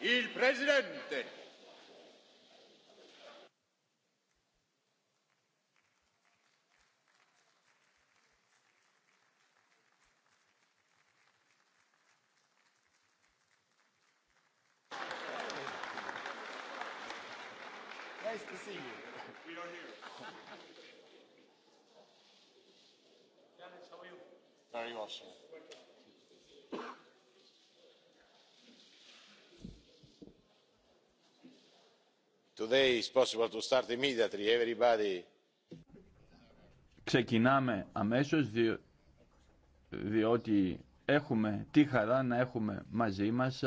Il Presidente. Nice to see you. We are here. Very well, sir. Ξεκινάμε αμέσως διότι έχουμε τη χαρά να έχουμε μαζί μας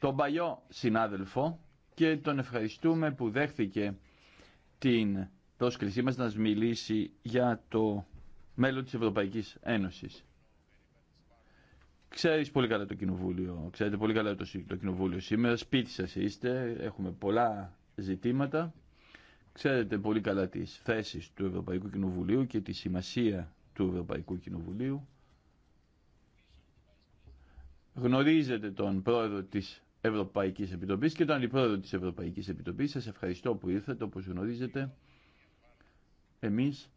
τον παλιό συνάδελφο και τον ευχαριστούμε που δέχθηκε την πρόσκλησή μας να μιλήσει για το μέλλον της Ευρωπαϊκής Ένωσης. Ξέρεις πολύ καλά το κοινοβούλιο, ξέρετε πολύ καλά το, το κοινοβούλιο σήμερα, σπίτι σας είστε, έχουμε πολλά ζητήματα. Ξέρετε πολύ καλά τις θέσεις του Ευρωπαϊκού Κοινοβουλίου και τη σημασία του Ευρωπαϊκού Κοινοβουλίου. Γνωρίζετε τον πρόεδρο της Ευρωπαϊκής Επιτροπής και τον αντιπρόεδρο της Ευρωπαϊκής Επιτροπής. Σας ευχαριστώ που ήρθατε, όπως γνωρίζετε. Εμείς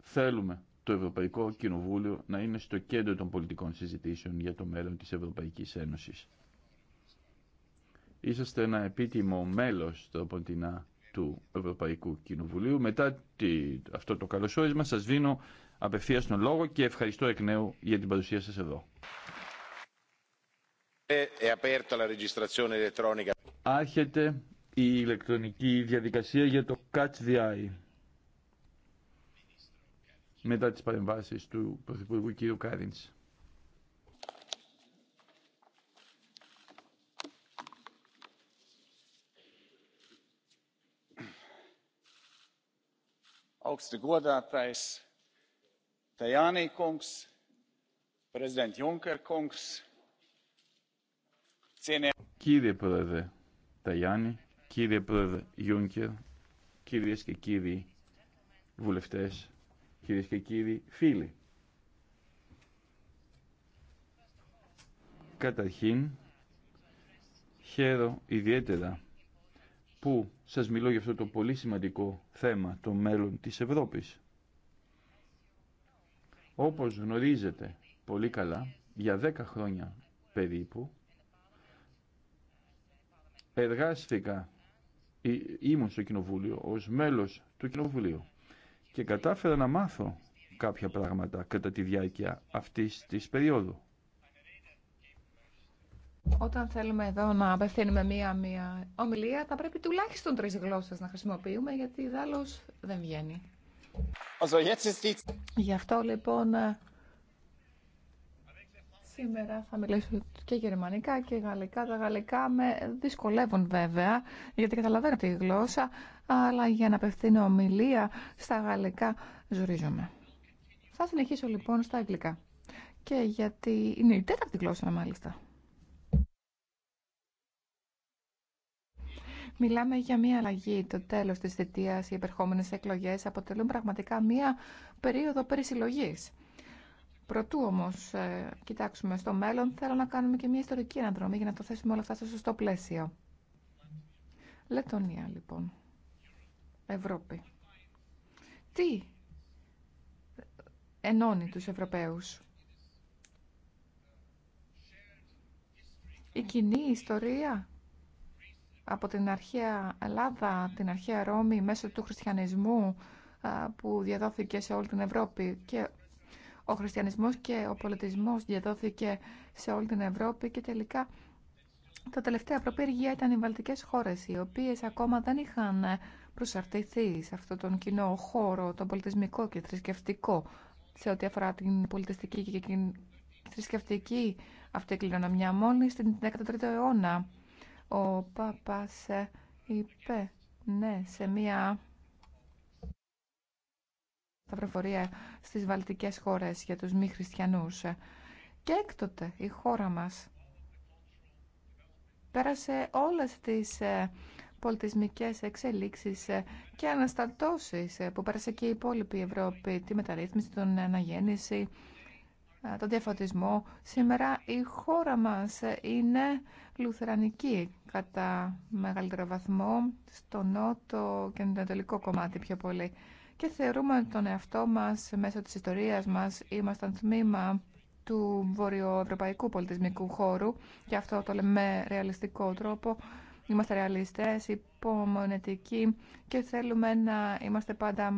θέλουμε το Ευρωπαϊκό Κοινοβούλιο να είναι στο κέντρο των πολιτικών συζητήσεων για το μέλλον της Ευρωπαϊκής Ένωσης είσαστε ένα επίτιμο μέλος το ποντινά του Ευρωπαϊκού Κοινοβουλίου. Μετά τη, αυτό το καλωσόρισμα σας δίνω απευθείας τον λόγο και ευχαριστώ εκ νέου για την παρουσία σας εδώ. Ε, ε, Άρχεται η ηλεκτρονική διαδικασία για το Catch the Eye. Μετά τις παρεμβάσεις του Πρωθυπουργού κ. Κάριντς. augsti godātais tajani kungs prezident juncker kungs Κύριε Πρόεδρε Ταγιάννη, κύριε Πρόεδρε και κύριοι φίλοι. Καταρχήν, ιδιαίτερα που σας μιλώ για αυτό το πολύ σημαντικό θέμα, το μέλλον της Ευρώπης. Όπως γνωρίζετε πολύ καλά, για δέκα χρόνια περίπου, εργάστηκα, ήμουν στο Κοινοβούλιο, ως μέλος του Κοινοβουλίου και κατάφερα να μάθω κάποια πράγματα κατά τη διάρκεια αυτής της περίοδου. Όταν θέλουμε εδώ να απευθύνουμε μία, μία ομιλία, θα πρέπει τουλάχιστον τρεις γλώσσες να χρησιμοποιούμε, γιατί δάλλως δεν βγαίνει. Γι' αυτό λοιπόν ε, σήμερα θα μιλήσω και γερμανικά και γαλλικά. Τα γαλλικά με δυσκολεύουν βέβαια, γιατί καταλαβαίνω τη γλώσσα, αλλά για να απευθύνω ομιλία στα γαλλικά ζορίζομαι. Θα συνεχίσω λοιπόν στα αγγλικά. Και γιατί είναι η τέταρτη γλώσσα μάλιστα. Μιλάμε για μια αλλαγή. Το τέλος της θητείας, οι υπερχόμενες εκλογές αποτελούν πραγματικά μια περίοδο περισυλλογή. Προτού όμω ε, κοιτάξουμε στο μέλλον, θέλω να κάνουμε και μια ιστορική αναδρομή για να το θέσουμε όλα αυτά στο σωστό πλαίσιο. Λετωνία, λοιπόν. Ευρώπη. Τι ενώνει τους Ευρωπαίους. Η κοινή ιστορία από την αρχαία Ελλάδα, την αρχαία Ρώμη, μέσω του χριστιανισμού που διαδόθηκε σε όλη την Ευρώπη και ο χριστιανισμός και ο πολιτισμός διαδόθηκε σε όλη την Ευρώπη και τελικά τα τελευταία προπήργια ήταν οι βαλτικές χώρες, οι οποίες ακόμα δεν είχαν προσαρτηθεί σε αυτόν τον κοινό χώρο, τον πολιτισμικό και θρησκευτικό, σε ό,τι αφορά την πολιτιστική και την θρησκευτική αυτή κληρονομιά. Μόλις στην 13ο αιώνα ο Παπάς είπε ναι σε μία σταυροφορία στις βαλτικές χώρες για τους μη χριστιανούς. Και έκτοτε η χώρα μας πέρασε όλες τις ε, πολιτισμικές εξελίξεις ε, και αναστατώσεις ε, που πέρασε και η υπόλοιπη Ευρώπη, τη μεταρρύθμιση, την αναγέννηση, το διαφωτισμό. Σήμερα η χώρα μας είναι λουθερανική κατά μεγαλύτερο βαθμό στο νότο και το ανατολικό κομμάτι πιο πολύ. Και θεωρούμε τον εαυτό μας μέσω της ιστορίας μας ήμασταν τμήμα του βορειοευρωπαϊκού πολιτισμικού χώρου και αυτό το λέμε με ρεαλιστικό τρόπο. Είμαστε ρεαλιστές, υπομονετικοί και θέλουμε να είμαστε πάντα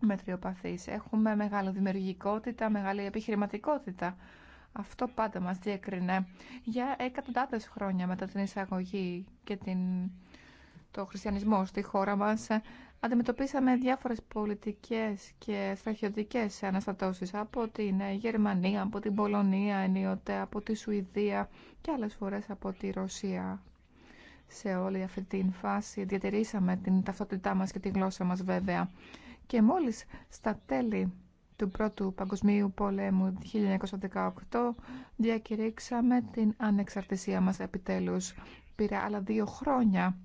μετριοπαθείς. Έχουμε μεγάλη δημιουργικότητα, μεγάλη επιχειρηματικότητα. Αυτό πάντα μας διεκρινέ. για εκατοντάδες χρόνια μετά την εισαγωγή και την... το χριστιανισμό στη χώρα μας. Αντιμετωπίσαμε διάφορες πολιτικές και στρατιωτικές αναστατώσεις από την Γερμανία, από την Πολωνία ενίοτε, από τη Σουηδία και άλλες φορές από τη Ρωσία. Σε όλη αυτή την φάση διατηρήσαμε την ταυτότητά μας και τη γλώσσα μας βέβαια. Και μόλις στα τέλη του Πρώτου Παγκοσμίου Πολέμου 1918 διακηρύξαμε την ανεξαρτησία μας επιτέλους. Πήρε άλλα δύο χρόνια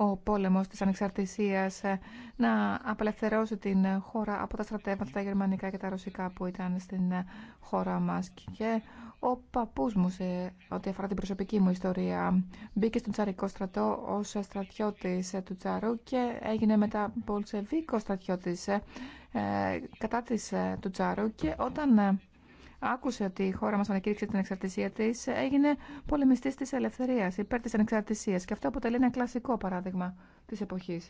ο πόλεμος της ανεξαρτησίας ε, να απελευθερώσει την χώρα από τα στρατεύματα τα γερμανικά και τα ρωσικά που ήταν στην ε, χώρα μας. Και ο παππούς μου, σε ό,τι αφορά την προσωπική μου ιστορία, μπήκε στον τσαρικό στρατό ως στρατιώτης ε, του Τσάρου και έγινε μετά πολσεβίκο στρατιώτης κατά της του Τσάρου και όταν άκουσε ότι η χώρα μα ανακήρυξε την εξαρτησία τη, έγινε πολεμιστή τη ελευθερία, υπέρ τη ανεξαρτησία. Και αυτό αποτελεί ένα κλασικό παράδειγμα τη εποχή.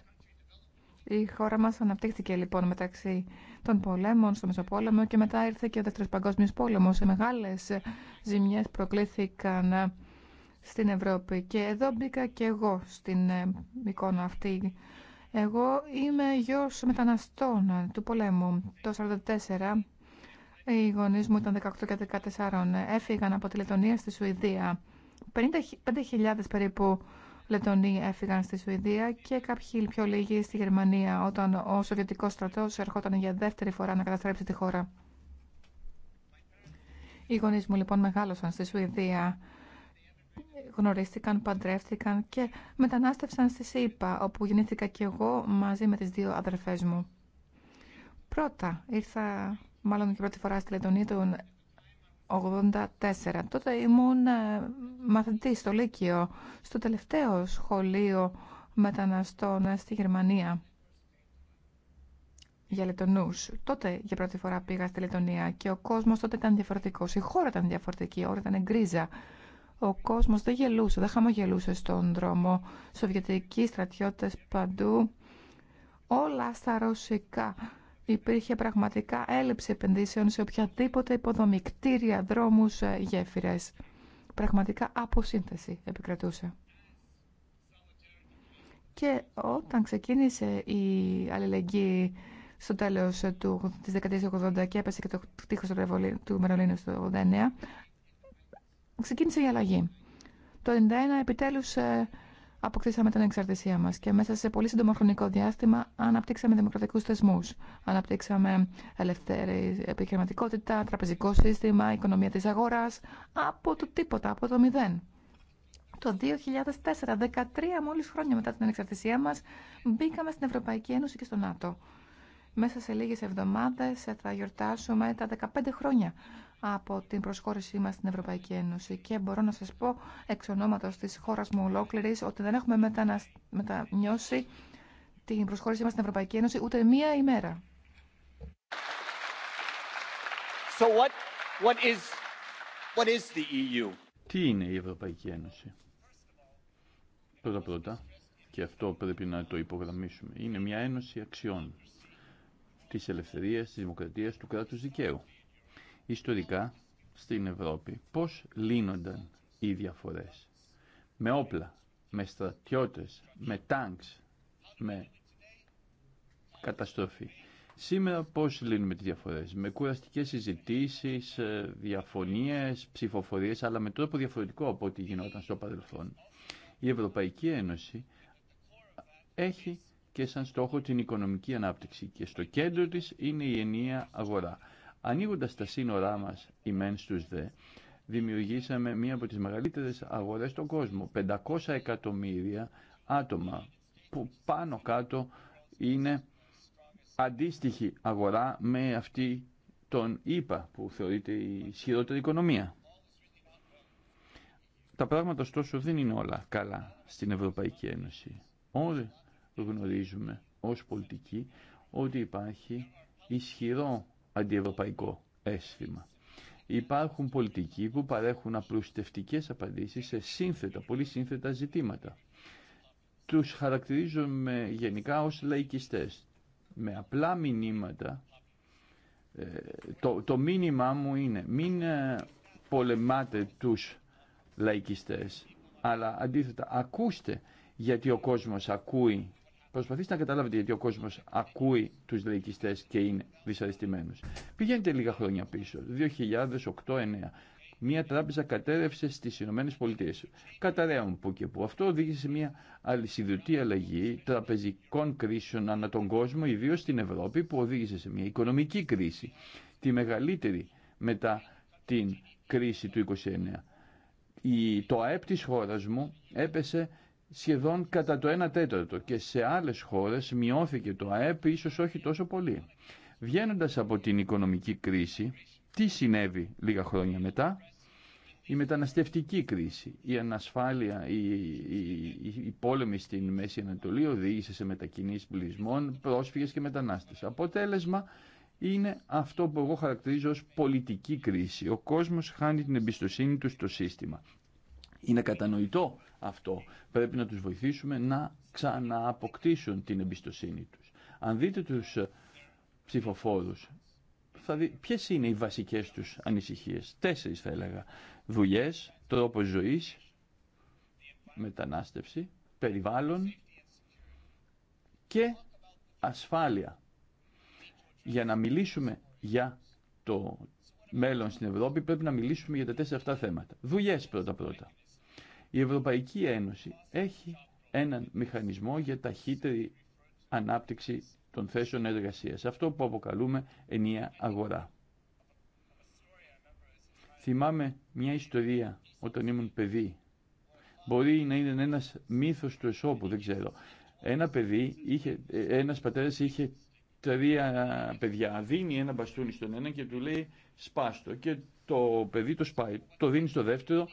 Η χώρα μα αναπτύχθηκε λοιπόν μεταξύ των πολέμων στο Μεσοπόλεμο και μετά ήρθε και ο δεύτερο Παγκόσμιο Πόλεμο. Μεγάλε μεγάλες ζημιές προκλήθηκαν στην Ευρώπη και εδώ μπήκα και εγώ στην ε, εικόνα αυτή. Εγώ είμαι γιος μεταναστών του πολέμου το 1944 οι γονεί μου ήταν 18 και 14. Έφυγαν από τη Λετωνία στη Σουηδία. 5.000 περίπου Λετωνοί έφυγαν στη Σουηδία και κάποιοι πιο λίγοι στη Γερμανία όταν ο Σοβιετικός στρατός ερχόταν για δεύτερη φορά να καταστρέψει τη χώρα. Οι γονεί μου λοιπόν μεγάλωσαν στη Σουηδία, γνωρίστηκαν, παντρεύτηκαν και μετανάστευσαν στη ΣΥΠΑ όπου γεννήθηκα κι εγώ μαζί με τις δύο αδερφές μου. Πρώτα ήρθα μάλλον και πρώτη φορά στη Λετωνία το 1984. Τότε ήμουν ε, μαθητή στο Λύκειο, στο τελευταίο σχολείο μεταναστών ε, στη Γερμανία για Λετωνού. Τότε για πρώτη φορά πήγα στη Λετωνία και ο κόσμο τότε ήταν διαφορετικό. Η χώρα ήταν διαφορετική, η ώρα ήταν γκρίζα. Ο κόσμο δεν γελούσε, δεν χαμογελούσε στον δρόμο. Σοβιετικοί στρατιώτε παντού. Όλα στα ρωσικά υπήρχε πραγματικά έλλειψη επενδύσεων σε οποιαδήποτε υποδομή, κτίρια, δρόμους, ε, γέφυρες. Πραγματικά αποσύνθεση επικρατούσε. Και όταν ξεκίνησε η αλληλεγγύη στο τέλος του, της δεκαετίας του 80 και έπεσε και το τείχος του Μερολίνου στο 89, ξεκίνησε η αλλαγή. Το 91 επιτέλους ε, αποκτήσαμε την εξαρτησία μας και μέσα σε πολύ σύντομο χρονικό διάστημα αναπτύξαμε δημοκρατικούς θεσμούς. Αναπτύξαμε ελευθερή επιχειρηματικότητα, τραπεζικό σύστημα, οικονομία της αγοράς, από το τίποτα, από το μηδέν. Το 2004, 13 μόλις χρόνια μετά την ανεξαρτησία μας, μπήκαμε στην Ευρωπαϊκή Ένωση και στο ΝΑΤΟ. Μέσα σε λίγες εβδομάδες θα γιορτάσουμε τα 15 χρόνια από την προσχώρησή μας στην Ευρωπαϊκή Ένωση και μπορώ να σας πω εξ ονόματος της χώρας μου ολόκληρη ότι δεν έχουμε μετανιώσει την προσχώρησή μας στην Ευρωπαϊκή Ένωση ούτε μία ημέρα. So what, what is, what is the EU? Τι είναι η Ευρωπαϊκή Ένωση? Πρώτα πρώτα, και αυτό πρέπει να το υπογραμμίσουμε, είναι μια ένωση αξιών της ελευθερίας, της δημοκρατίας, του κράτους δικαίου ιστορικά στην Ευρώπη. Πώς λύνονταν οι διαφορές. Με όπλα, με στρατιώτες, με τάγκς, με καταστροφή. Σήμερα πώς λύνουμε τις διαφορές. Με κουραστικές συζητήσεις, ε, διαφωνίες, ψηφοφορίες, αλλά με τρόπο διαφορετικό από ό,τι γινόταν στο παρελθόν. Η Ευρωπαϊκή Ένωση έχει και σαν στόχο την οικονομική ανάπτυξη και στο κέντρο της είναι η ενιαία αγορά. Ανοίγοντας τα σύνορά μας, οι μεν στου δε, δημιουργήσαμε μία από τις μεγαλύτερες αγορές στον κόσμο. 500 εκατομμύρια άτομα που πάνω κάτω είναι αντίστοιχη αγορά με αυτή τον ΙΠΑ που θεωρείται η ισχυρότερη οικονομία. Τα πράγματα ωστόσο δεν είναι όλα καλά στην Ευρωπαϊκή Ένωση. Όλοι γνωρίζουμε ως πολιτικοί ότι υπάρχει ισχυρό αντιευρωπαϊκό αίσθημα. Υπάρχουν πολιτικοί που παρέχουν απλουστευτικές απαντήσεις σε σύνθετα, πολύ σύνθετα ζητήματα. Τους χαρακτηρίζουμε γενικά ως λαϊκιστές. Με απλά μηνύματα, ε, το, το μήνυμά μου είναι μην ε, πολεμάτε τους λαϊκιστές, αλλά αντίθετα ακούστε γιατί ο κόσμος ακούει Προσπαθήστε να καταλάβετε γιατί ο κόσμο ακούει του λαϊκιστέ και είναι δυσαρεστημένο. Πηγαίνετε λίγα χρόνια πίσω, 2008-2009. Μία τράπεζα κατέρευσε στι Ηνωμένε Πολιτείε. Καταραίων που και που. Αυτό οδήγησε σε μια αλυσιδωτή αλλαγή τραπεζικών κρίσεων ανά τον κόσμο, ιδίω στην Ευρώπη, που οδήγησε σε μια οικονομική κρίση. Τη μεγαλύτερη μετά την κρίση του 1929 το ΑΕΠ της χώρας μου έπεσε σχεδόν κατά το 1 τέταρτο και σε άλλες χώρες μειώθηκε το ΑΕΠ ίσως όχι τόσο πολύ. Βγαίνοντας από την οικονομική κρίση, τι συνέβη λίγα χρόνια μετά, η μεταναστευτική κρίση, η ανασφάλεια, η, η, η πόλεμη στην Μέση Ανατολή οδήγησε σε μετακινήσεις πλησμών, πρόσφυγες και μετανάστες. Αποτέλεσμα είναι αυτό που εγώ χαρακτηρίζω ως πολιτική κρίση. Ο κόσμος χάνει την εμπιστοσύνη του στο σύστημα. Είναι κατανοητό αυτό. Πρέπει να τους βοηθήσουμε να ξανααποκτήσουν την εμπιστοσύνη τους. Αν δείτε τους ε, ψηφοφόρους, θα δει ποιες είναι οι βασικές τους ανησυχίες. Τέσσερις θα έλεγα. Δουλειές, τρόπος ζωής, μετανάστευση, περιβάλλον και ασφάλεια. Για να μιλήσουμε για το μέλλον στην Ευρώπη πρέπει να μιλήσουμε για τα τέσσερα αυτά θέματα. Δουλειές πρώτα-πρώτα. Η Ευρωπαϊκή Ένωση έχει έναν μηχανισμό για ταχύτερη ανάπτυξη των θέσεων εργασίας. Αυτό που αποκαλούμε ενία αγορά. Θυμάμαι μια ιστορία όταν ήμουν παιδί. Μπορεί να είναι ένας μύθος του εσώπου, δεν ξέρω. Ένα παιδί, είχε, ε, ένας πατέρας είχε τρία παιδιά. Δίνει ένα μπαστούνι στον ένα και του λέει σπάστο. Και το παιδί το σπάει. Το δίνει στο δεύτερο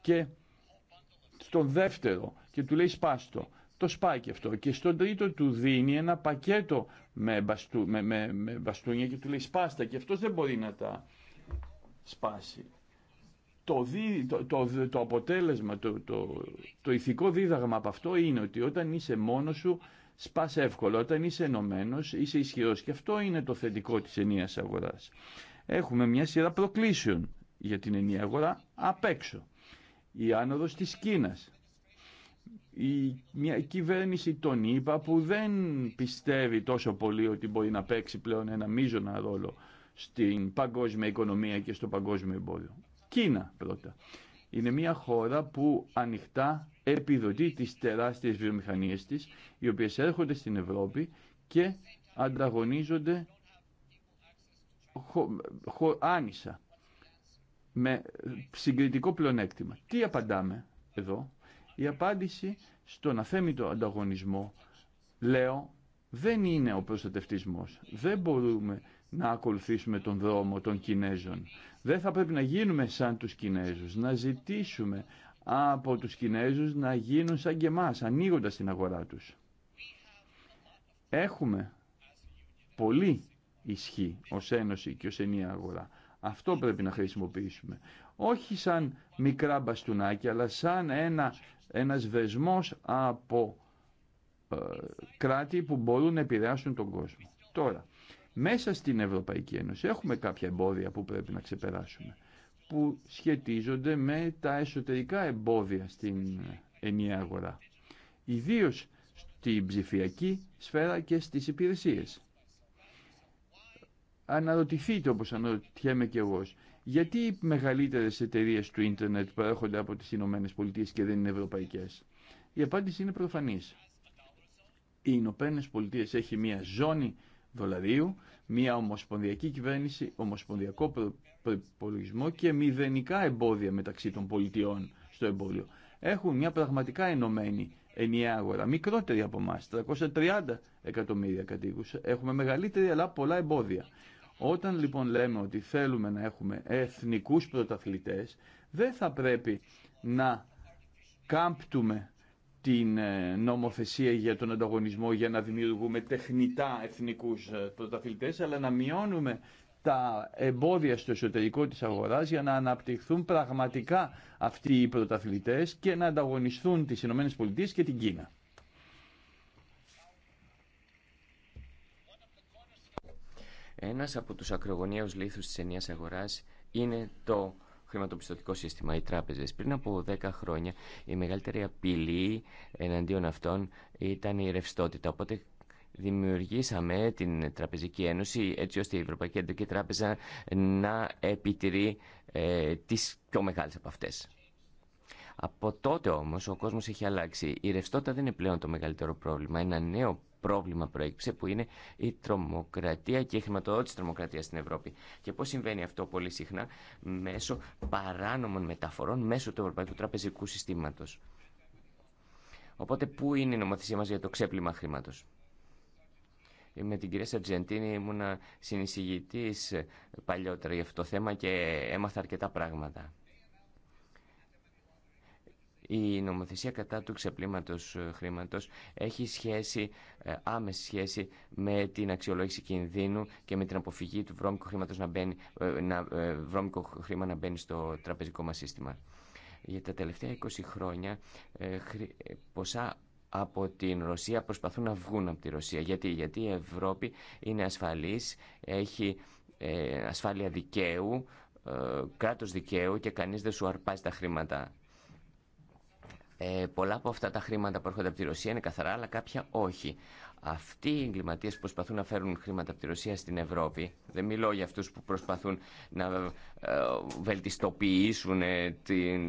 και στον δεύτερο και του λέει σπάστο. Το σπάει και αυτό. Και στον τρίτο του δίνει ένα πακέτο με, μπαστού, με, με, με μπαστούνια και του λέει σπάστα και αυτός δεν μπορεί να τα σπάσει. Το, δι, το, το, αποτέλεσμα, το, το, το ηθικό δίδαγμα από αυτό είναι ότι όταν είσαι μόνος σου σπάς εύκολα, όταν είσαι ενωμένο, είσαι ισχυρός και αυτό είναι το θετικό της ενίας αγοράς. Έχουμε μια σειρά προκλήσεων για την ενία αγορά απ' έξω η άνοδος της Κίνας. Η, μια κυβέρνηση τον είπα, που δεν πιστεύει τόσο πολύ ότι μπορεί να παίξει πλέον ένα μείζωνα ρόλο στην παγκόσμια οικονομία και στο παγκόσμιο εμπόριο. Κίνα πρώτα. Είναι μια χώρα που ανοιχτά επιδοτεί τις τεράστιες βιομηχανίες της, οι οποίες έρχονται στην Ευρώπη και ανταγωνίζονται χω, με συγκριτικό πλεονέκτημα. Τι απαντάμε εδώ. Η απάντηση στον αθέμητο ανταγωνισμό, λέω, δεν είναι ο προστατευτισμός. Δεν μπορούμε να ακολουθήσουμε τον δρόμο των Κινέζων. Δεν θα πρέπει να γίνουμε σαν τους Κινέζους, να ζητήσουμε από τους Κινέζους να γίνουν σαν και εμάς, ανοίγοντας την αγορά τους. Έχουμε πολύ ισχύ ως Ένωση και ως ενία αγορά. Αυτό πρέπει να χρησιμοποιήσουμε. Όχι σαν μικρά μπαστούνάκια, αλλά σαν ένα, ένας βεσμός από ε, κράτη που μπορούν να επηρεάσουν τον κόσμο. Τώρα, μέσα στην Ευρωπαϊκή Ένωση έχουμε κάποια εμπόδια που πρέπει να ξεπεράσουμε, που σχετίζονται με τα εσωτερικά εμπόδια στην ενιαία αγορά. Ιδίως στην ψηφιακή σφαίρα και στις υπηρεσίες αναρωτηθείτε όπως αναρωτιέμαι και εγώ. Γιατί οι μεγαλύτερες εταιρείες του ίντερνετ προέρχονται από τις Ηνωμένε Πολιτείε και δεν είναι ευρωπαϊκές. Η απάντηση είναι προφανής. Οι Ηνωμένε Πολιτείε έχει μια ζώνη δολαρίου, μια ομοσπονδιακή κυβέρνηση, ομοσπονδιακό προπολογισμό και μηδενικά εμπόδια μεταξύ των πολιτιών στο εμπόδιο. Έχουν μια πραγματικά ενωμένη ενιαία αγορά, μικρότερη από εμά, 330 εκατομμύρια κατοίκου. Έχουμε μεγαλύτερη αλλά πολλά εμπόδια. Όταν λοιπόν λέμε ότι θέλουμε να έχουμε εθνικούς πρωταθλητές, δεν θα πρέπει να κάμπτουμε την ε, νομοθεσία για τον ανταγωνισμό για να δημιουργούμε τεχνητά εθνικούς ε, πρωταθλητές, αλλά να μειώνουμε τα εμπόδια στο εσωτερικό της αγοράς για να αναπτυχθούν πραγματικά αυτοί οι πρωταθλητές και να ανταγωνιστούν τις ΗΠΑ και την Κίνα. Ένας από τους ακρογωνιαίους λήθους της ενίας αγοράς είναι το χρηματοπιστωτικό σύστημα, οι τράπεζες. Πριν από 10 χρόνια η μεγαλύτερη απειλή εναντίον αυτών ήταν η ρευστότητα. Οπότε δημιουργήσαμε την Τραπεζική Ένωση έτσι ώστε η Ευρωπαϊκή Εντοκή Τράπεζα να επιτηρεί ε, τις πιο μεγάλες από αυτές. Από τότε όμως ο κόσμος έχει αλλάξει. Η ρευστότητα δεν είναι πλέον το μεγαλύτερο πρόβλημα. Ένα νέο πρόβλημα προέκυψε που είναι η τρομοκρατία και η χρηματοδότηση τρομοκρατία στην Ευρώπη. Και πώ συμβαίνει αυτό πολύ συχνά μέσω παράνομων μεταφορών μέσω του Ευρωπαϊκού Τραπεζικού Συστήματος. Οπότε πού είναι η νομοθεσία μας για το ξέπλυμα χρήματο. Με την κυρία Σαρτζεντίνη ήμουνα συνεισηγητής παλιότερα για αυτό το θέμα και έμαθα αρκετά πράγματα. Η νομοθεσία κατά του ξεπλήματος ε, χρήματος έχει σχέση, ε, άμεση σχέση με την αξιολόγηση κινδύνου και με την αποφυγή του βρώμικου, χρήματος να μπαίνει, ε, να, βρώμικο χρήμα να μπαίνει στο τραπεζικό μας σύστημα. Για τα τελευταία 20 χρόνια ποσά από την Ρωσία προσπαθούν να βγουν από τη Ρωσία. Γιατί, Γιατί η Ευρώπη είναι ασφαλής, έχει ασφάλεια δικαίου, κράτος δικαίου και κανείς δεν σου αρπάζει τα χρήματα ε, πολλά από αυτά τα χρήματα που έρχονται από τη Ρωσία είναι καθαρά, αλλά κάποια όχι. Αυτοί οι εγκληματίε που προσπαθούν να φέρουν χρήματα από τη Ρωσία στην Ευρώπη, δεν μιλώ για αυτού που προσπαθούν να ε, βελτιστοποιήσουν ε,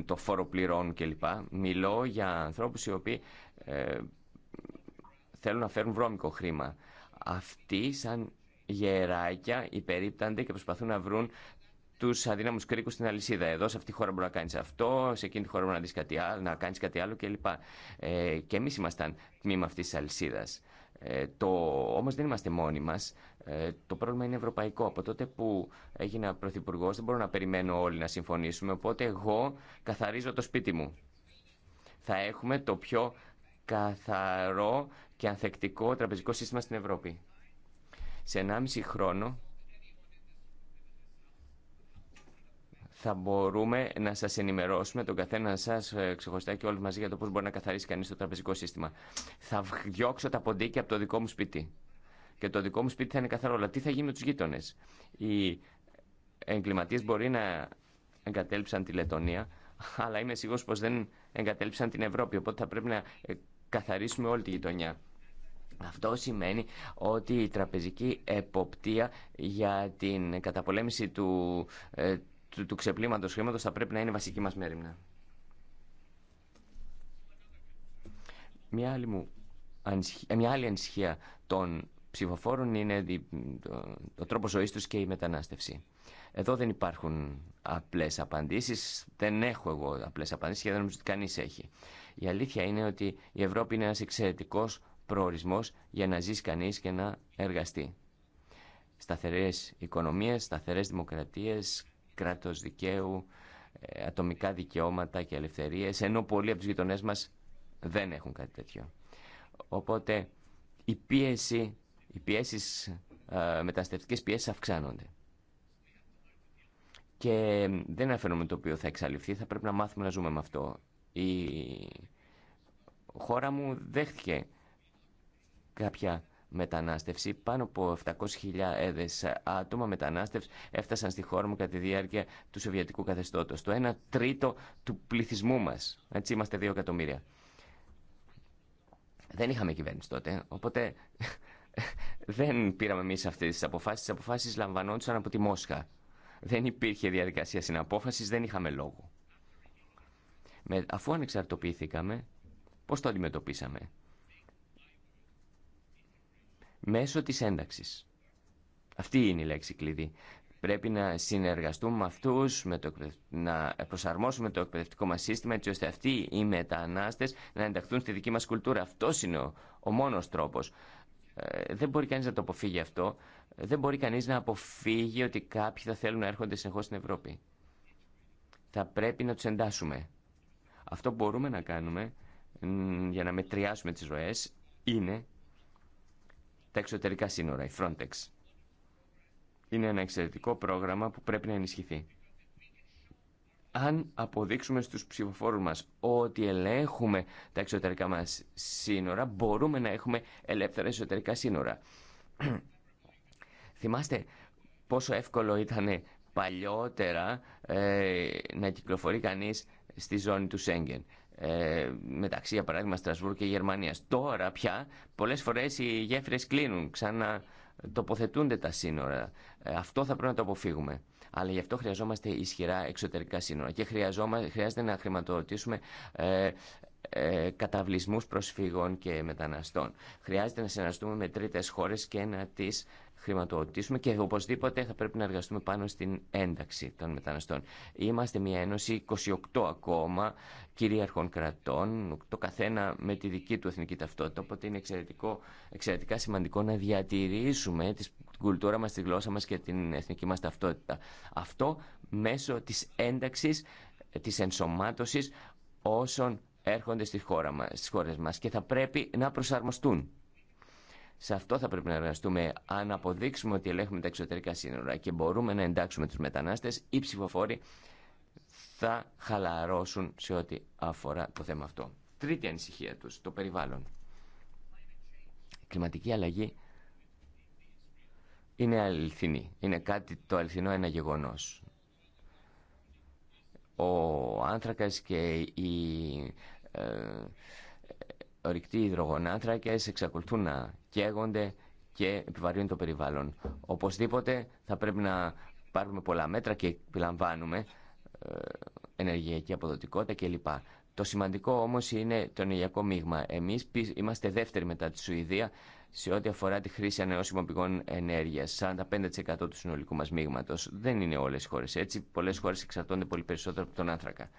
το φόρο πληρών κλπ. Μιλώ για ανθρώπου οι οποίοι ε, θέλουν να φέρουν βρώμικο χρήμα. Αυτοί, σαν γεράκια, υπερίπτανται και προσπαθούν να βρουν του αδύναμου κρίκου στην αλυσίδα. Εδώ σε αυτή τη χώρα μπορεί να κάνει αυτό, σε εκείνη τη χώρα μπορεί να, δεις κάτι άλλο, να κάνει κάτι άλλο κλπ. Ε, και εμεί ήμασταν τμήμα αυτή τη αλυσίδα. Ε, το, όμως δεν είμαστε μόνοι μα. ε, το πρόβλημα είναι ευρωπαϊκό. Από τότε που έγινα πρωθυπουργό, δεν μπορώ να περιμένω όλοι να συμφωνήσουμε, οπότε εγώ καθαρίζω το σπίτι μου. Θα έχουμε το πιο καθαρό και ανθεκτικό τραπεζικό σύστημα στην Ευρώπη. Σε 1,5 χρόνο θα μπορούμε να σα ενημερώσουμε τον καθένα σα ε, ξεχωριστά και όλοι μαζί για το πώ μπορεί να καθαρίσει κανεί το τραπεζικό σύστημα. Θα διώξω τα ποντίκια από το δικό μου σπίτι. Και το δικό μου σπίτι θα είναι καθαρό. Αλλά τι θα γίνει με του γείτονε. Οι εγκληματίε μπορεί να εγκατέλειψαν τη Λετωνία, αλλά είμαι σίγουρο πω δεν εγκατέλειψαν την Ευρώπη. Οπότε θα πρέπει να ε, καθαρίσουμε όλη τη γειτονιά. Αυτό σημαίνει ότι η τραπεζική εποπτεία για την καταπολέμηση του, ε, του, του ξεπλήματος θα πρέπει να είναι βασική μας μέρημνα. Μια άλλη, μου, ε, μια άλλη ανησυχία των ψηφοφόρων είναι ο τρόπος ζωής του και η μετανάστευση. Εδώ δεν υπάρχουν απλές απαντήσεις, δεν έχω εγώ απλές απαντήσεις και δεν νομίζω ότι κανείς έχει. Η αλήθεια είναι ότι η Ευρώπη είναι ένας εξαιρετικό προορισμό για να ζει κανεί και να εργαστεί. Σταθερέ οικονομίε, σταθερέ δημοκρατίε κράτος δικαίου, ε, ατομικά δικαιώματα και ελευθερίες, ενώ πολλοί από τους γειτονέ μας δεν έχουν κάτι τέτοιο. Οπότε οι πίεση, οι πιέσεις, ε, μεταστευτικές πιέσεις αυξάνονται. Και δεν είναι ένα φαινόμενο το οποίο θα εξαλειφθεί, θα πρέπει να μάθουμε να ζούμε με αυτό. Η χώρα μου δέχτηκε κάποια μετανάστευση. Πάνω από 700.000 άτομα μετανάστευση έφτασαν στη χώρα μου κατά τη διάρκεια του Σοβιετικού καθεστώτος. Το 1 τρίτο του πληθυσμού μα. Έτσι είμαστε 2 εκατομμύρια. Δεν είχαμε κυβέρνηση τότε, οπότε δεν πήραμε εμεί αυτέ τι αποφάσει. Τι αποφάσει λαμβανόντουσαν από τη Μόσχα. Δεν υπήρχε διαδικασία συναπόφαση, δεν είχαμε λόγο. Με, αφού ανεξαρτοποιήθηκαμε, πώ το αντιμετωπίσαμε μέσω της ένταξης. Αυτή είναι η λέξη κλειδί. Πρέπει να συνεργαστούμε με αυτούς, να προσαρμόσουμε το εκπαιδευτικό μας σύστημα έτσι ώστε αυτοί οι μετανάστες να ενταχθούν στη δική μας κουλτούρα. Αυτό είναι ο, ο μόνος τρόπος. Ε, δεν μπορεί κανείς να το αποφύγει αυτό. δεν μπορεί κανείς να αποφύγει ότι κάποιοι θα θέλουν να έρχονται συνεχώς στην Ευρώπη. Θα πρέπει να τους εντάσσουμε. Αυτό που μπορούμε να κάνουμε για να μετριάσουμε τις ροές είναι τα εξωτερικά σύνορα, η Frontex. Είναι ένα εξαιρετικό πρόγραμμα που πρέπει να ενισχυθεί. Αν αποδείξουμε στους ψηφοφόρους μας ότι ελέγχουμε τα εξωτερικά μας σύνορα, μπορούμε να έχουμε ελεύθερα εσωτερικά σύνορα. Θυμάστε πόσο εύκολο ήταν παλιότερα ε, να κυκλοφορεί κανείς στη ζώνη του Σέγγεν ε, μεταξύ για παράδειγμα Στρασβούργου και Γερμανίας. Τώρα πια πολλές φορές οι γέφυρες κλείνουν, ξανά τοποθετούνται τα σύνορα. Ε, αυτό θα πρέπει να το αποφύγουμε. Αλλά γι' αυτό χρειαζόμαστε ισχυρά εξωτερικά σύνορα και χρειαζόμα, χρειάζεται να χρηματοδοτήσουμε ε, ε, καταβλισμούς προσφύγων και μεταναστών. Χρειάζεται να συνεργαστούμε με τρίτες χώρες και να τις χρηματοδοτήσουμε και οπωσδήποτε θα πρέπει να εργαστούμε πάνω στην ένταξη των μεταναστών. Είμαστε μια ένωση 28 ακόμα κυρίαρχων κρατών, το καθένα με τη δική του εθνική ταυτότητα, οπότε είναι εξαιρετικό, εξαιρετικά σημαντικό να διατηρήσουμε την κουλτούρα μας, τη γλώσσα μας και την εθνική μας ταυτότητα. Αυτό μέσω της ένταξης, της ενσωμάτωσης όσων έρχονται στη χώρα μας, στις χώρες μας και θα πρέπει να προσαρμοστούν. Σε αυτό θα πρέπει να εργαστούμε. Αν αποδείξουμε ότι ελέγχουμε τα εξωτερικά σύνορα και μπορούμε να εντάξουμε τους μετανάστες, οι ψηφοφόροι θα χαλαρώσουν σε ό,τι αφορά το θέμα αυτό. Τρίτη ανησυχία τους, το περιβάλλον. Η κλιματική αλλαγή είναι αληθινή. Είναι κάτι το αληθινό ένα γεγονός ο άνθρακας και η ε, ορυκτή υδρογονάνθρακες εξακολουθούν να καίγονται και επιβαρύνουν το περιβάλλον. Οπωσδήποτε θα πρέπει να πάρουμε πολλά μέτρα και επιλαμβάνουμε ε, ενεργειακή αποδοτικότητα κλπ. Το σημαντικό όμως είναι το ενεργειακό μείγμα. Εμείς είμαστε δεύτεροι μετά τη Σουηδία σε ό,τι αφορά τη χρήση ανανεώσιμων πηγών ενέργεια, 45% του συνολικού μα μείγματο. Δεν είναι όλε οι χώρε έτσι. Πολλέ χώρε εξαρτώνται πολύ περισσότερο από τον άνθρακα.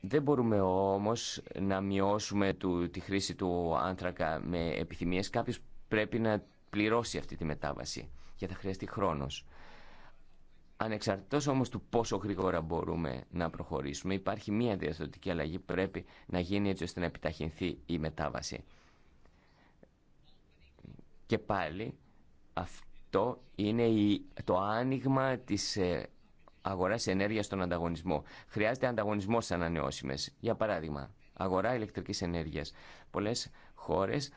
Δεν μπορούμε όμω να μειώσουμε τη χρήση του άνθρακα με επιθυμίε, κάποιο πρέπει να πληρώσει αυτή τη μετάβαση και θα χρειαστεί χρόνο. Ανεξαρτητός όμως του πόσο γρήγορα μπορούμε να προχωρήσουμε, υπάρχει μία διαστατική αλλαγή που πρέπει να γίνει έτσι ώστε να επιταχυνθεί η μετάβαση. Και πάλι αυτό είναι το άνοιγμα της ε, αγοράς ενέργειας στον ανταγωνισμό. Χρειάζεται ανταγωνισμός σε ανανεώσιμες. Για παράδειγμα, αγορά ηλεκτρικής ενέργειας. Πολλές χώρες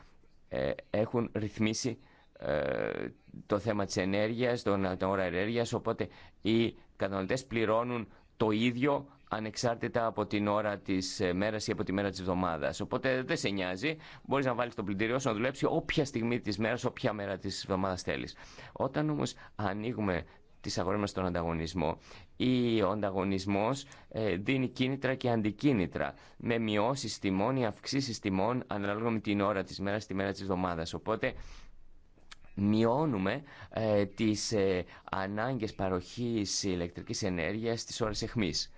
ε, έχουν ρυθμίσει ε, το θέμα της ενέργειας, τον αγορά ενέργειας, οπότε οι καταναλωτές πληρώνουν το ίδιο ανεξάρτητα από την ώρα τη ε, μέρα ή από τη μέρα τη εβδομάδα. Οπότε δεν σε νοιάζει. Μπορεί να βάλει το πλυντήριό σου να δουλέψει όποια στιγμή τη μέρα, όποια μέρα τη εβδομάδα θέλει. Όταν όμω ανοίγουμε τι αγορέ μα στον ανταγωνισμό, ή ο ανταγωνισμό ε, δίνει κίνητρα και αντικίνητρα με μειώσει τιμών ή αυξήσει τιμών ανάλογα με την ώρα τη μέρα, τη μέρα τη εβδομάδα. Οπότε μειώνουμε ε, τις ε, ανάγκες παροχής ηλεκτρικής ενέργειας στις ώρες εχμής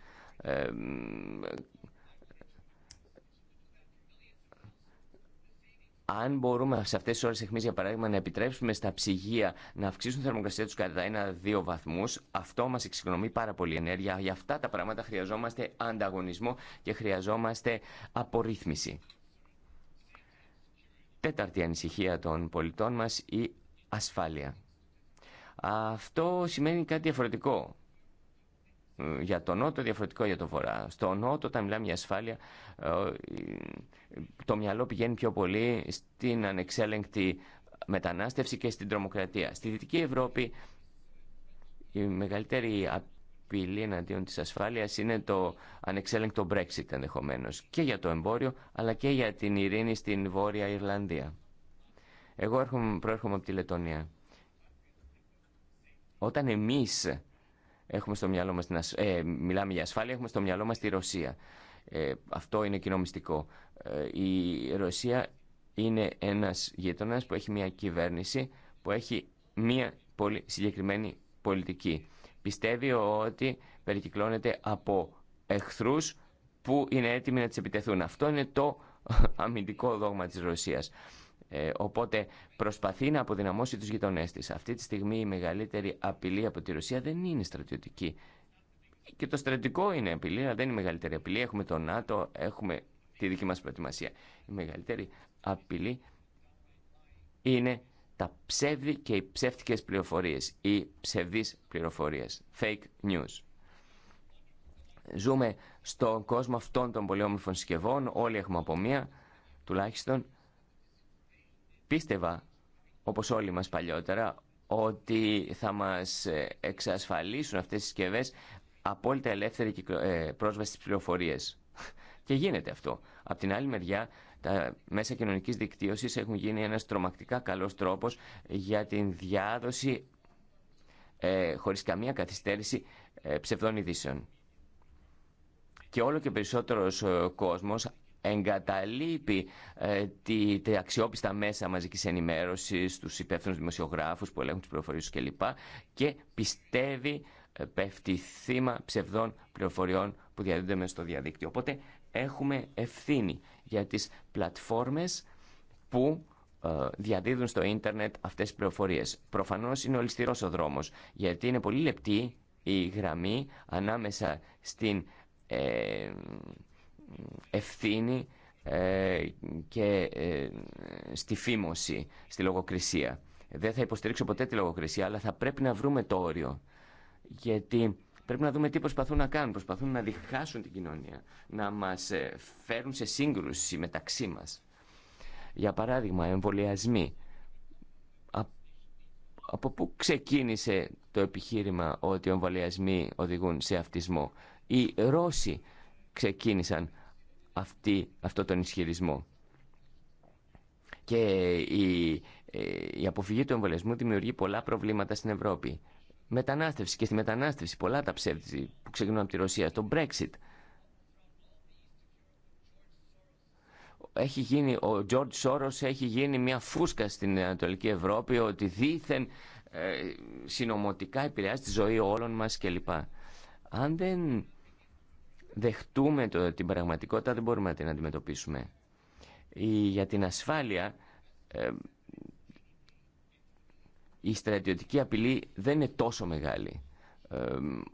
αν μπορούμε σε αυτές τις ώρες αιχμής, για παράδειγμα, να επιτρέψουμε στα ψυγεία να αυξήσουν θερμοκρασία τους κατά ένα-δύο βαθμούς, αυτό μας εξοικονομεί πάρα πολύ ενέργεια. Για αυτά τα πράγματα χρειαζόμαστε ανταγωνισμό και χρειαζόμαστε απορρίθμιση. Τέταρτη ανησυχία των πολιτών μας, η ασφάλεια. Αυτό σημαίνει κάτι διαφορετικό ε, για τον Νότο, διαφορετικό για τον Βορρά. Στο Νότο, όταν μιλάμε για ασφάλεια, ε, ε, το μυαλό πηγαίνει πιο πολύ στην ανεξέλεγκτη μετανάστευση και στην τρομοκρατία. Στη Δυτική Ευρώπη, η μεγαλύτερη απειλή εναντίον της ασφάλειας είναι το ανεξέλεγκτο Brexit ενδεχομένως και για το εμπόριο αλλά και για την ειρήνη στην Βόρεια Ιρλανδία. Εγώ προέρχομαι από τη Λετωνία. Όταν εμείς έχουμε στο μυαλό μας την ε, μιλάμε για ασφάλεια, έχουμε στο μυαλό μας τη Ρωσία. Ε, αυτό είναι κοινό μυστικό. Ε, η Ρωσία είναι ένας γείτονας που έχει μια κυβέρνηση που έχει μια πολύ συγκεκριμένη πολιτική. Πιστεύει ότι περικυκλώνεται από εχθρούς που είναι έτοιμοι να τις επιτεθούν. Αυτό είναι το αμυντικό δόγμα της Ρωσίας. Ε, οπότε προσπαθεί να αποδυναμώσει τους γειτονές της. Αυτή τη στιγμή η μεγαλύτερη απειλή από τη Ρωσία δεν είναι στρατιωτική. Και το στρατιωτικό είναι απειλή, αλλά δεν είναι η μεγαλύτερη απειλή. Έχουμε το ΝΑΤΟ, έχουμε τη δική μας προετοιμασία. Η μεγαλύτερη απειλή είναι τα ψεύδη και οι ψεύτικες πληροφορίε ή ψευδείς πληροφορίες, fake news. Ζούμε στον κόσμο αυτών των πολυόμορφων συσκευών, όλοι έχουμε από μία τουλάχιστον, Πίστευα, όπως όλοι μας παλιότερα, ότι θα μας ε, εξασφαλίσουν αυτές τις συσκευές απόλυτα ελεύθερη ε, πρόσβαση στις πληροφορίες. Και γίνεται αυτό. Απ' την άλλη μεριά, τα μέσα κοινωνικής δικτύωσης έχουν γίνει ένας τρομακτικά καλός τρόπος για την διάδοση ε, χωρίς καμία καθυστέρηση ε, ψευδών ειδήσεων. Και όλο και περισσότερος κόσμος εγκαταλείπει ε, τη, αξιόπιστα μέσα μαζικής ενημέρωσης, τους υπεύθυνους δημοσιογράφους που ελέγχουν τις πληροφορίες κλπ. και πιστεύει, ε, πέφτει θύμα ψευδών πληροφοριών που διαδίδονται μέσα στο διαδίκτυο. Οπότε έχουμε ευθύνη για τις πλατφόρμες που ε, διαδίδουν στο ίντερνετ αυτές τις πληροφορίες. Προφανώς είναι ολιστηρός ο δρόμος, γιατί είναι πολύ λεπτή η γραμμή ανάμεσα στην ε, ευθύνη ε, και ε, στη φήμωση, στη λογοκρισία. Δεν θα υποστηρίξω ποτέ τη λογοκρισία, αλλά θα πρέπει να βρούμε το όριο. Γιατί πρέπει να δούμε τι προσπαθούν να κάνουν. Προσπαθούν να διχάσουν την κοινωνία, να μας ε, φέρουν σε σύγκρουση μεταξύ μας. Για παράδειγμα, εμβολιασμοί. Από πού ξεκίνησε το επιχείρημα ότι οι εμβολιασμοί οδηγούν σε αυτισμό. Οι Ρώσοι ξεκίνησαν αυτή, αυτό τον ισχυρισμό. Και η, ε, η αποφυγή του εμβολιασμού δημιουργεί πολλά προβλήματα στην Ευρώπη. Μετανάστευση και στη μετανάστευση πολλά τα ψεύδι που ξεκινούν από τη Ρωσία, το Brexit. Έχει γίνει, ο Τζορτ Σόρος έχει γίνει μια φούσκα στην Ανατολική Ευρώπη ότι δήθεν ε, συνωμοτικά επηρεάζει τη ζωή όλων μας κλπ. Αν δεν δεχτούμε το, την πραγματικότητα δεν μπορούμε να την αντιμετωπίσουμε. Η, για την ασφάλεια ε, η στρατιωτική απειλή δεν είναι τόσο μεγάλη. Ε,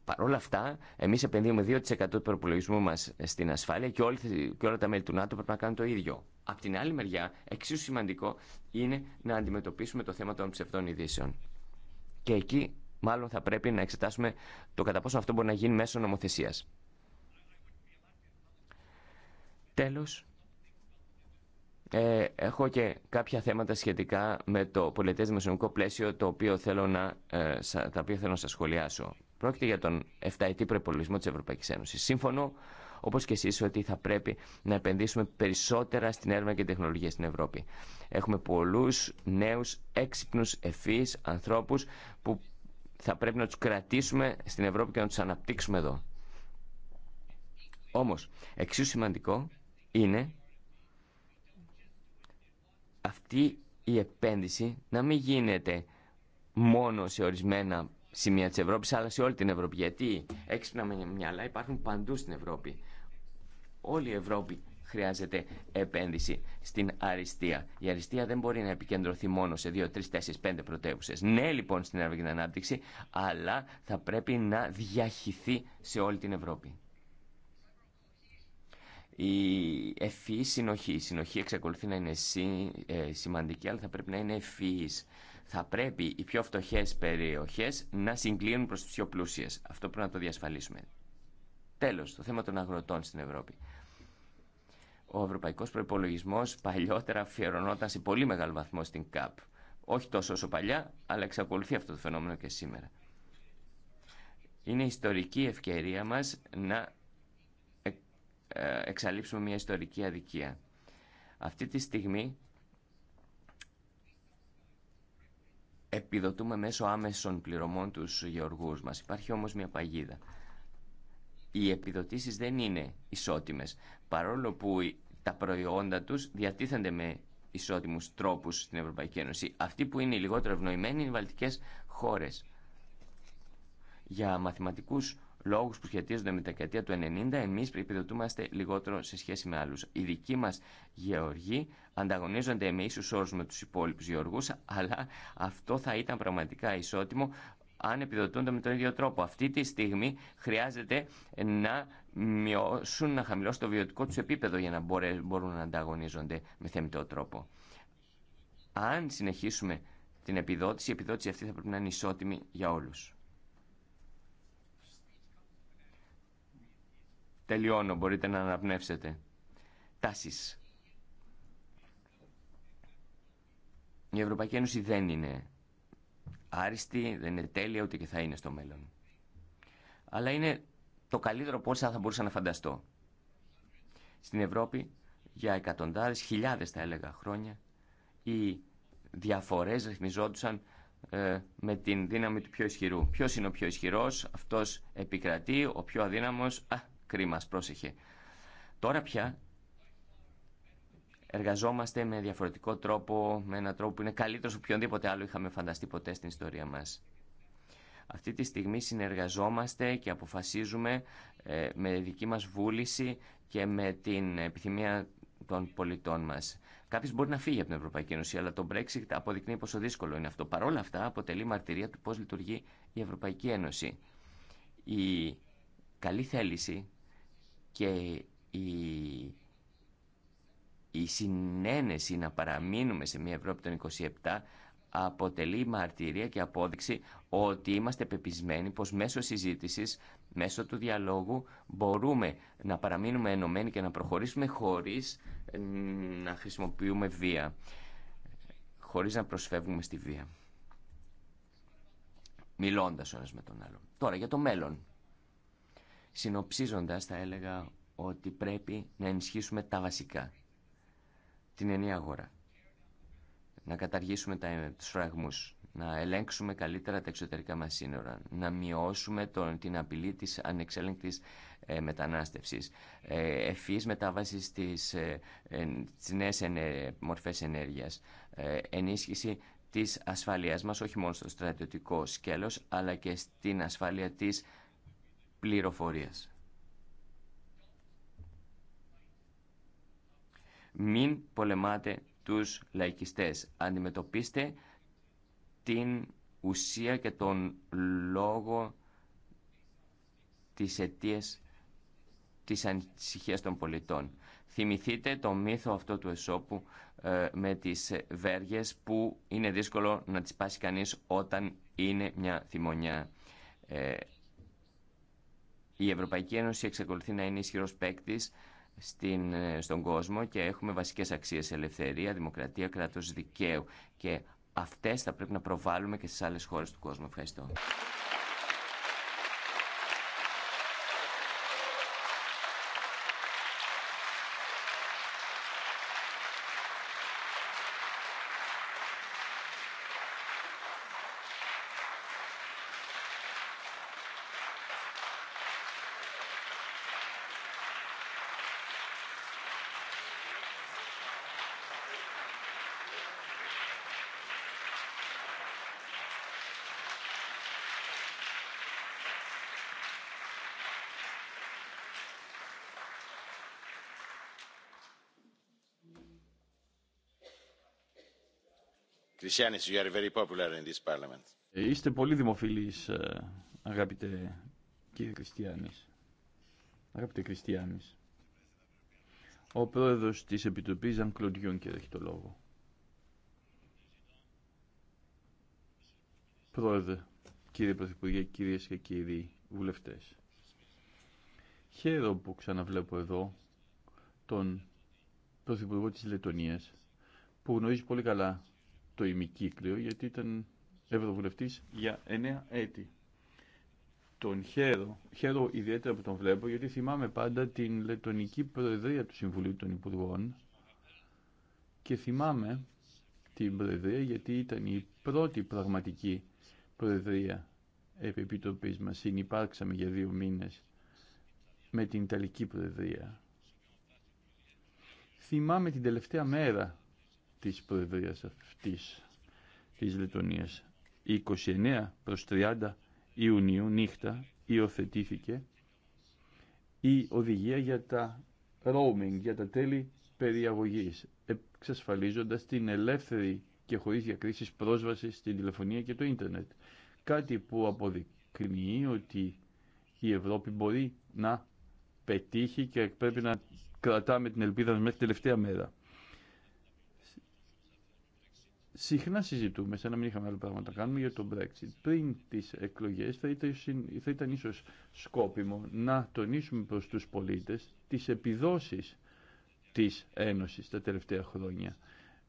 Παρ' όλα αυτά, εμείς επενδύουμε 2% του προπολογισμού μας στην ασφάλεια και, όλοι, όλα τα μέλη του ΝΑΤΟ πρέπει να κάνουν το ίδιο. Απ' την άλλη μεριά, εξίσου σημαντικό είναι να αντιμετωπίσουμε το θέμα των ψευδών ειδήσεων. Και εκεί μάλλον θα πρέπει να εξετάσουμε το κατά πόσο αυτό μπορεί να γίνει μέσω νομοθεσία. Τέλος, ε, έχω και κάποια θέματα σχετικά με το πολιτές δημοσιονομικό πλαίσιο το οποίο θέλω να, ε, τα οποία θέλω να σας σχολιάσω. Πρόκειται για τον 7ετή προπολογισμό της Ευρωπαϊκής Ένωσης. Σύμφωνο, όπως και εσείς, ότι θα πρέπει να επενδύσουμε περισσότερα στην έρευνα και τεχνολογία στην Ευρώπη. Έχουμε πολλούς νέους έξυπνους ευφύς ανθρώπους που θα πρέπει να τους κρατήσουμε στην Ευρώπη και να τους αναπτύξουμε εδώ. Όμως, εξίσου σημαντικό είναι αυτή η επένδυση να μην γίνεται μόνο σε ορισμένα σημεία της Ευρώπης, αλλά σε όλη την Ευρώπη. Γιατί έξυπνα με μυαλά υπάρχουν παντού στην Ευρώπη. Όλη η Ευρώπη χρειάζεται επένδυση στην αριστεία. Η αριστεία δεν μπορεί να επικεντρωθεί μόνο σε 2, 3, 4, 5 πρωτεύουσε. Ναι, λοιπόν, στην ευρωπαϊκή ανάπτυξη, αλλά θα πρέπει να διαχυθεί σε όλη την Ευρώπη. Η ευφυή συνοχή. Η συνοχή εξακολουθεί να είναι ε, σημαντική, αλλά θα πρέπει να είναι ευφυή. Θα πρέπει οι πιο φτωχέ περιοχέ να συγκλίνουν προ τι πιο πλούσιε. Αυτό πρέπει να το διασφαλίσουμε. Τέλο, το θέμα των αγροτών στην Ευρώπη. Ο ευρωπαϊκό προπολογισμό παλιότερα αφιερωνόταν σε πολύ μεγάλο βαθμό στην ΚΑΠ. Όχι τόσο όσο παλιά, αλλά εξακολουθεί αυτό το φαινόμενο και σήμερα. Είναι ιστορική ευκαιρία μας να ε, εξαλείψουμε μια ιστορική αδικία. Αυτή τη στιγμή επιδοτούμε μέσω άμεσων πληρωμών τους γεωργούς μας. Υπάρχει όμως μια παγίδα. Οι επιδοτήσεις δεν είναι ισότιμες, παρόλο που τα προϊόντα τους διατίθενται με ισότιμους τρόπους στην Ευρωπαϊκή Ένωση. Αυτοί που είναι λιγότερο ευνοημένοι είναι οι βαλτικές χώρες. Για μαθηματικούς λόγους που σχετίζονται με τα δεκαετία του 90, εμείς επιδοτούμαστε λιγότερο σε σχέση με άλλους. Οι δικοί μας γεωργοί ανταγωνίζονται με ίσους όρους με τους υπόλοιπους γεωργούς, αλλά αυτό θα ήταν πραγματικά ισότιμο αν επιδοτούνται με τον ίδιο τρόπο. Αυτή τη στιγμή χρειάζεται να μειώσουν, να χαμηλώσουν το βιωτικό τους επίπεδο για να μπορούν να ανταγωνίζονται με θεμητό τρόπο. Αν συνεχίσουμε την επιδότηση, η επιδότηση αυτή θα πρέπει να είναι ισότιμη για όλους. Τελειώνω, μπορείτε να αναπνεύσετε. Τάσεις. Η Ευρωπαϊκή Ένωση δεν είναι άριστη, δεν είναι τέλεια, ούτε και θα είναι στο μέλλον. Αλλά είναι το καλύτερο πόσα θα μπορούσα να φανταστώ. Στην Ευρώπη, για εκατοντάδες, χιλιάδες θα έλεγα χρόνια, οι διαφορές ρυθμιζόντουσαν ε, με την δύναμη του πιο ισχυρού. Ποιος είναι ο πιο ισχυρός, αυτός επικρατεί, ο πιο αδύναμος, κρίμας, πρόσεχε. Τώρα πια εργαζόμαστε με διαφορετικό τρόπο, με έναν τρόπο που είναι καλύτερο από οποιονδήποτε άλλο είχαμε φανταστεί ποτέ στην ιστορία μας. Αυτή τη στιγμή συνεργαζόμαστε και αποφασίζουμε ε, με δική μας βούληση και με την επιθυμία των πολιτών μας. Κάποιο μπορεί να φύγει από την Ευρωπαϊκή Ένωση, αλλά το Brexit αποδεικνύει πόσο δύσκολο είναι αυτό. Παρ' όλα αυτά, αποτελεί μαρτυρία του πώ λειτουργεί η Ευρωπαϊκή Ένωση. Η καλή θέληση και η, συνένεση να παραμείνουμε σε μια Ευρώπη των 27 αποτελεί μαρτυρία και απόδειξη ότι είμαστε πεπισμένοι πως μέσω συζήτησης, μέσω του διαλόγου μπορούμε να παραμείνουμε ενωμένοι και να προχωρήσουμε χωρίς ε, να χρησιμοποιούμε βία, χωρίς να προσφεύγουμε στη βία. Μιλώντας ο με τον άλλο. Τώρα για το μέλλον. Συνοψίζοντας θα έλεγα ότι πρέπει να ενισχύσουμε τα βασικά. Την ενία αγορά. Να καταργήσουμε τα, τους φραγμούς. Να ελέγξουμε καλύτερα τα εξωτερικά μας σύνορα. Να μειώσουμε τον, την απειλή της ανεξέλεγκτης ε, μετανάστευσης. Ε, ευφύης μετάβαση στις, ε, ε, μορφές ενέργειας. Ε, ενίσχυση της ασφαλείας μας, όχι μόνο στο στρατιωτικό σκέλος, αλλά και στην ασφάλεια της πληροφορίας. Μην πολεμάτε τους λαϊκιστές. Αντιμετωπίστε την ουσία και τον λόγο της αιτίας της ανησυχίας των πολιτών. Θυμηθείτε το μύθο αυτό του Εσώπου ε, με τις βέργες που είναι δύσκολο να τις πάσει κανείς όταν είναι μια θυμονιά. Ε, η Ευρωπαϊκή Ένωση εξακολουθεί να είναι ισχυρό παίκτη ε, στον κόσμο και έχουμε βασικέ αξίε. ελευθερία, δημοκρατία, κράτο δικαίου και αυτέ θα πρέπει να προβάλλουμε και στι άλλε χώρε του κόσμου. Ευχαριστώ. Ε, είστε πολύ δημοφιλής, ε, αγαπητέ κύριε Κριστιανής. Αγαπητέ Κριστιανής. Ο πρόεδρος της Επιτροπής, Ζαν και έχει το λόγο. Πρόεδρε, κύριε Πρωθυπουργέ, κυρίες και κύριοι βουλευτές. Χαίρομαι που ξαναβλέπω εδώ τον Πρωθυπουργό της Λετωνίας, που γνωρίζει πολύ καλά το ημικύκλιο γιατί ήταν ευρωβουλευτή για εννέα έτη. Τον χαίρο, χαίρο ιδιαίτερα που τον βλέπω γιατί θυμάμαι πάντα την λετονική προεδρία του Συμβουλίου των Υπουργών και θυμάμαι την προεδρία γιατί ήταν η πρώτη πραγματική προεδρία επί επιτροπής μας. Συνυπάρξαμε για δύο μήνες με την Ιταλική Προεδρία. Θυμάμαι την τελευταία μέρα της προεδρίας αυτής της Λετωνίας. 29 προς 30 Ιουνίου νύχτα υιοθετήθηκε η οδηγία για τα roaming, για τα τέλη περιαγωγής, εξασφαλίζοντας την ελεύθερη και χωρίς διακρίσεις πρόσβαση στην τηλεφωνία και το ίντερνετ. Κάτι που αποδεικνύει ότι η Ευρώπη μπορεί να πετύχει και πρέπει να κρατάμε την ελπίδα μας μέχρι τελευταία μέρα συχνά συζητούμε, σαν να μην είχαμε άλλο πράγμα να κάνουμε για το Brexit. Πριν τι εκλογέ θα ήταν, θα ήταν ίσως σκόπιμο να τονίσουμε προ τους πολίτες τι επιδόσεις της Ένωσης τα τελευταία χρόνια.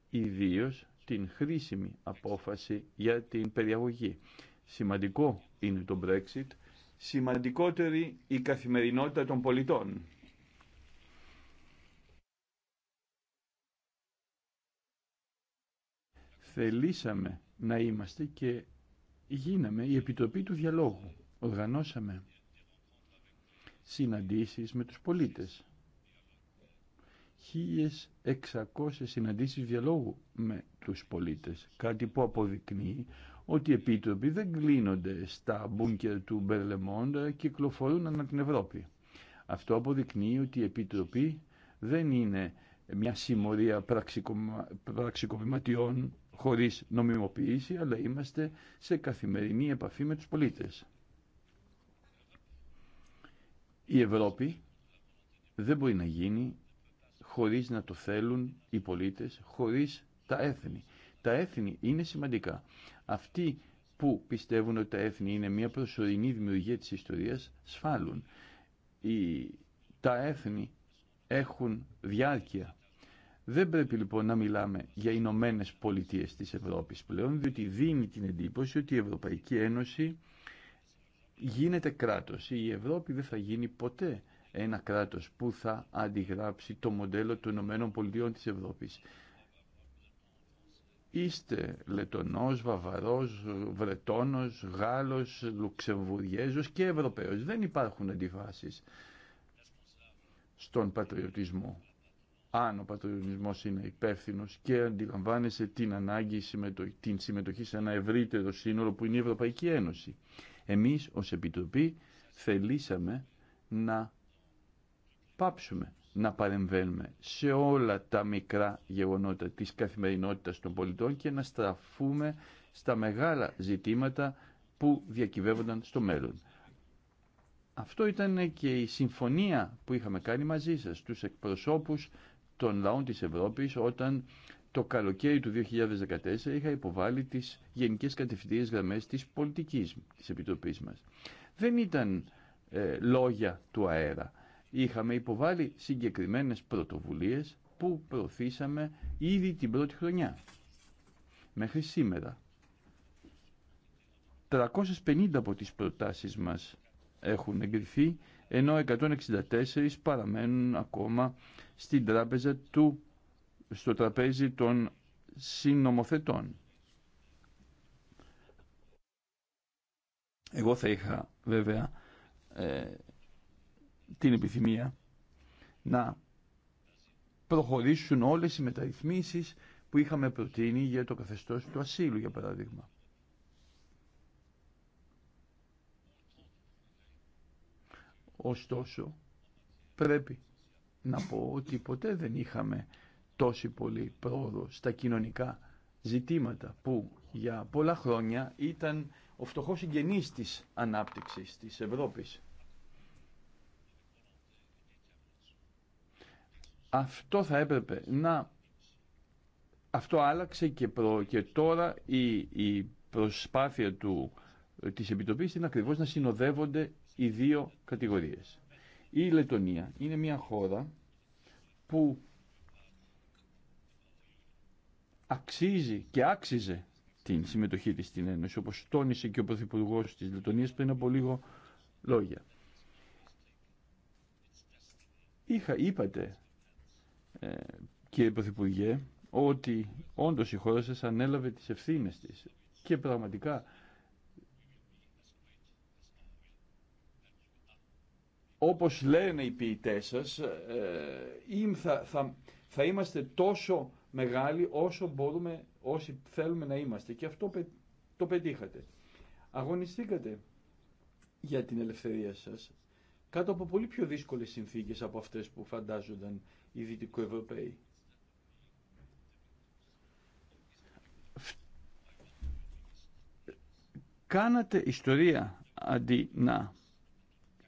ιδίω την χρήσιμη απόφαση για την περιαγωγή. Σημαντικό είναι το Brexit, σημαντικότερη η καθημερινότητα των πολιτών. θελήσαμε να είμαστε και γίναμε η Επιτροπή του Διαλόγου. Οργανώσαμε συναντήσεις με τους πολίτες. 1.600 συναντήσεις διαλόγου με τους πολίτες. Κάτι που αποδεικνύει ότι οι επίτροποι δεν κλείνονται στα μπούνκερ του και κυκλοφορούν ανά την Ευρώπη. Αυτό αποδεικνύει ότι η Επιτροπή δεν είναι μια συμμορία πραξικοβηματιών χωρίς νομιμοποίηση, αλλά είμαστε σε καθημερινή επαφή με τους πολίτες. Η Ευρώπη δεν μπορεί να γίνει χωρίς να το θέλουν οι πολίτες, χωρίς τα έθνη. Τα έθνη είναι σημαντικά. Αυτοί που πιστεύουν ότι τα έθνη είναι μια προσωρινή δημιουργία της ιστορίας, σφάλουν. Οι, τα έθνη έχουν διάρκεια δεν πρέπει λοιπόν να μιλάμε για Ηνωμένε Πολιτείε τη Ευρώπη πλέον, διότι δίνει την εντύπωση ότι η Ευρωπαϊκή Ένωση γίνεται κράτο ή Η Ευρώπη δεν θα γίνει ποτέ ένα κράτος που θα αντιγράψει το μοντέλο των Ηνωμένων Πολιτείων τη Ευρώπη. Είστε Λετωνός, Βαβαρός, Βρετόνος, Γάλλος, Λουξεμβουριέζος και Ευρωπαίος. Δεν υπάρχουν αντιφάσεις στον πατριωτισμό αν ο πατριωτισμός είναι υπεύθυνο και αντιλαμβάνεσαι την ανάγκη, την συμμετοχή σε ένα ευρύτερο σύνολο που είναι η Ευρωπαϊκή Ένωση. Εμείς ως Επιτροπή θελήσαμε να πάψουμε να παρεμβαίνουμε σε όλα τα μικρά γεγονότα της καθημερινότητας των πολιτών και να στραφούμε στα μεγάλα ζητήματα που διακυβεύονταν στο μέλλον. Αυτό ήταν και η συμφωνία που είχαμε κάνει μαζί σας, τους εκπροσώπους των λαών της Ευρώπης όταν το καλοκαίρι του 2014 είχα υποβάλει τις γενικές κατευθυντήριες γραμμές της πολιτικής της Επιτροπής μας. Δεν ήταν ε, λόγια του αέρα. Είχαμε υποβάλει συγκεκριμένες πρωτοβουλίες που προωθήσαμε ήδη την πρώτη χρονιά. Μέχρι σήμερα. 350 από τις προτάσεις μας έχουν εγκριθεί ενώ 164 παραμένουν ακόμα στην τράπεζα του, στο τραπέζι των συνομοθετών. Εγώ θα είχα βέβαια ε, την επιθυμία να προχωρήσουν όλες οι μεταρρυθμίσεις που είχαμε προτείνει για το καθεστώς του ασύλου, για παράδειγμα. Ωστόσο, πρέπει να πω ότι ποτέ δεν είχαμε τόση πολύ πρόοδο στα κοινωνικά ζητήματα που για πολλά χρόνια ήταν ο φτωχός συγγενής της ανάπτυξης της Ευρώπης. Αυτό θα έπρεπε να... Αυτό άλλαξε και, προ... και τώρα η, προσπάθεια του, της Επιτροπής είναι ακριβώς να συνοδεύονται οι δύο κατηγορίες. Η Λετωνία είναι μια χώρα που αξίζει και άξιζε την συμμετοχή της στην Ένωση, όπως τόνισε και ο Πρωθυπουργό της Λετωνίας πριν από λίγο λόγια. Είχα, είπατε, ε, κύριε Πρωθυπουργέ, ότι όντως η χώρα σας ανέλαβε τις ευθύνες της και πραγματικά όπως λένε οι ποιητές σας, ε, θα, θα, θα είμαστε τόσο μεγάλοι όσο μπορούμε, όσοι θέλουμε να είμαστε. Και αυτό το πετύχατε. Αγωνιστήκατε για την ελευθερία σας κάτω από πολύ πιο δύσκολες συνθήκες από αυτές που φαντάζονταν οι Δυτικοευρωπαίοι. Κάνατε ιστορία αντί να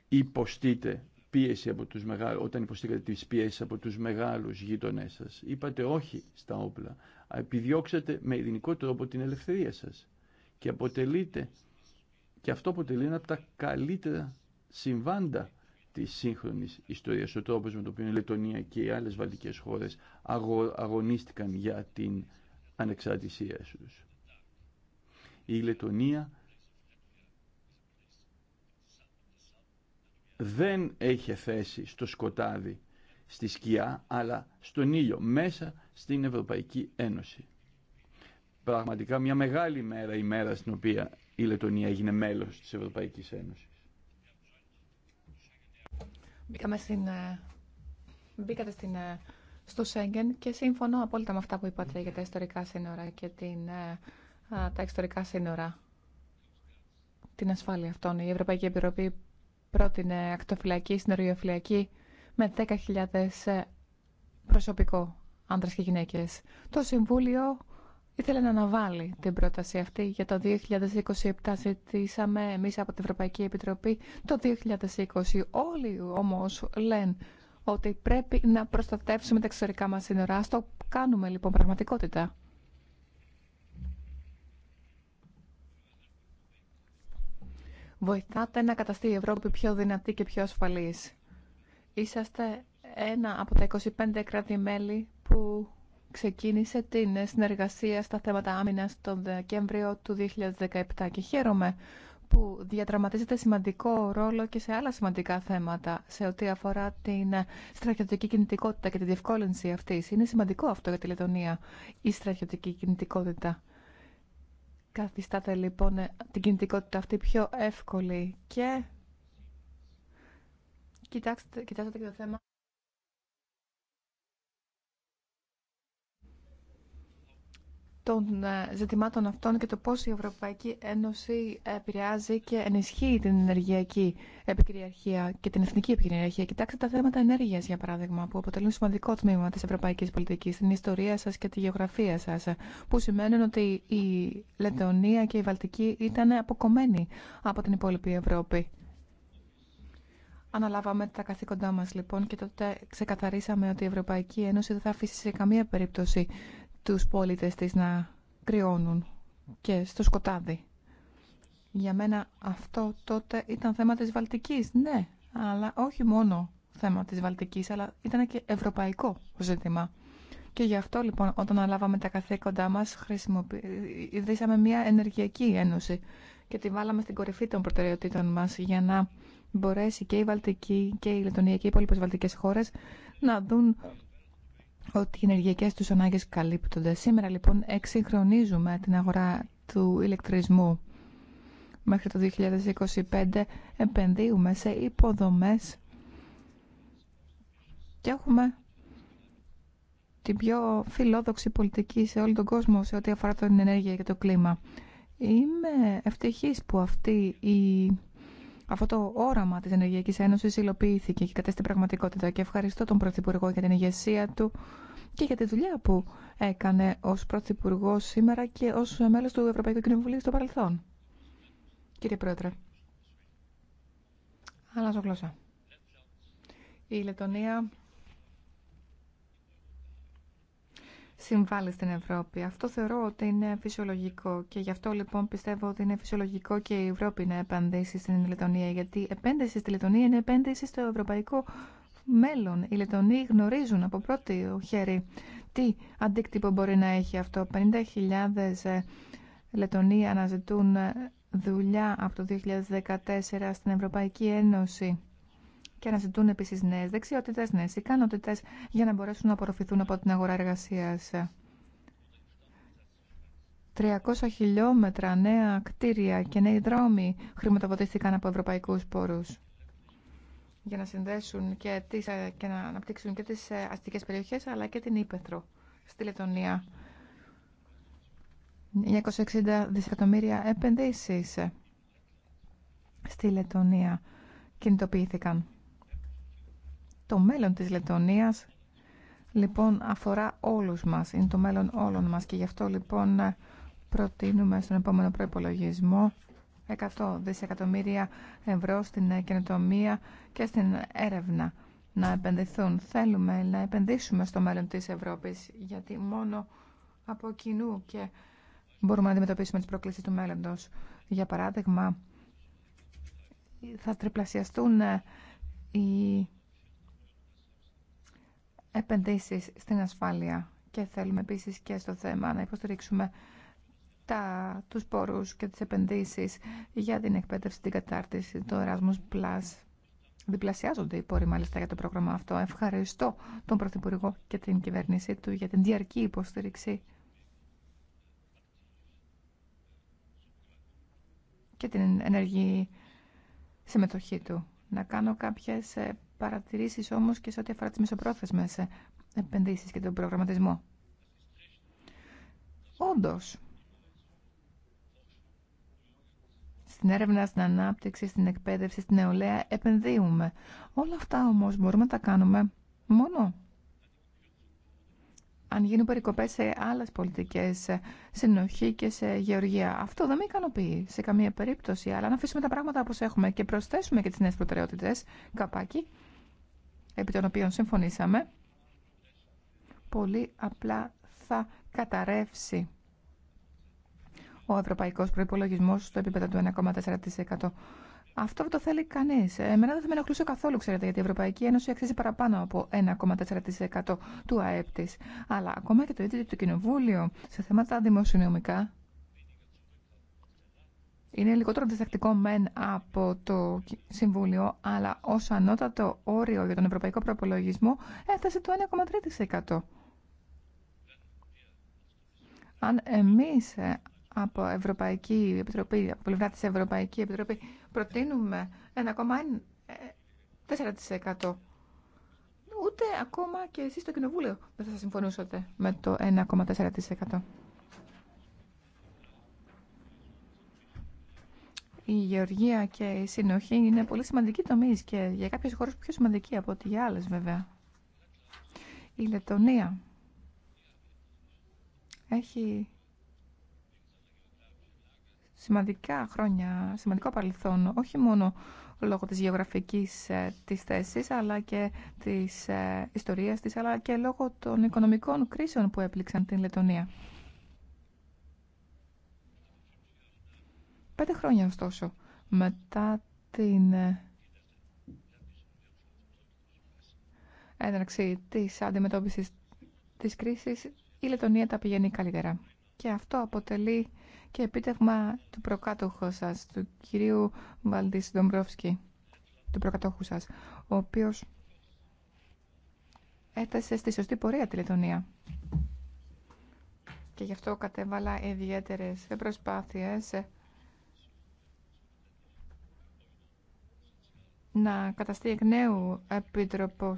υποστείτε πίεση από τους μεγάλους, όταν υποστήκατε τις πιέσεις από τους μεγάλους γείτονές σας. Είπατε όχι στα όπλα. Επιδιώξατε με ειρηνικό τρόπο την ελευθερία σας. Και αποτελείτε, και αυτό αποτελεί ένα από τα καλύτερα συμβάντα της σύγχρονης ιστορίας. Ο τρόπο με το οποίο η Λετωνία και οι άλλες βαλτικές χώρες αγωνίστηκαν για την ανεξαρτησία τους. Η Λετωνία δεν έχει θέση στο σκοτάδι, στη σκιά, αλλά στον ήλιο, μέσα στην Ευρωπαϊκή Ένωση. Πραγματικά μια μεγάλη μέρα η μέρα στην οποία η Λετωνία έγινε μέλος της Ευρωπαϊκής Ένωσης. Μπήκαμε στην, ε, μπήκατε στην, ε, στο Σέγγεν και σύμφωνο απόλυτα με αυτά που είπατε για τα ιστορικά σύνορα και την, ε, τα ιστορικά σύνορα. Την ασφάλεια αυτών. Η Ευρωπαϊκή Επιτροπή πρότεινε ακτοφυλακή, συνοριοφυλακή με 10.000 ε, προσωπικό, άντρες και γυναίκες. Το Συμβούλιο ήθελε να αναβάλει την πρόταση αυτή για το 2027. Ζητήσαμε εμείς από την Ευρωπαϊκή Επιτροπή το 2020. Όλοι όμως λένε ότι πρέπει να προστατεύσουμε τα εξωτερικά μας σύνορα. Ας το κάνουμε λοιπόν πραγματικότητα. βοηθάτε να καταστεί η Ευρώπη πιο δυνατή και πιο ασφαλής. Είσαστε ένα από τα 25 κράτη-μέλη που ξεκίνησε την συνεργασία στα θέματα άμυνας τον Δεκέμβριο του 2017 και χαίρομαι που διαδραματίζεται σημαντικό ρόλο και σε άλλα σημαντικά θέματα σε ό,τι αφορά την στρατιωτική κινητικότητα και τη διευκόλυνση αυτής. Είναι σημαντικό αυτό για τη Λετωνία, η στρατιωτική κινητικότητα καθιστάτε λοιπόν ε, την κινητικότητα αυτή πιο εύκολη και κοιτάξτε, κοιτάξτε και το θέμα των ε, ζητημάτων αυτών και το πώς η Ευρωπαϊκή Ένωση επηρεάζει και ενισχύει την ενεργειακή επικυριαρχία και την εθνική επικυριαρχία. Κοιτάξτε τα θέματα ενέργειας, για παράδειγμα, που αποτελούν σημαντικό τμήμα της ευρωπαϊκής πολιτικής, την ιστορία σας και τη γεωγραφία σας, που σημαίνουν ότι η Λετωνία και η Βαλτική ήταν αποκομμένοι από την υπόλοιπη Ευρώπη. Αναλάβαμε τα καθήκοντά μας λοιπόν και τότε ξεκαθαρίσαμε ότι η Ευρωπαϊκή Ένωση δεν θα αφήσει σε καμία περίπτωση τους πολίτες της να κρυώνουν και στο σκοτάδι. Για μένα αυτό τότε ήταν θέμα της Βαλτικής, ναι, αλλά όχι μόνο θέμα της Βαλτικής, αλλά ήταν και ευρωπαϊκό ζήτημα. Και γι' αυτό λοιπόν όταν αλάβαμε τα καθήκοντά μας ιδρύσαμε μια ενεργειακή ένωση και τη βάλαμε στην κορυφή των προτεραιοτήτων μας για να μπορέσει και η Βαλτική και η Λετωνία και οι υπόλοιπε Βαλτικές χώρες να δουν ότι οι ενεργειακέ του ανάγκε καλύπτονται. Σήμερα λοιπόν εξυγχρονίζουμε την αγορά του ηλεκτρισμού. Μέχρι το 2025 επενδύουμε σε υποδομές και έχουμε την πιο φιλόδοξη πολιτική σε όλο τον κόσμο σε ό,τι αφορά την ενέργεια και το κλίμα. Είμαι ευτυχής που αυτή η αυτό το όραμα της Ενεργειακής Ένωσης υλοποιήθηκε και κατέστη πραγματικότητα και ευχαριστώ τον Πρωθυπουργό για την ηγεσία του και για τη δουλειά που έκανε ως Πρωθυπουργό σήμερα και ως μέλος του Ευρωπαϊκού Κοινοβουλίου στο παρελθόν. Κύριε Πρόεδρε, αλλάζω γλώσσα. Η Λετωνία συμβάλλει στην Ευρώπη. Αυτό θεωρώ ότι είναι φυσιολογικό και γι' αυτό λοιπόν πιστεύω ότι είναι φυσιολογικό και η Ευρώπη να επενδύσει στην Λετωνία γιατί επένδυση στη Λετωνία είναι επένδυση στο ευρωπαϊκό μέλλον. Οι Λετωνοί γνωρίζουν από πρώτη χέρι τι αντίκτυπο μπορεί να έχει αυτό. 50.000 ε, Λετωνοί αναζητούν δουλειά από το 2014 στην Ευρωπαϊκή Ένωση και να ζητούν επίση νέε δεξιότητε, νέε ικανότητε για να μπορέσουν να απορροφηθούν από την αγορά εργασία. 300 χιλιόμετρα νέα κτίρια και νέοι δρόμοι χρηματοδοτήθηκαν από ευρωπαϊκούς πόρους για να συνδέσουν και, τις, ε, και να αναπτύξουν και τις ε, αστικές περιοχές αλλά και την Ήπεθρο στη Λετωνία. 960 δισεκατομμύρια επενδύσεις στη Λετωνία κινητοποιήθηκαν. Το μέλλον της Λετωνίας λοιπόν αφορά όλους μας, είναι το μέλλον όλων μας και γι' αυτό λοιπόν προτείνουμε στον επόμενο προϋπολογισμό 100 δισεκατομμύρια ευρώ στην καινοτομία και στην έρευνα να επενδυθούν. Θέλουμε να επενδύσουμε στο μέλλον της Ευρώπης γιατί μόνο από κοινού και μπορούμε να αντιμετωπίσουμε τις προκλήσεις του μέλλοντος. Για παράδειγμα, θα τριπλασιαστούν ε, οι επενδύσεις στην ασφάλεια και θέλουμε επίσης και στο θέμα να υποστηρίξουμε τα, τους πόρους και τις επενδύσεις για την εκπαίδευση, την κατάρτιση, το Erasmus Plus. Διπλασιάζονται οι πόροι μάλιστα για το πρόγραμμα αυτό. Ευχαριστώ τον Πρωθυπουργό και την κυβέρνησή του για την διαρκή υποστήριξη και την ενεργή συμμετοχή του. Να κάνω κάποιες ε, Παρατηρήσει όμω και σε ό,τι αφορά τι μεσοπρόθεσμε επενδύσεις και τον προγραμματισμό. Όντως, στην έρευνα, στην ανάπτυξη, στην εκπαίδευση, στην νεολαία επενδύουμε. Όλα αυτά όμως μπορούμε να τα κάνουμε μόνο αν γίνουν περικοπέ σε άλλες πολιτικές, συνοχή και σε γεωργία. Αυτό δεν με ικανοποιεί σε καμία περίπτωση, αλλά αν αφήσουμε τα πράγματα όπως έχουμε και προσθέσουμε και τι νέε προτεραιότητες, καπάκι, επί των οποίων συμφωνήσαμε, πολύ απλά θα καταρρεύσει ο ευρωπαϊκός προϋπολογισμός στο επίπεδο του 1,4%. Αυτό δεν το θέλει κανεί. Εμένα δεν θα με ενοχλούσε καθόλου, ξέρετε, γιατί η Ευρωπαϊκή Ένωση αξίζει παραπάνω από 1,4% του ΑΕΠ της. Αλλά ακόμα και το ίδιο το Κοινοβούλιο σε θέματα δημοσιονομικά είναι λιγότερο διστακτικό μεν από το Συμβούλιο, αλλά ω ανώτατο όριο για τον ευρωπαϊκό προπολογισμό έφτασε το 1,3%. Αν εμείς ε, από Ευρωπαϊκή Επιτροπή, από πλευρά τη Ευρωπαϊκή Επιτροπή, προτείνουμε 1,4%. Ούτε ακόμα και εσείς στο Κοινοβούλιο δεν θα συμφωνούσατε με το 1,4%. η γεωργία και η συνοχή είναι πολύ σημαντική τομεί και για κάποιες χώρες πιο σημαντική από ό,τι για άλλες βέβαια. Η Λετωνία έχει σημαντικά χρόνια, σημαντικό παρελθόν, όχι μόνο λόγω της γεωγραφικής ε, της θέσης, αλλά και της ε, ιστορίας της, αλλά και λόγω των οικονομικών κρίσεων που έπληξαν την Λετωνία. Πέντε χρόνια ωστόσο μετά την ε, έναρξη της αντιμετώπισης της κρίσης η Λετωνία τα πηγαίνει καλύτερα. Και αυτό αποτελεί και επίτευγμα του προκάτοχου σας, του κυρίου Βαλτίς Ντομπρόφσκι, του προκατόχου σας, ο οποίος έθεσε στη σωστή πορεία τη Λετωνία. Και γι' αυτό κατέβαλα ιδιαίτερες προσπάθειες ε, να καταστεί εκ νέου επίτροπο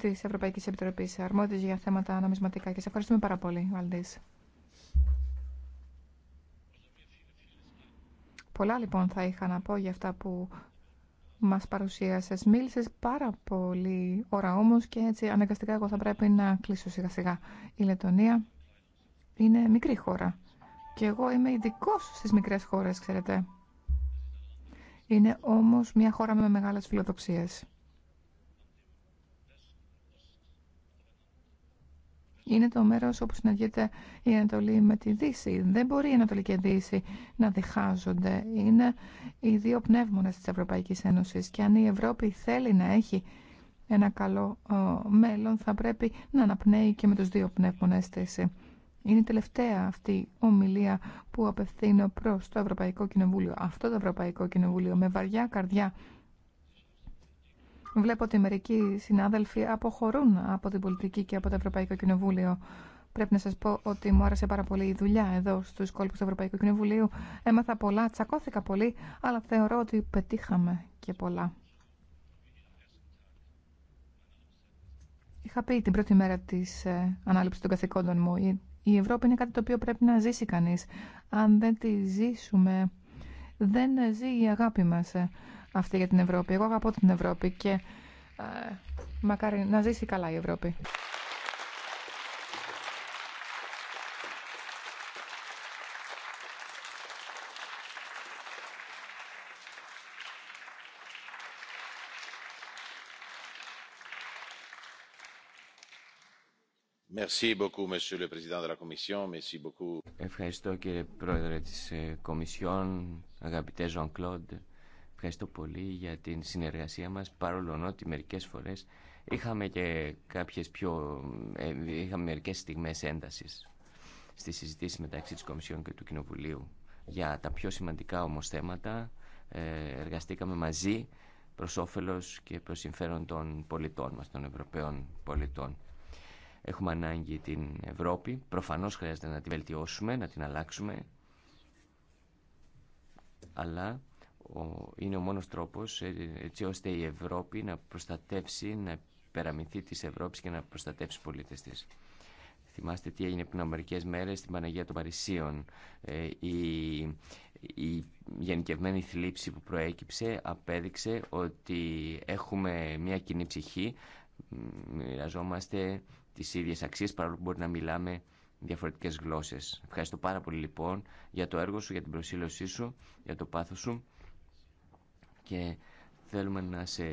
της Ευρωπαϊκής Επιτροπής αρμόδιο για θέματα νομισματικά και σε ευχαριστούμε πάρα πολύ, Βαλντής. Πολλά λοιπόν θα είχα να πω για αυτά που μας παρουσίασες. Μίλησες πάρα πολύ ώρα όμως και έτσι αναγκαστικά εγώ θα πρέπει να κλείσω σιγά σιγά. Η Λετωνία είναι μικρή χώρα και εγώ είμαι ειδικό στις μικρές χώρες, ξέρετε. Είναι όμως μια χώρα με μεγάλες φιλοδοξίες. Είναι το μέρος όπου συναντιέται η Ανατολή με τη Δύση. Δεν μπορεί η Ανατολή και η Δύση να διχάζονται. Είναι οι δύο πνεύμονες της Ευρωπαϊκής Ένωσης. Και αν η Ευρώπη θέλει να έχει ένα καλό ε, μέλλον, θα πρέπει να αναπνέει και με τους δύο πνεύμονες της. Είναι η τελευταία αυτή ομιλία που απευθύνω προς το Ευρωπαϊκό Κοινοβούλιο. Αυτό το Ευρωπαϊκό Κοινοβούλιο με βαριά καρδιά. Βλέπω ότι μερικοί συνάδελφοι αποχωρούν από την πολιτική και από το Ευρωπαϊκό Κοινοβούλιο. Πρέπει να σας πω ότι μου άρεσε πάρα πολύ η δουλειά εδώ στους κόλπους του Ευρωπαϊκού Κοινοβουλίου. Έμαθα πολλά, τσακώθηκα πολύ, αλλά θεωρώ ότι πετύχαμε και πολλά. Είχα πει την πρώτη μέρα της ε, των καθηκόντων μου η Ευρώπη είναι κάτι το οποίο πρέπει να ζήσει κανείς. Αν δεν τη ζήσουμε, δεν ζει η αγάπη μας ε, αυτή για την Ευρώπη. Εγώ αγαπώ την Ευρώπη και ε, μακάρι να ζήσει καλά η Ευρώπη. Ευχαριστώ κύριε Πρόεδρε της ε, Κομισιόν, αγαπητέ Ζων Κλοντ. Ευχαριστώ πολύ για την συνεργασία μας, παρόλο ότι μερικές φορές είχαμε και κάποιες πιο... Ε, είχαμε μερικές στιγμές έντασης στις συζητήσεις μεταξύ της Κομισιόν και του Κοινοβουλίου. Για τα πιο σημαντικά όμως θέματα ε, εργαστήκαμε μαζί προς όφελος και προς συμφέρον των πολιτών μας, των Ευρωπαίων πολιτών. Έχουμε ανάγκη την Ευρώπη. Προφανώς χρειάζεται να τη βελτιώσουμε, να την αλλάξουμε. Αλλά είναι ο μόνος τρόπος ε, έτσι ώστε η Ευρώπη να προστατεύσει, να περαμηθεί της Ευρώπης και να προστατεύσει τους πολίτες της. Θυμάστε τι έγινε πριν από μερικέ μέρες στην Παναγία των Παρισίων. Ε, η, η γενικευμένη θλίψη που προέκυψε απέδειξε ότι έχουμε μια κοινή ψυχή, μοιραζόμαστε τις ίδιες αξίες παρόλο που μπορεί να μιλάμε διαφορετικές γλώσσες. Ευχαριστώ πάρα πολύ λοιπόν για το έργο σου, για την προσήλωσή σου, για το πάθος σου και θέλουμε να σε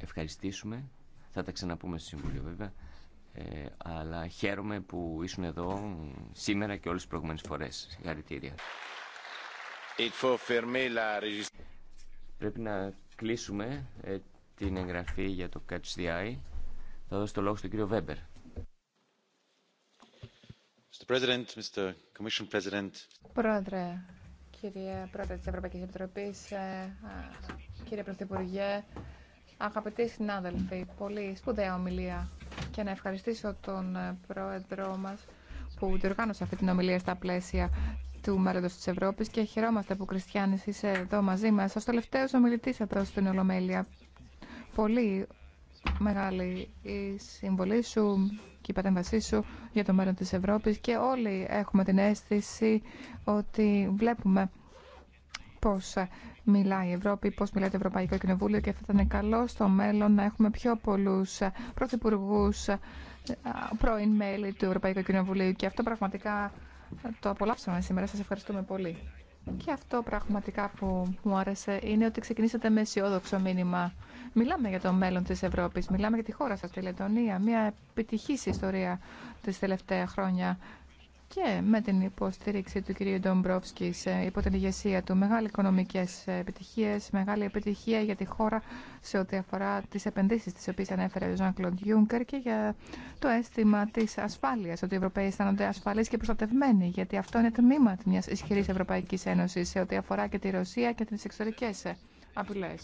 ευχαριστήσουμε. Θα τα ξαναπούμε στο Συμβούλιο βέβαια. Ε, αλλά χαίρομαι που ήσουν εδώ σήμερα και όλες τις προηγούμενες φορές. Συγχαρητήρια. Πρέπει να κλείσουμε ε, την εγγραφή για το Catch the Eye. Θα δώσω το λόγο στον κύριο Βέμπερ. Πρόεδρε, κύριε Πρόεδρε της Ευρωπαϊκής Επιτροπής, ε, κύριε Πρωθυπουργέ, αγαπητοί συνάδελφοι, πολύ σπουδαία ομιλία και να ευχαριστήσω τον ε, Πρόεδρό μας που διοργάνωσε αυτή την ομιλία στα πλαίσια του μέλλοντο τη Ευρώπη και χαιρόμαστε που Κριστιανή είσαι εδώ μαζί μα ω τελευταίο ομιλητή εδώ στην Ολομέλεια. Πολύ μεγάλη η συμβολή σου και η παρέμβασή σου για το μέλλον της Ευρώπης και όλοι έχουμε την αίσθηση ότι βλέπουμε πώς μιλάει η Ευρώπη, πώς μιλάει το Ευρωπαϊκό Κοινοβούλιο και θα ήταν καλό στο μέλλον να έχουμε πιο πολλούς πρωθυπουργού πρώην μέλη του Ευρωπαϊκού Κοινοβουλίου και αυτό πραγματικά το απολαύσαμε σήμερα. Σας ευχαριστούμε πολύ. Και αυτό πραγματικά που μου άρεσε είναι ότι ξεκινήσατε με αισιόδοξο μήνυμα Μιλάμε για το μέλλον της Ευρώπης, μιλάμε για τη χώρα σας, τη Λετωνία, μια επιτυχής ιστορία τις τελευταία χρόνια και με την υποστήριξη του κυρίου Ντομπρόφσκη υπό την ηγεσία του. Μεγάλη οικονομικέ επιτυχίε, μεγάλη επιτυχία για τη χώρα σε ό,τι αφορά τι επενδύσει τι οποίε ανέφερε ο Ζαν Κλοντ Γιούγκερ και για το αίσθημα τη ασφάλεια, ότι οι Ευρωπαίοι αισθάνονται ασφαλεί και προστατευμένοι, γιατί αυτό είναι τμήμα μια ισχυρή Ευρωπαϊκή Ένωση σε ό,τι αφορά και τη Ρωσία και τι εξωτερικέ απειλέ.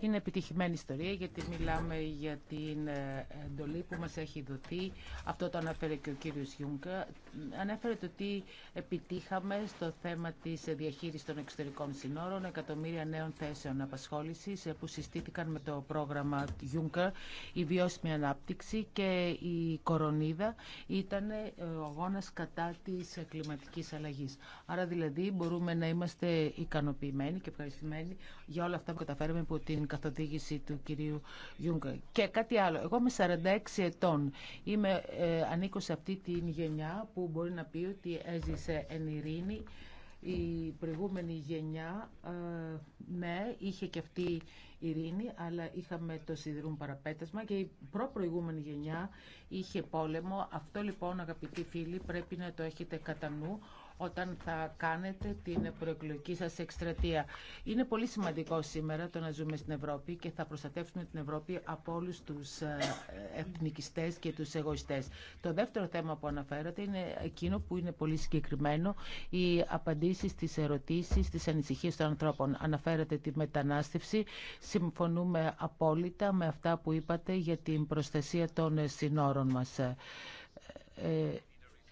Είναι επιτυχημένη ιστορία γιατί μιλάμε για την ε, εντολή που μας έχει δοθεί. Αυτό το αναφέρε και ο κύριος Γιούγκα. Ανέφερε το τι επιτύχαμε στο θέμα της διαχείρισης των εξωτερικών συνόρων εκατομμύρια νέων θέσεων απασχόλησης ε, που συστήθηκαν με το πρόγραμμα Γιούγκα, η βιώσιμη ανάπτυξη και η κορονίδα ήταν ε, ο αγώνας κατά της κλιματικής αλλαγής. Άρα δηλαδή μπορούμε να είμαστε ικανοποιημένοι και ευχαριστημένοι για όλα αυτά που καταφέραμε από την καθοδήγηση του κυρίου Γιούγκα. Και κάτι άλλο. Εγώ με 46 ετών είμαι, ε, ανήκω σε αυτή την γενιά που μπορεί να πει ότι έζησε εν ειρήνη η προηγούμενη γενιά, ε, ναι, είχε και αυτή ειρήνη, αλλά είχαμε το σιδηρούν παραπέτασμα και η προπροηγούμενη γενιά είχε πόλεμο. Αυτό λοιπόν, αγαπητοί φίλοι, πρέπει να το έχετε κατά νου όταν θα κάνετε την προεκλογική σας εκστρατεία. Είναι πολύ σημαντικό σήμερα το να ζούμε στην Ευρώπη και θα προστατεύσουμε την Ευρώπη από όλους τους ε, εθνικιστές και τους εγωιστές. Το δεύτερο θέμα που αναφέρατε είναι εκείνο που είναι πολύ συγκεκριμένο, οι απαντήσεις στις ερωτήσεις, στις ανησυχίες των ανθρώπων. Αναφέρατε τη μετανάστευση. Συμφωνούμε απόλυτα με αυτά που είπατε για την προστασία των συνόρων μας. Ε, ε,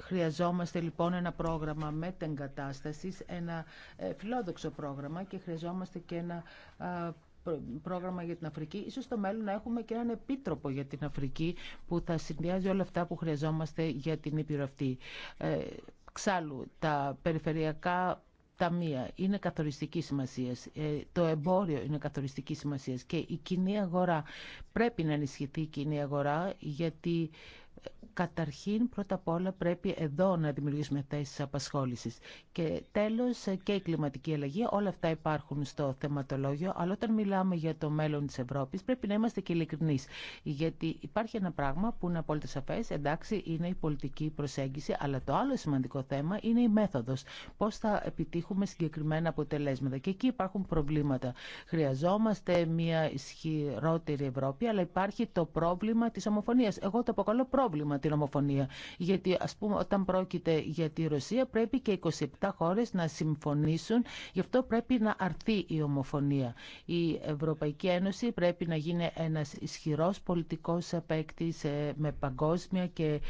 Χρειαζόμαστε λοιπόν ένα πρόγραμμα μετεγκατάστασης, ένα ε, φιλόδοξο πρόγραμμα και χρειαζόμαστε και ένα πρόγραμμα για την Αφρική. Ίσως στο μέλλον να έχουμε και έναν επίτροπο για την Αφρική που θα συνδυάζει όλα αυτά που χρειαζόμαστε για την Ήπειρο αυτή. Ε, ξάλλου, τα περιφερειακά ταμεία είναι καθοριστική σημασία. Ε, το εμπόριο είναι καθοριστική σημασία και η κοινή αγορά. Πρέπει να ενισχυθεί η κοινή αγορά γιατί Καταρχήν, πρώτα απ' όλα πρέπει εδώ να δημιουργήσουμε θέσεις απασχόλησης. Και τέλος και η κλιματική αλλαγή, όλα αυτά υπάρχουν στο θεματολόγιο, αλλά όταν μιλάμε για το μέλλον της Ευρώπης πρέπει να είμαστε και ειλικρινείς. Γιατί υπάρχει ένα πράγμα που είναι απόλυτα σαφές, εντάξει είναι η πολιτική προσέγγιση, αλλά το άλλο σημαντικό θέμα είναι η μέθοδος. Πώς θα επιτύχουμε συγκεκριμένα αποτελέσματα. Και εκεί υπάρχουν προβλήματα. Χρειαζόμαστε μια ισχυρότερη Ευρώπη, αλλά υπάρχει το πρόβλημα της ομοφωνίας. Εγώ το αποκαλώ πρόβλημα την ομοφωνία. Γιατί ας πούμε όταν πρόκειται για τη Ρωσία πρέπει και 27 χώρες να συμφωνήσουν. Γι' αυτό πρέπει να αρθεί η ομοφωνία. Η Ευρωπαϊκή Ένωση πρέπει να γίνει ένας ισχυρός πολιτικός παίκτη ε, με παγκόσμια και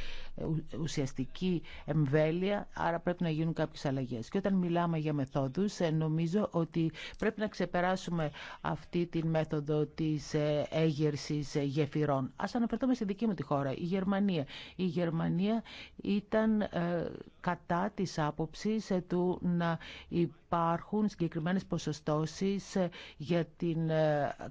ουσιαστική εμβέλεια. Άρα πρέπει να γίνουν κάποιες αλλαγέ. Και όταν μιλάμε για μεθόδους ε, νομίζω ότι πρέπει να ξεπεράσουμε αυτή τη μέθοδο της ε, έγερση γεφυρών. Ας αναφερθούμε στη δική μου τη χώρα, η Γερμανία. Η Γερμανία ήταν ε, κατά της άποψης ε, του να υπάρχουν συγκεκριμένες ποσοστώσεις ε, για την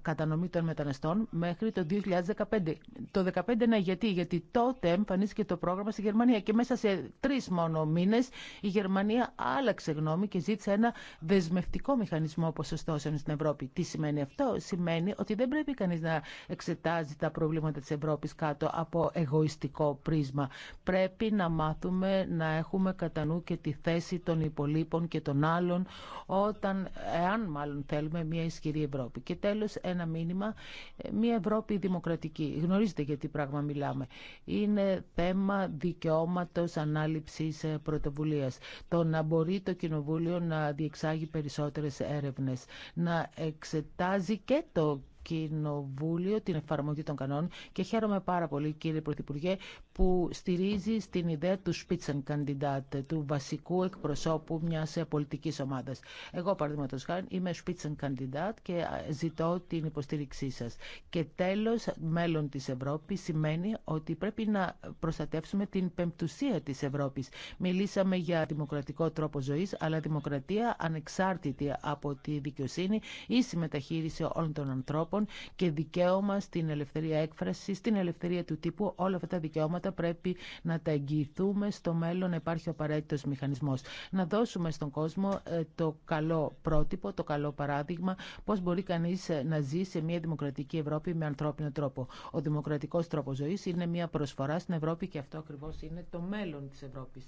κατανομή των μεταναστών μέχρι το 2015. Το 2015 ναι, γιατί, γιατί τότε εμφανίστηκε το πρόγραμμα στη Γερμανία και μέσα σε τρεις μόνο μήνες η Γερμανία άλλαξε γνώμη και ζήτησε ένα δεσμευτικό μηχανισμό ποσοστώσεων στην Ευρώπη. Τι σημαίνει αυτό? Σημαίνει ότι δεν πρέπει κανείς να εξετάζει τα προβλήματα της Ευρώπης κάτω από εγωιστικό πρίσμα. Πρέπει να μάθουμε να έχουμε κατά νου και τη θέση των υπολείπων και των άλλων όταν, εάν μάλλον θέλουμε μια ισχυρή Ευρώπη. Και τέλος ένα μήνυμα, ε, μια Ευρώπη δημοκρατική. Γνωρίζετε για τι πράγμα μιλάμε. Είναι θέμα δικαιώματος ανάληψης ε, πρωτοβουλία. Το να μπορεί το Κοινοβούλιο να διεξάγει περισσότερες έρευνες, να εξετάζει και το Κοινοβούλιο την εφαρμογή των κανόνων και χαίρομαι πάρα πολύ κύριε Πρωθυπουργέ που στηρίζει στην ιδέα του Spitzenkandidat, του βασικού εκπροσώπου μια ε, πολιτική ομάδα. Εγώ, παραδείγματο, χάρη, είμαι Spitzenkandidat και ε, ζητώ την υποστήριξή σα. Και τέλο μέλλον τη Ευρώπη σημαίνει ότι πρέπει να προστατεύσουμε την πεμπτουσία τη Ευρώπη. Μιλήσαμε για δημοκρατικό τρόπο ζωή, αλλά δημοκρατία ανεξάρτητη από τη δικαιοσύνη, ίση μεταχείριση όλων των ανθρώπων και δικαίωμα στην ελευθερία έκφραση, στην ελευθερία του τύπου, όλα αυτά τα δικαιώματα πρέπει να τα εγγυηθούμε στο μέλλον να υπάρχει ο απαραίτητος μηχανισμός. Να δώσουμε στον κόσμο ε, το καλό πρότυπο, το καλό παράδειγμα, πώς μπορεί κανείς ε, να ζει σε μια δημοκρατική Ευρώπη με ανθρώπινο τρόπο. Ο δημοκρατικός τρόπος ζωής είναι μια προσφορά στην Ευρώπη και αυτό ακριβώς είναι το μέλλον της Ευρώπης.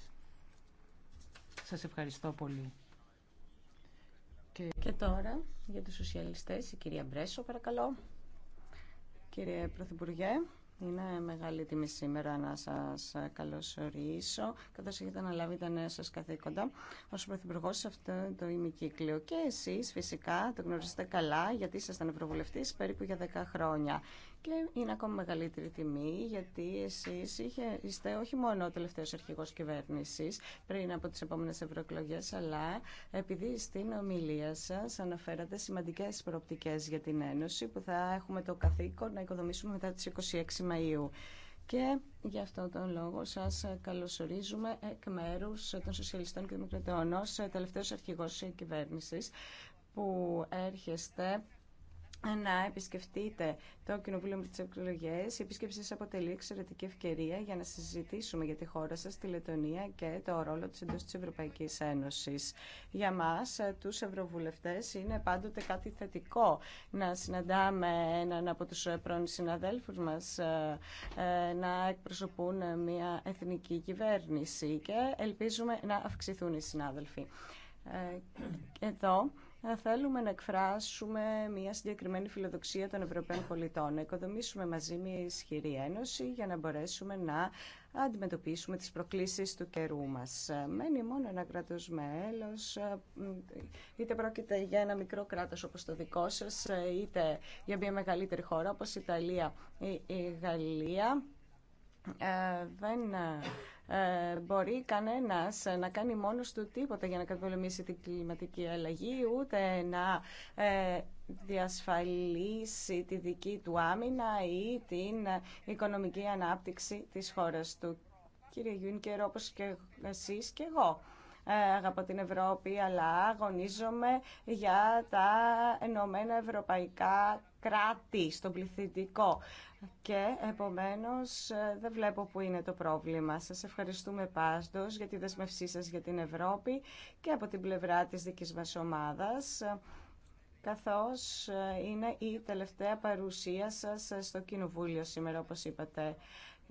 Σας ευχαριστώ πολύ. Και... τώρα για τους σοσιαλιστές, η κυρία Μπρέσο παρακαλώ. Κύριε Πρωθυπουργέ, είναι μεγάλη τιμή σήμερα να σας καλωσορίσω, καθώς έχετε αναλάβει τα νέα σας καθήκοντα ω Πρωθυπουργό σε αυτό το ημικύκλιο. Και εσείς φυσικά το γνωρίζετε καλά, γιατί ήσασταν Ευρωβουλευτή περίπου για 10 χρόνια και είναι ακόμα μεγαλύτερη τιμή γιατί εσείς είχε, είστε όχι μόνο ο τελευταίος αρχηγός κυβέρνησης πριν από τις επόμενες ευρωεκλογέ, αλλά επειδή στην ομιλία σας αναφέρατε σημαντικές προοπτικές για την Ένωση που θα έχουμε το καθήκον να οικοδομήσουμε μετά τις 26 Μαΐου. Και γι' αυτό τον λόγο σας καλωσορίζουμε εκ μέρου των Σοσιαλιστών και Δημοκρατών ως τελευταίος αρχηγός κυβέρνησης που έρχεστε να επισκεφτείτε το Κοινοβούλιο με τι εκλογέ. Η επίσκεψη σας αποτελεί εξαιρετική ευκαιρία για να συζητήσουμε για τη χώρα σας, τη Λετωνία και το ρόλο τη εντό τη Ευρωπαϊκή Ένωση. Για μα, ε, τους ευρωβουλευτές, είναι πάντοτε κάτι θετικό να συναντάμε έναν από τους ε, πρώην συναδέλφους μα ε, να εκπροσωπούν μια εθνική κυβέρνηση και ελπίζουμε να αυξηθούν οι συνάδελφοι. Εδώ ε, θέλουμε να εκφράσουμε μια συγκεκριμένη φιλοδοξία των Ευρωπαίων πολιτών, να οικοδομήσουμε μαζί μια ισχυρή ένωση για να μπορέσουμε να αντιμετωπίσουμε τις προκλήσεις του καιρού μας. Ε, μένει μόνο ένα κράτος μέλος, ε, είτε πρόκειται για ένα μικρό κράτος όπως το δικό σας, είτε για μια μεγαλύτερη χώρα όπως η Ιταλία ή η Γαλλία. Ε, μπορεί κανένας να κάνει μόνος του τίποτα για να καταπολεμήσει την κλιματική αλλαγή, ούτε να ε, διασφαλίσει τη δική του άμυνα ή την οικονομική ανάπτυξη της χώρας του. Κύριε Γιούνκερ, όπως και εσείς και εγώ ε, αγαπώ την Ευρώπη, αλλά αγωνίζομαι για τα ενωμένα ευρωπαϊκά κράτη, στον πληθυντικό. Και επομένως ε, δεν βλέπω που είναι το πρόβλημα. Σας ευχαριστούμε πάντως για τη δεσμευσή σας για την Ευρώπη και από την πλευρά της δικής μας ομάδας ε, καθώς ε, είναι η τελευταία παρουσία σας στο Κοινοβούλιο σήμερα, όπως είπατε.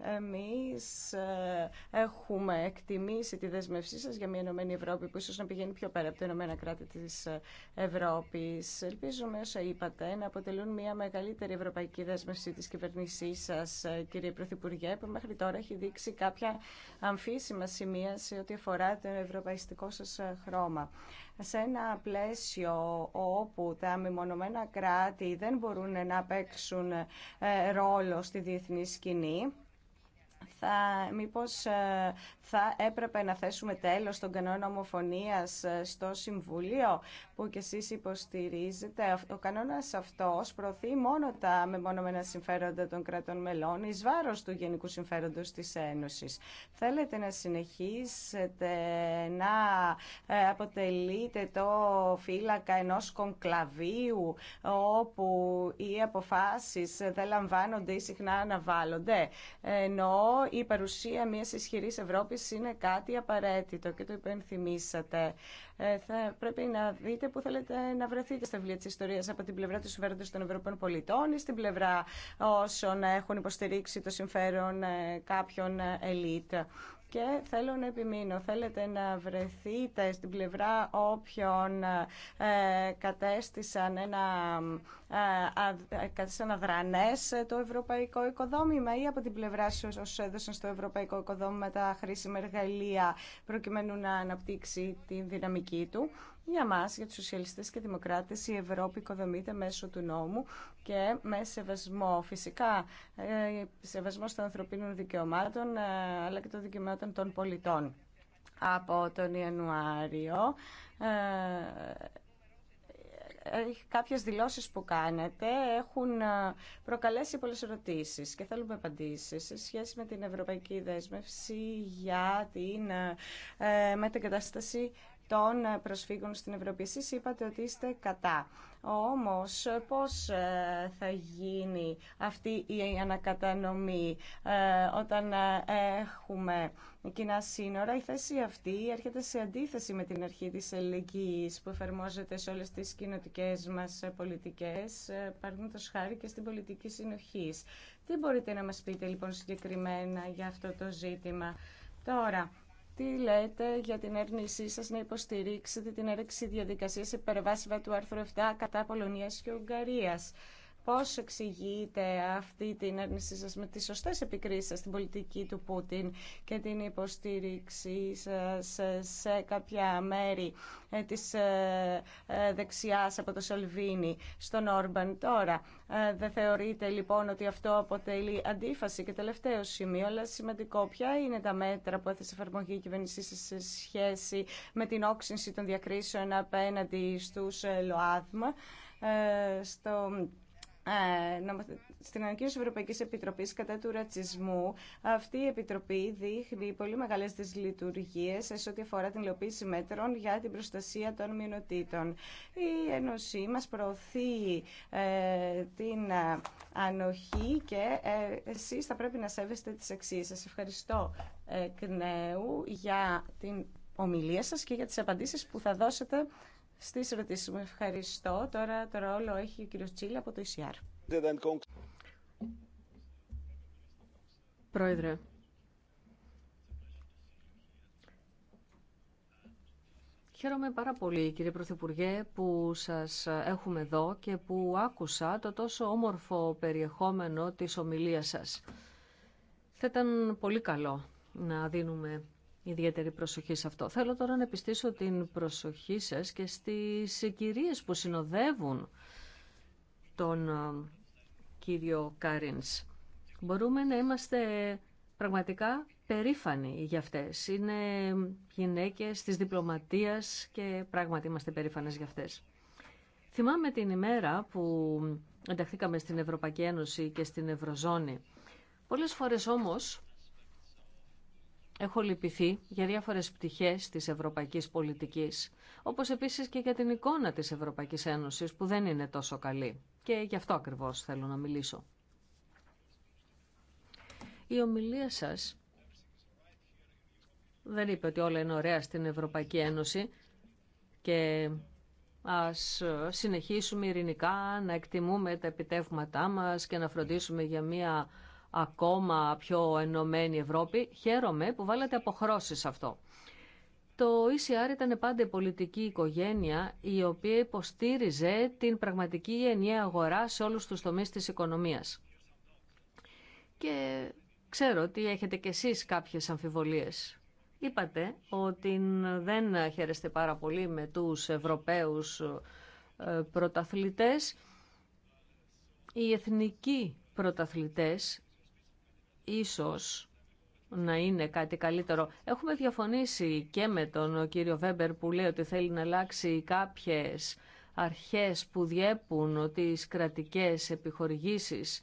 Εμείς ε, έχουμε εκτιμήσει τη δέσμευσή σας για μια Ενωμένη Ευρώπη που ίσως να πηγαίνει πιο πέρα από τα Ενωμένα κράτη της ε, Ευρώπης. Ελπίζουμε όσα είπατε να αποτελούν μια μεγαλύτερη ευρωπαϊκή δέσμευση της κυβερνήσής σας, ε, κύριε Πρωθυπουργέ, που μέχρι τώρα έχει δείξει κάποια αμφίσιμα σημεία σε ό,τι αφορά το ευρωπαϊστικό σας χρώμα σε ένα πλαίσιο όπου τα μεμονωμένα κράτη δεν μπορούν να παίξουν ρόλο στη διεθνή σκηνή θα, μήπως ε, θα έπρεπε να θέσουμε τέλος τον κανόνα ομοφωνίας ε, στο Συμβούλιο που κι εσείς υποστηρίζετε. Ο κανόνας αυτός προωθεί μόνο τα μεμονωμένα συμφέροντα των κρατών μελών εις βάρος του γενικού συμφέροντος της Ένωσης. Θέλετε να συνεχίσετε να ε, αποτελείτε το φύλακα ενός κονκλαβίου όπου οι αποφάσεις δεν λαμβάνονται ή συχνά αναβάλλονται η παρουσία μιας ισχυρής Ευρώπης είναι κάτι απαραίτητο και το υπενθυμίσατε. Ε, θα πρέπει να δείτε που θέλετε να βρεθείτε στα βιβλία της ιστορίας από την πλευρά του συμφέροντος των Ευρωπαίων πολιτών ή στην πλευρά όσων έχουν υποστηρίξει το συμφέρον ε, κάποιων ε, ελίτ και θέλω να επιμείνω. Θέλετε να βρεθείτε στην πλευρά όποιων ε, κατέστησαν ένα ε, ε το ευρωπαϊκό οικοδόμημα ή από την πλευρά σας όσους έδωσαν στο ευρωπαϊκό οικοδόμημα τα χρήσιμα εργαλεία προκειμένου να αναπτύξει τη δυναμική του. Για μας, για του σοσιαλιστές και δημοκράτες, η Ευρώπη οικοδομείται μέσω του νόμου και με σεβασμό φυσικά, ε, σεβασμό των ανθρωπίνων δικαιωμάτων, ε, αλλά και των δικαιωμάτων των πολιτών. Από τον Ιανουάριο ε, κάποιες δηλώσεις που κάνετε έχουν προκαλέσει πολλές ερωτήσεις και θέλουμε απαντήσεις σε σχέση με την ευρωπαϊκή δέσμευση για την κατάσταση των προσφύγων στην Ευρώπη. Εσείς είπατε ότι είστε κατά. Όμως, πώς ε, θα γίνει αυτή η ανακατανομή ε, όταν ε, έχουμε κοινά σύνορα. Η θέση αυτή έρχεται σε αντίθεση με την αρχή της ελεγγύης που εφαρμόζεται σε όλες τις κοινοτικές μας πολιτικές, παραδείγματος χάρη και στην πολιτική συνοχής. Τι μπορείτε να μας πείτε λοιπόν συγκεκριμένα για αυτό το ζήτημα. Τώρα, τι λέτε για την έρνησή σας να υποστηρίξετε την έρεξη σε υπερβάσιμα του άρθρου 7 κατά Πολωνίας και Ουγγαρία. Πώς εξηγείτε αυτή την έρνησή σας με τις σωστές επικρίσεις στην πολιτική του Πούτιν και την υποστήριξή σας σε κάποια μέρη ε, της ε, ε, δεξιάς από το Σολβίνι στον Όρμπαν τώρα. Δεν θεωρείτε λοιπόν ότι αυτό αποτελεί αντίφαση και τελευταίο σημείο, αλλά σημαντικό ποια είναι τα μέτρα που έθεσε εφαρμογή η κυβέρνησή σας σε σχέση με την όξυνση των διακρίσεων απέναντι στους ΛΟΑΔΜΑ στο ε, στην Ανακοίνωση Ευρωπαϊκή Ευρωπαϊκής Επιτροπής κατά του ρατσισμού, αυτή η Επιτροπή δείχνει πολύ μεγάλες δυσλειτουργίε σε ό,τι αφορά την υλοποίηση μέτρων για την προστασία των μειονοτήτων. Η Ένωση μας προωθεί ε, την ε, ανοχή και ε, εσείς θα πρέπει να σέβεστε τις αξίε. σα. ευχαριστώ Κνέου, νέου για την ομιλία σας και για τις απαντήσεις που θα δώσετε Στι ερωτήσει μου. Ευχαριστώ. Τώρα το ρόλο έχει ο κύριο Τσίλα από το ECR. Πρόεδρε, Χαίρομαι πάρα πολύ κύριε Πρωθυπουργέ που σας έχουμε εδώ και που άκουσα το τόσο όμορφο περιεχόμενο της ομιλίας σας. Θα ήταν πολύ καλό να δίνουμε ιδιαίτερη προσοχή σε αυτό. Θέλω τώρα να επιστήσω την προσοχή σας και στις κυρίες που συνοδεύουν τον ε, κύριο Κάρινς. Μπορούμε να είμαστε πραγματικά περήφανοι για αυτές. Είναι γυναίκες της διπλωματίας και πράγματι είμαστε περήφανες για αυτές. Θυμάμαι την ημέρα που ενταχθήκαμε στην Ευρωπαϊκή Ένωση και στην Ευρωζώνη. Πολλές φορές όμως έχω λυπηθεί για διάφορες πτυχές της ευρωπαϊκής πολιτικής, όπως επίσης και για την εικόνα της Ευρωπαϊκής Ένωσης που δεν είναι τόσο καλή. Και γι' αυτό ακριβώς θέλω να μιλήσω. Η ομιλία σας δεν είπε ότι όλα είναι ωραία στην Ευρωπαϊκή Ένωση και ας συνεχίσουμε ειρηνικά να εκτιμούμε τα επιτεύγματά μας και να φροντίσουμε για μια ακόμα πιο ενωμένη Ευρώπη. Χαίρομαι που βάλατε αποχρώσεις αυτό. Το ECR ήταν πάντα η πολιτική οικογένεια η οποία υποστήριζε την πραγματική ενιαία αγορά σε όλους τους τομείς της οικονομίας. Και ξέρω ότι έχετε κι εσείς κάποιες αμφιβολίες. Είπατε ότι δεν χαίρεστε πάρα πολύ με τους Ευρωπαίους ε, πρωταθλητές. Οι εθνικοί πρωταθλητές ίσως να είναι κάτι καλύτερο. Έχουμε διαφωνήσει και με τον κύριο Βέμπερ που λέει ότι θέλει να αλλάξει κάποιες αρχές που διέπουν τις κρατικές επιχορηγήσεις.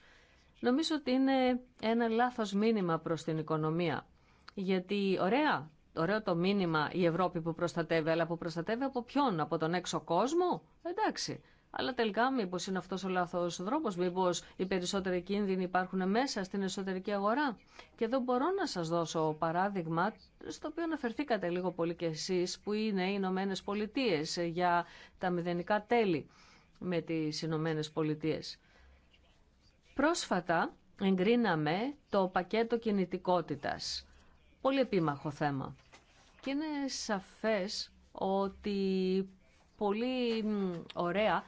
Νομίζω ότι είναι ένα λάθος μήνυμα προς την οικονομία. Γιατί ωραία, ωραίο το μήνυμα η Ευρώπη που προστατεύει, αλλά που προστατεύει από ποιον, από τον έξω κόσμο. Εντάξει, αλλά τελικά μήπω είναι αυτό ο λάθο δρόμο, μήπω οι περισσότεροι κίνδυνοι υπάρχουν μέσα στην εσωτερική αγορά. Και εδώ μπορώ να σα δώσω παράδειγμα, στο οποίο αναφερθήκατε λίγο πολύ κι εσεί, που είναι οι Ηνωμένε Πολιτείε για τα μηδενικά τέλη με τι Ηνωμένε Πολιτείε. Πρόσφατα εγκρίναμε το πακέτο κινητικότητας. Πολύ επίμαχο θέμα. Και είναι σαφές ότι πολύ ωραία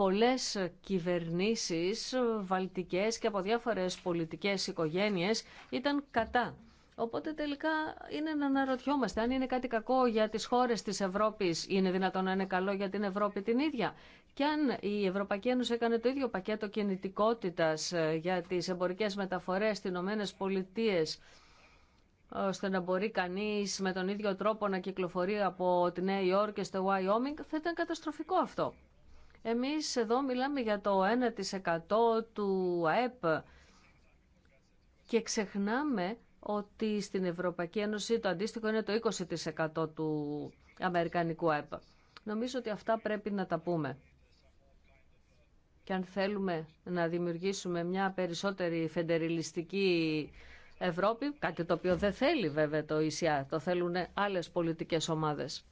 πολλές κυβερνήσεις βαλτικές και από διάφορες πολιτικές οικογένειες ήταν κατά. Οπότε τελικά είναι να αναρωτιόμαστε αν είναι κάτι κακό για τις χώρες της Ευρώπης, είναι δυνατόν να είναι καλό για την Ευρώπη την ίδια. Και αν η Ευρωπαϊκή Ένωση έκανε το ίδιο πακέτο κινητικότητας ε, για τις εμπορικές μεταφορές στις Ηνωμένε Πολιτείε, ώστε να μπορεί κανείς με τον ίδιο τρόπο να κυκλοφορεί από τη Νέα Υόρκη στο Wyoming, θα ήταν καταστροφικό αυτό. Εμείς εδώ μιλάμε για το 1% του ΑΕΠ και ξεχνάμε ότι στην Ευρωπαϊκή Ένωση το αντίστοιχο είναι το 20% του Αμερικανικού ΑΕΠ. Νομίζω ότι αυτά πρέπει να τα πούμε. Και αν θέλουμε να δημιουργήσουμε μια περισσότερη φεντεριλιστική Ευρώπη, κάτι το οποίο δεν θέλει βέβαια το ΙΣΙΑ, το θέλουν άλλες πολιτικές ομάδες.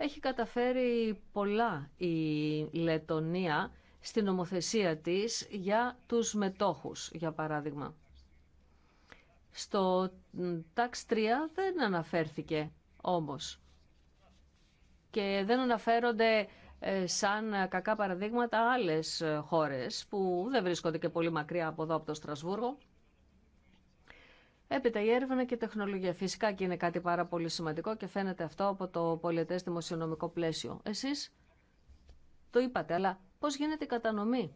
Έχει καταφέρει πολλά η Λετωνία στην νομοθεσία της για τους μετόχους, για παράδειγμα. Στο Tax 3 δεν αναφέρθηκε όμως. Και δεν αναφέρονται ε, σαν κακά παραδείγματα άλλες ε, χώρες που δεν βρίσκονται και πολύ μακριά από εδώ από το Στρασβούργο. Έπειτα η έρευνα και η τεχνολογία φυσικά και είναι κάτι πάρα πολύ σημαντικό και φαίνεται αυτό από το πολιτέ δημοσιονομικό πλαίσιο. Εσείς το είπατε, αλλά πώς γίνεται η κατανομή.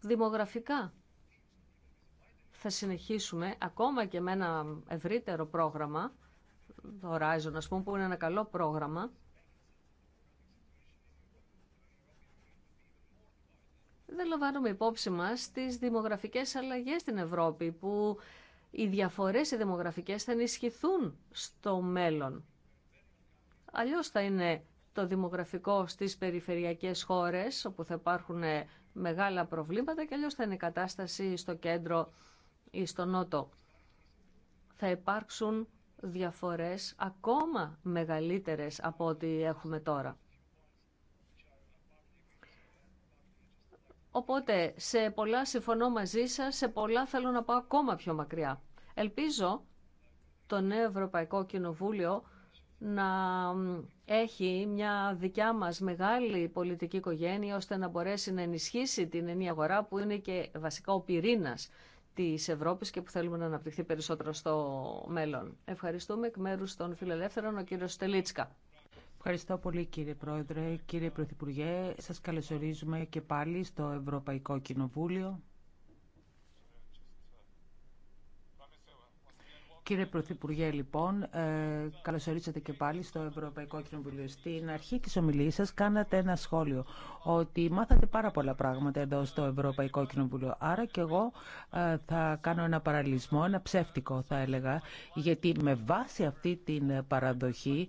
Δημογραφικά θα συνεχίσουμε ακόμα και με ένα ευρύτερο πρόγραμμα, το Horizon α πούμε που είναι ένα καλό πρόγραμμα, δεν λαμβάνουμε υπόψη μας τις δημογραφικές αλλαγές στην Ευρώπη που οι διαφορές οι δημογραφικές θα ενισχυθούν στο μέλλον. Αλλιώς θα είναι το δημογραφικό στις περιφερειακές χώρες όπου θα υπάρχουν μεγάλα προβλήματα και αλλιώς θα είναι η κατάσταση στο κέντρο ή στο νότο. Θα υπάρξουν διαφορές ακόμα μεγαλύτερες από ό,τι έχουμε τώρα. Οπότε σε πολλά συμφωνώ μαζί σας, σε πολλά θέλω να πάω ακόμα πιο μακριά. Ελπίζω το νέο Ευρωπαϊκό Κοινοβούλιο να έχει μια δικιά μας μεγάλη πολιτική οικογένεια ώστε να μπορέσει να ενισχύσει την ενή αγορά που είναι και βασικά ο πυρήνας της Ευρώπης και που θέλουμε να αναπτυχθεί περισσότερο στο μέλλον. Ευχαριστούμε εκ μέρους των φιλελεύθερων ο κύριος Στελίτσκα. Ευχαριστώ πολύ κύριε Πρόεδρε, κύριε Πρωθυπουργέ. Σας καλωσορίζουμε και πάλι στο Ευρωπαϊκό Κοινοβούλιο. Κύριε Πρωθυπουργέ, λοιπόν, ε, καλωσορίσατε και πάλι στο Ευρωπαϊκό Κοινοβουλίο. Στην αρχή της ομιλίας σας κάνατε ένα σχόλιο ότι μάθατε πάρα πολλά πράγματα εδώ στο Ευρωπαϊκό Κοινοβουλίο. Άρα και εγώ ε, θα κάνω ένα παραλυσμό, ένα ψεύτικο θα έλεγα, γιατί με βάση αυτή την παραδοχή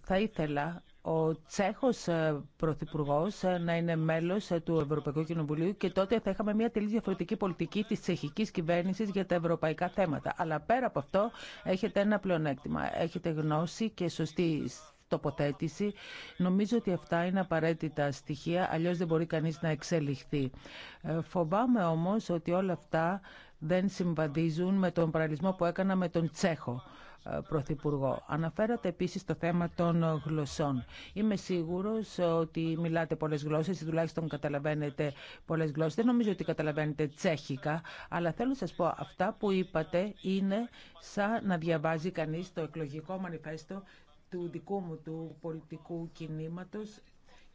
θα ήθελα ο Τσέχος ε, Πρωθυπουργό ε, να είναι μέλος ε, του Ευρωπαϊκού Κοινοβουλίου και τότε θα είχαμε μια τελείως διαφορετική πολιτική της τσεχικής κυβέρνησης για τα ευρωπαϊκά θέματα. Αλλά πέρα από αυτό έχετε ένα πλεονέκτημα. Έχετε γνώση και σωστή τοποθέτηση. Νομίζω ότι αυτά είναι απαραίτητα στοιχεία, αλλιώς δεν μπορεί κανείς να εξελιχθεί. Φοβάμαι όμως ότι όλα αυτά δεν συμβαδίζουν με τον παραλυσμό που έκανα με τον Τσέχο. Πρωθυπουργό. Αναφέρατε επίση το θέμα των γλωσσών. Είμαι σίγουρο ότι μιλάτε πολλέ γλώσσε ή τουλάχιστον καταλαβαίνετε πολλέ γλώσσε. Δεν νομίζω ότι καταλαβαίνετε τσέχικα, αλλά θέλω να σας πω, αυτά που είπατε είναι σαν να διαβάζει κανεί το εκλογικό μανιφέστο του δικού μου του πολιτικού κινήματος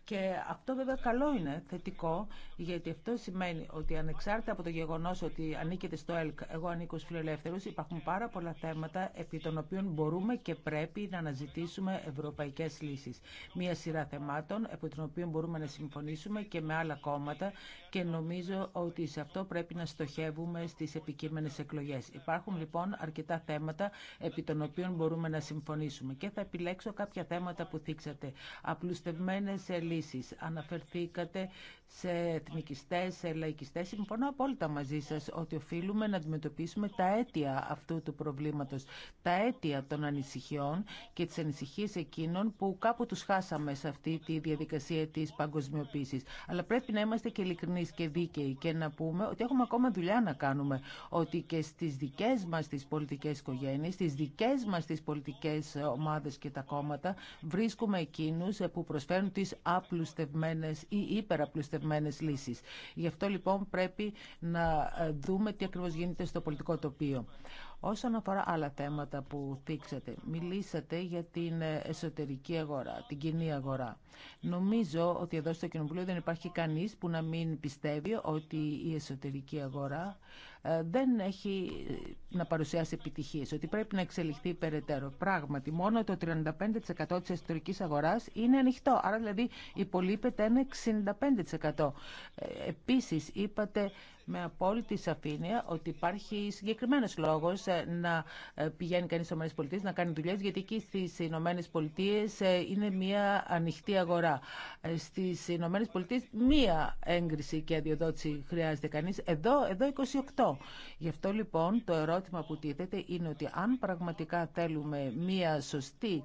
και αυτό βέβαια καλό είναι, θετικό, γιατί αυτό σημαίνει ότι ανεξάρτητα από το γεγονό ότι ανήκετε στο ΕΛΚ, εγώ ανήκω στου φιλελεύθερου, υπάρχουν πάρα πολλά θέματα επί των οποίων μπορούμε και πρέπει να αναζητήσουμε ευρωπαϊκέ λύσει. Μία σειρά θεμάτων επί των οποίων μπορούμε να συμφωνήσουμε και με άλλα κόμματα και νομίζω ότι σε αυτό πρέπει να στοχεύουμε στι επικείμενε εκλογέ. Υπάρχουν λοιπόν αρκετά θέματα επί των οποίων μπορούμε να συμφωνήσουμε και θα επιλέξω κάποια θέματα που θίξατε. Απλουστευμένε ε, λύσεις. Αναφερθήκατε σε εθνικιστές, σε λαϊκιστές. Συμφωνώ απόλυτα μαζί σας ότι οφείλουμε να αντιμετωπίσουμε τα αίτια αυτού του προβλήματος. Τα αίτια των ανησυχιών και της ανησυχίες εκείνων που κάπου τους χάσαμε σε αυτή τη διαδικασία της παγκοσμιοποίησης. Αλλά πρέπει να είμαστε και ειλικρινείς και δίκαιοι και να πούμε ότι έχουμε ακόμα δουλειά να κάνουμε. Ότι και στις δικές μας τις πολιτικές οικογένειες, στις δικές μας τις πολιτικές ομάδες και τα κόμματα βρίσκουμε εκείνους που προσφέρουν τις απλουστευμένες ή υπεραπλουστευμένες λύσεις. Γι' αυτό λοιπόν πρέπει να ε, δούμε τι ακριβώς γίνεται στο πολιτικό τοπίο. Όσον αφορά άλλα θέματα που θίξατε, μιλήσατε για την εσωτερική αγορά, την κοινή αγορά. Νομίζω ότι εδώ στο Κοινοβούλιο δεν υπάρχει κανείς που να μην πιστεύει ότι η εσωτερική αγορά ε, δεν έχει ε, να παρουσιάσει επιτυχίες, ότι πρέπει να εξελιχθεί περαιτέρω. Πράγματι, μόνο το 35% της εσωτερικής αγοράς είναι ανοιχτό, άρα δηλαδή υπολείπεται ένα 65%. Ε, επίσης, είπατε με απόλυτη σαφήνεια ότι υπάρχει συγκεκριμένο λόγο ε, να ε, πηγαίνει κανεί στι ΗΠΑ να κάνει δουλειέ, γιατί εκεί στι ΗΠΑ ε, είναι μια ανοιχτή αγορά. Στις ΗΠΑ μία έγκριση και αδειοδότηση χρειάζεται κανεί. εδώ, εδώ 28. Γι' αυτό λοιπόν το ερώτημα που τίθεται είναι ότι αν πραγματικά θέλουμε μία σωστή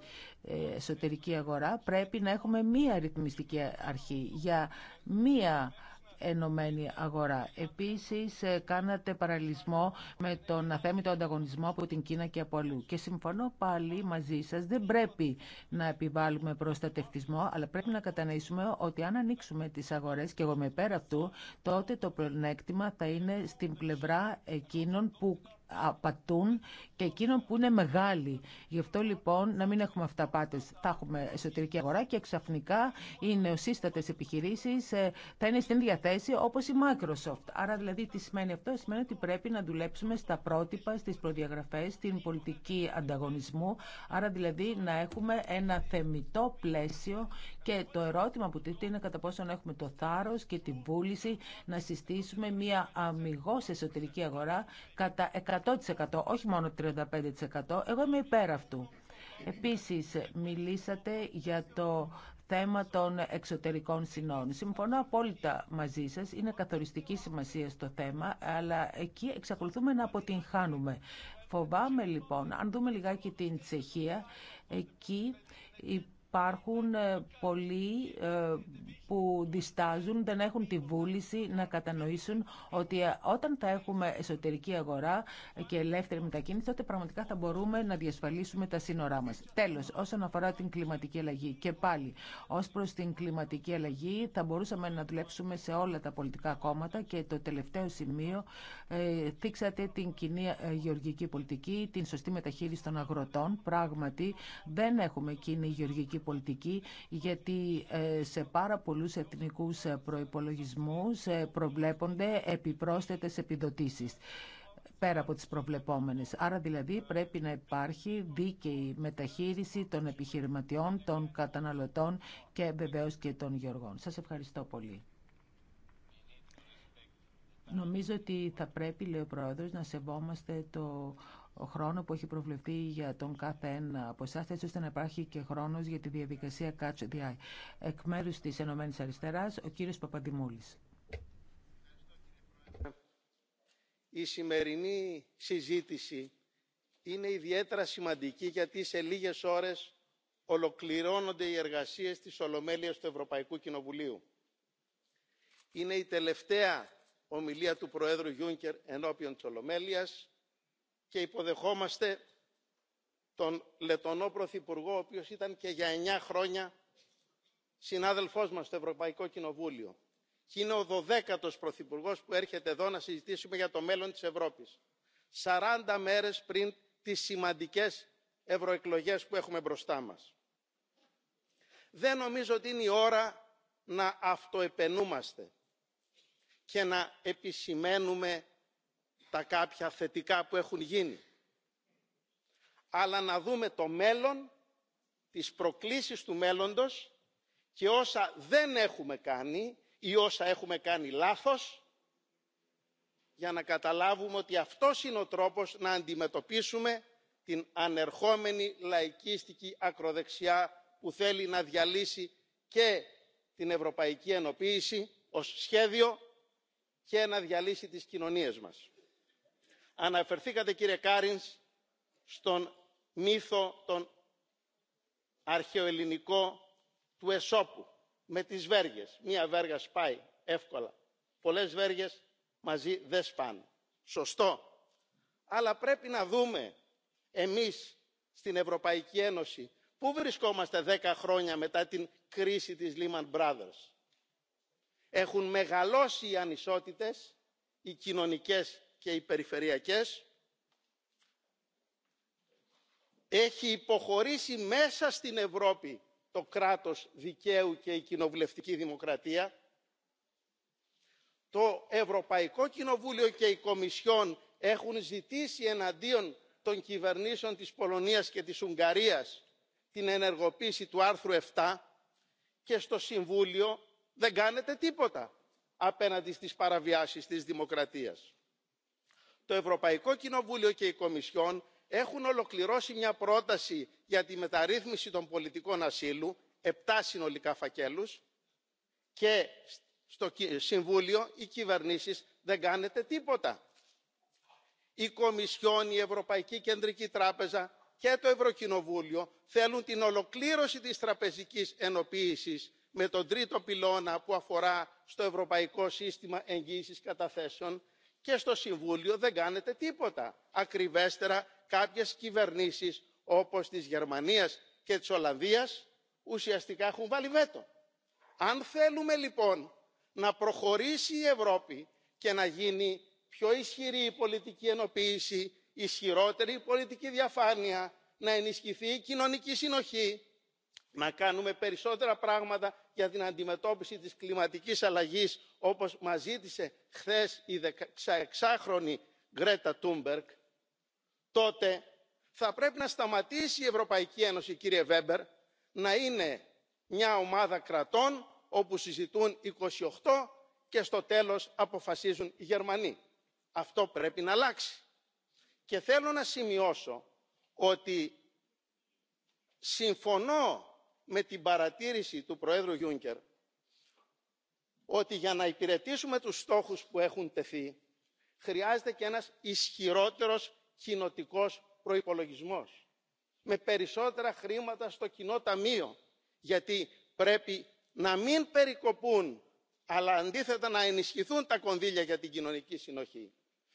εσωτερική αγορά, πρέπει να έχουμε μία ρυθμιστική αρχή για μία ενωμένη αγορά. Επίσης, ε, κάνατε παραλυσμό με τον αθέμητο ανταγωνισμό από την Κίνα και από αλλού. Και συμφωνώ πάλι μαζί σας, δεν πρέπει να επιβάλλουμε προστατευτισμό, αλλά πρέπει να κατανοήσουμε ότι αν ανοίξουμε τις αγορές, και εγώ με πέρα αυτού, τότε το πλεονέκτημα θα είναι στην πλευρά εκείνων που απατούν και εκείνων που είναι μεγάλοι. Γι' αυτό λοιπόν να μην έχουμε αυταπάτε. Θα έχουμε εσωτερική αγορά και ξαφνικά οι νεοσύστατε επιχειρήσει ε, θα είναι στην διαθέση όπω η Microsoft. Άρα δηλαδή τι σημαίνει αυτό. Σημαίνει ότι πρέπει να δουλέψουμε στα πρότυπα, στι προδιαγραφέ, στην πολιτική ανταγωνισμού. Άρα δηλαδή να έχουμε ένα θεμητό πλαίσιο και το ερώτημα που τίθεται είναι κατά πόσο να έχουμε το θάρρο και τη βούληση να συστήσουμε μια αμυγό εσωτερική αγορά κατά 100%, όχι μόνο 35%. Εγώ είμαι υπέρ αυτού. Επίσης, μιλήσατε για το θέμα των εξωτερικών συνόρων. Συμφωνώ απόλυτα μαζί σας, είναι καθοριστική σημασία στο θέμα, αλλά εκεί εξακολουθούμε να αποτυγχάνουμε. Φοβάμαι λοιπόν, αν δούμε λιγάκι την Τσεχία, εκεί υπάρχουν ε, πολλοί ε, που διστάζουν, δεν έχουν τη βούληση να κατανοήσουν ότι ε, όταν θα έχουμε εσωτερική αγορά και ελεύθερη μετακίνηση, τότε πραγματικά θα μπορούμε να διασφαλίσουμε τα σύνορά μας. Τέλος, όσον αφορά την κλιματική αλλαγή και πάλι, ως προς την κλιματική αλλαγή θα μπορούσαμε να δουλέψουμε σε όλα τα πολιτικά κόμματα και το τελευταίο σημείο ε, θίξατε την κοινή γεωργική πολιτική, την σωστή μεταχείριση των αγροτών. Πράγματι, δεν έχουμε κοινή γεωργική πολιτική γιατί ε, σε πάρα πολλούς εθνικούς ε, προϋπολογισμούς ε, προβλέπονται επιπρόσθετες επιδοτήσεις πέρα από τις προβλεπόμενες. Άρα δηλαδή πρέπει να υπάρχει δίκαιη μεταχείριση των επιχειρηματιών, των καταναλωτών και βεβαίως και των γεωργών. Σας ευχαριστώ πολύ. Νομίζω ότι θα πρέπει, λέει ο Πρόεδρος, να σεβόμαστε το ο χρόνο που έχει προβλεφθεί για τον κάθε ένα από εσά, έτσι ώστε να υπάρχει και χρόνο για τη διαδικασία Catch the Eye. Εκ μέρους της Ενωμένη ο κύριο Παπαντιμούλη. Η σημερινή συζήτηση είναι ιδιαίτερα σημαντική γιατί σε λίγες ώρες ολοκληρώνονται οι εργασίες της Ολομέλειας του Ευρωπαϊκού Κοινοβουλίου. Είναι η τελευταία ομιλία του Προέδρου Γιούνκερ ενώπιον της Ολομέλειας και υποδεχόμαστε τον λετονό πρωθυπουργό ο οποίος ήταν και για εννιά χρόνια συνάδελφός μας στο ευρωπαϊκό κοινοβούλιο και είναι ο δωδέκατος πρωθυπουργός που έρχεται εδώ να συζητήσουμε για το μέλλον της ευρώπης σαράντα μέρες πριν τις σημαντικές ευρωεκλογές που έχουμε μπροστά μας. δεν νομίζω ότι είναι η ώρα να αυτοεπαινούμαστε και να επισημαίνουμε τα κάποια θετικά που έχουν γίνει αλλά να δούμε το μέλλον τις προκλήσεις του μέλλοντος και όσα δεν έχουμε κάνει ή όσα έχουμε κάνει λάθος για να καταλάβουμε ότι αυτό είναι ο τρόπος να αντιμετωπίσουμε την ανερχόμενη λαϊκίστικη ακροδεξιά που θέλει να διαλύσει και την ευρωπαϊκή ενοποίηση ως σχέδιο και να διαλύσει τις κοινωνίες μας αναφερθήκατε κύριε κάρινς στον μύθο τον αρχαιοελληνικό του εσώπου με τις βέργες. μία βέργα σπάει εύκολα πολλές βέργες μαζί δεν σπάνε. σωστό. αλλά πρέπει να δούμε εμείς στην ευρωπαϊκή ένωση πού βρισκόμαστε δέκα χρόνια μετά την κρίση της lehman brothers. έχουν μεγαλώσει οι ανισότητες οι κοινωνικές και οι περιφερειακές έχει υποχωρήσει μέσα στην ευρώπη το κράτος δικαίου και η κοινοβουλευτική δημοκρατία το ευρωπαϊκό κοινοβούλιο και η κομισιόν έχουν ζητήσει εναντίον των κυβερνήσεων της πολωνίας και της ουγγαρίας την ενεργοποίηση του άρθρου 7 και στο συμβούλιο δεν κάνετε τίποτα απέναντι στις παραβιάσεις της δημοκρατίας το ευρωπαϊκό κοινοβούλιο και η κομισιόν έχουν ολοκληρώσει μια πρόταση για τη μεταρρύθμιση των πολιτικών ασύλου επτά συνολικά φακέλους και στο συμβούλιο οι κυβερνήσεις δεν κάνετε τίποτα. η κομισιόν η ευρωπαϊκή κεντρική τράπεζα και το ευρωκοινοβούλιο θέλουν την ολοκλήρωση της τραπεζικής ενοποίησης με τον τρίτο πυλώνα που αφορά στο ευρωπαϊκό σύστημα εγγύησης καταθέσεων και στο συμβούλιο δεν κάνετε τίποτα. ακριβέστερα κάποιες κυβερνήσεις όπως της γερμανίας και της ολλανδίας ουσιαστικά έχουν βάλει βέτο. αν θέλουμε λοιπόν να προχωρήσει η ευρώπη και να γίνει πιο ισχυρή η πολιτική ενοποίηση ισχυρότερη η πολιτική διαφάνεια να ενισχυθεί η κοινωνική συνοχή να κάνουμε περισσότερα πράγματα για την αντιμετώπιση της κλιματικής αλλαγής όπως μας ζήτησε χθες η 16χρονη γκρέτα τούνμπεργκ τότε θα πρέπει να σταματήσει η ευρωπαϊκή ένωση κύριε βέμπερ να είναι μια ομάδα κρατών όπου συζητούν 28 και στο τέλος αποφασίζουν οι γερμανοί. αυτό πρέπει να αλλάξει. και θέλω να σημειώσω ότι συμφωνώ με την παρατήρηση του προέδρου Γιούνκερ, ότι για να υπηρετήσουμε τους στόχους που έχουν τεθεί χρειάζεται και ένας ισχυρότερος κοινοτικό προϋπολογισμός με περισσότερα χρήματα στο κοινό ταμείο γιατί πρέπει να μην περικοπούν αλλά αντίθετα να ενισχυθούν τα κονδύλια για την κοινωνική συνοχή.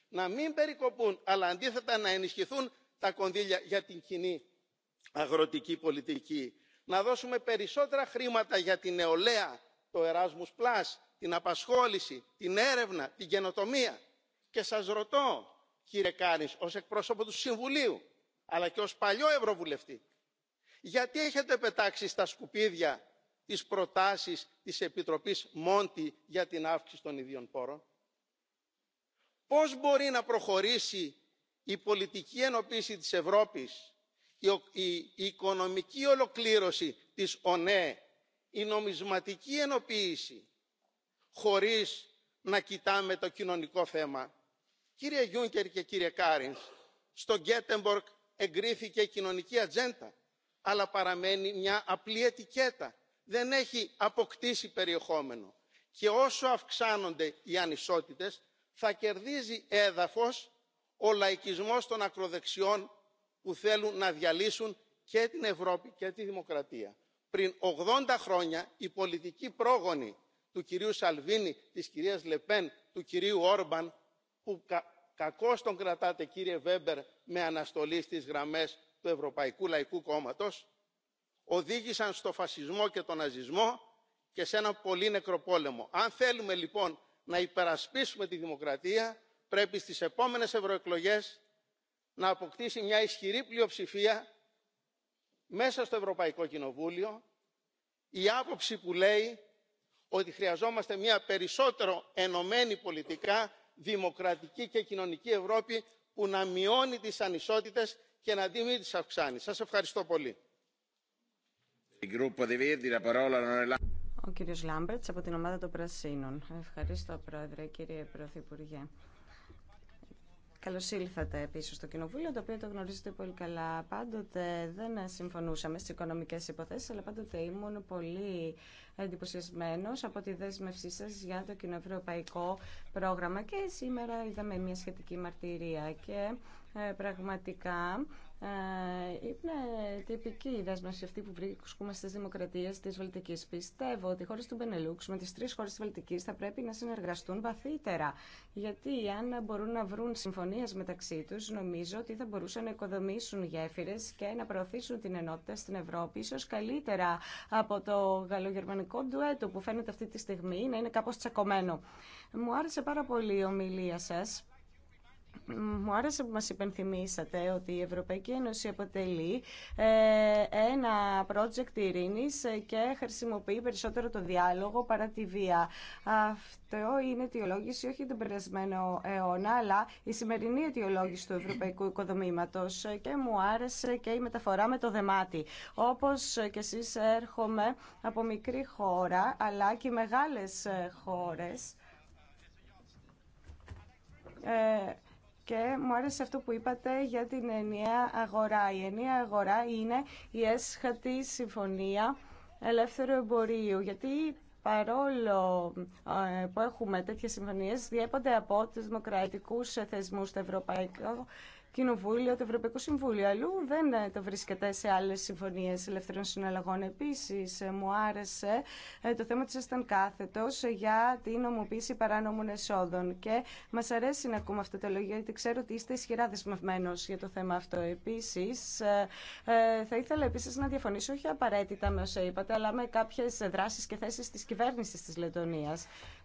Να μην περικοπούν, αλλά αντίθετα να ενισχυθούν τα κονδύλια για την κοινή αγροτική πολιτική να δώσουμε περισσότερα χρήματα για την νεολαία το erasmus την απασχόληση την έρευνα την καινοτομία και σας ρωτώ κύριε Κάνης, ως εκπρόσωπο του συμβουλίου αλλά και ως παλιό ευρωβουλευτή γιατί έχετε πετάξει στα σκουπίδια τις προτάσεις της επιτροπής μόντι για την αύξηση των ιδίων πόρων. πώς μπορεί να προχωρήσει η πολιτική ενοποίηση της ευρώπης η οικονομική ολοκλήρωση της ονε η νομισματική ενοποίηση χωρίς να κοιτάμε το κοινωνικό θέμα. Κύριε Γιούνκερ και κύριε Κάριν, στο Γκέτεμπορκ εγκρίθηκε η κοινωνική ατζέντα, αλλά παραμένει μια απλή ετικέτα. Δεν έχει αποκτήσει περιεχόμενο. Και όσο αυξάνονται οι ανισότητες, θα κερδίζει έδαφος ο λαϊκισμός των ακροδεξιών που θέλουν να διαλύσουν και την Ευρώπη και τη δημοκρατία. Πριν 80 χρόνια οι πολιτικοί πρόγονοι του κυρίου Σαλβίνη, της κυρίας Λεπέν, του κυρίου Όρμπαν, που κακώς τον κρατάτε κύριε Βέμπερ με αναστολή στις γραμμές του Ευρωπαϊκού Λαϊκού Κόμματος, οδήγησαν στο φασισμό και τον ναζισμό και σε ένα πολύ νεκροπόλεμο. Αν θέλουμε λοιπόν να υπερασπίσουμε τη δημοκρατία, πρέπει στις επόμενες ευρωεκλογές να αποκτήσει μια ισχυρή πλειοψηφία μέσα στο ευρωπαϊκό κοινοβούλιο η άποψη που λέει ότι χρειαζόμαστε μια περισσότερο ενωμένη πολιτικά δημοκρατική και κοινωνική ευρώπη που να μειώνει τις ανισότητες και να μην τις αυξάνει. Σας ευχαριστώ πολύ. Ο κύριος Λάμπερτς από την ομάδα των Πρασίνων. Καλώ ήλθατε επίση στο Κοινοβούλιο, το οποίο το γνωρίζετε πολύ καλά. Πάντοτε δεν συμφωνούσαμε στι οικονομικέ υποθέσει, αλλά πάντοτε ήμουν πολύ εντυπωσιασμένο από τη δέσμευσή σα για το κοινοευρωπαϊκό πρόγραμμα. Και σήμερα είδαμε μια σχετική μαρτυρία. Και ε, πραγματικά ε, είναι τυπική η δέσμευση αυτή που βρίσκουμε στι δημοκρατίε τη Βαλτική. Πιστεύω ότι οι χώρε του Μπενελούξ με τι τρει χώρε τη Βαλτική θα πρέπει να συνεργαστούν βαθύτερα. Γιατί αν μπορούν να βρουν συμφωνίε μεταξύ του, νομίζω ότι θα μπορούσαν να οικοδομήσουν γέφυρε και να προωθήσουν την ενότητα στην Ευρώπη, ίσω καλύτερα από το γαλλογερμανικό ντουέτο που φαίνεται αυτή τη στιγμή να είναι κάπω τσακωμένο. Μου άρεσε πάρα πολύ η ομιλία σα μου άρεσε που μας υπενθυμίσατε ότι η Ευρωπαϊκή Ένωση αποτελεί ε, ένα project ειρήνης ε, και χρησιμοποιεί περισσότερο το διάλογο παρά τη βία. Αυτό είναι αιτιολόγηση όχι τον περασμένο αιώνα, αλλά η σημερινή αιτιολόγηση του ευρωπαϊκού οικοδομήματος και μου άρεσε και η μεταφορά με το δεμάτι. Όπως και εσείς έρχομαι από μικρή χώρα, αλλά και μεγάλες ε, χώρες και μου άρεσε αυτό που είπατε για την ενιαία αγορά. Η ενιαία αγορά είναι η έσχατη συμφωνία ελεύθερου εμπορίου, γιατί παρόλο ε, που έχουμε τέτοιες συμφωνίες, διέπονται από τους δημοκρατικούς θεσμούς του Ευρωπαϊκού Κοινοβούλιο, το Ευρωπαϊκό Συμβούλιο. Αλλού δεν το βρίσκεται σε άλλε συμφωνίε ελευθερών συναλλαγών. Επίση, μου άρεσε ε, το θέμα τη ήταν κάθετο για την νομοποίηση παράνομων εσόδων. Και μα αρέσει να ακούμε αυτά τα λόγια, γιατί ξέρω ότι είστε ισχυρά δεσμευμένο για το θέμα αυτό. Επίση, ε, ε, θα ήθελα επίση να διαφωνήσω όχι απαραίτητα με όσα είπατε, αλλά με κάποιε δράσει και θέσει τη κυβέρνηση τη Λετωνία.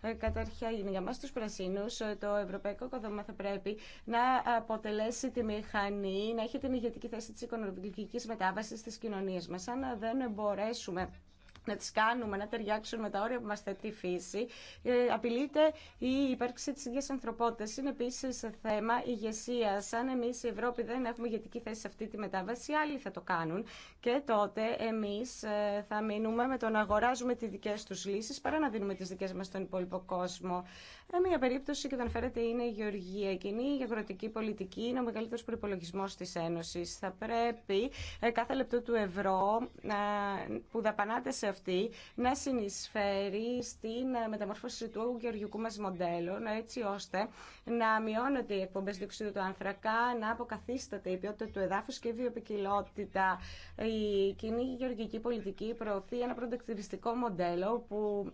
Ε, Καταρχήν, για μας τους πρασίνους, ε, το ευρωπαϊκό οικοδόμημα θα πρέπει να αποτελέσει τη μηχανή, να έχει την ηγετική θέση της οικονομικής μετάβασης στις κοινωνίες μας. Αν δεν μπορέσουμε να τις κάνουμε να ταιριάξουν με τα όρια που μας θέτει η φύση, ε, απειλείται η ύπαρξη της ίδιας ανθρωπότητας. Είναι επίσης θέμα ηγεσία. Αν εμείς η Ευρώπη δεν έχουμε ηγετική θέση σε αυτή τη μετάβαση, άλλοι θα το κάνουν. Και τότε εμείς ε, θα μείνουμε με το να αγοράζουμε τις δικές τους λύσεις παρά να δίνουμε τις δικές μας στον υπόλοιπο κόσμο. Ε, Μία περίπτωση και το αναφέρεται είναι η γεωργία. Εκείνη η αγροτική πολιτική είναι ο μεγαλύτερο προπολογισμό τη Ένωση. Θα πρέπει ε, κάθε λεπτό του ευρώ ε, που δαπανάται σε αυτή να συνεισφέρει στην μεταμορφώση του γεωργικού μα μοντέλου, έτσι ώστε να μειώνονται οι εκπομπέ διοξιδίου του άνθρακα, να αποκαθίσταται η ποιότητα του εδάφου και η βιοπικιλότητα. Η κοινή γεωργική πολιτική προωθεί ένα πρωτοεκτηριστικό μοντέλο που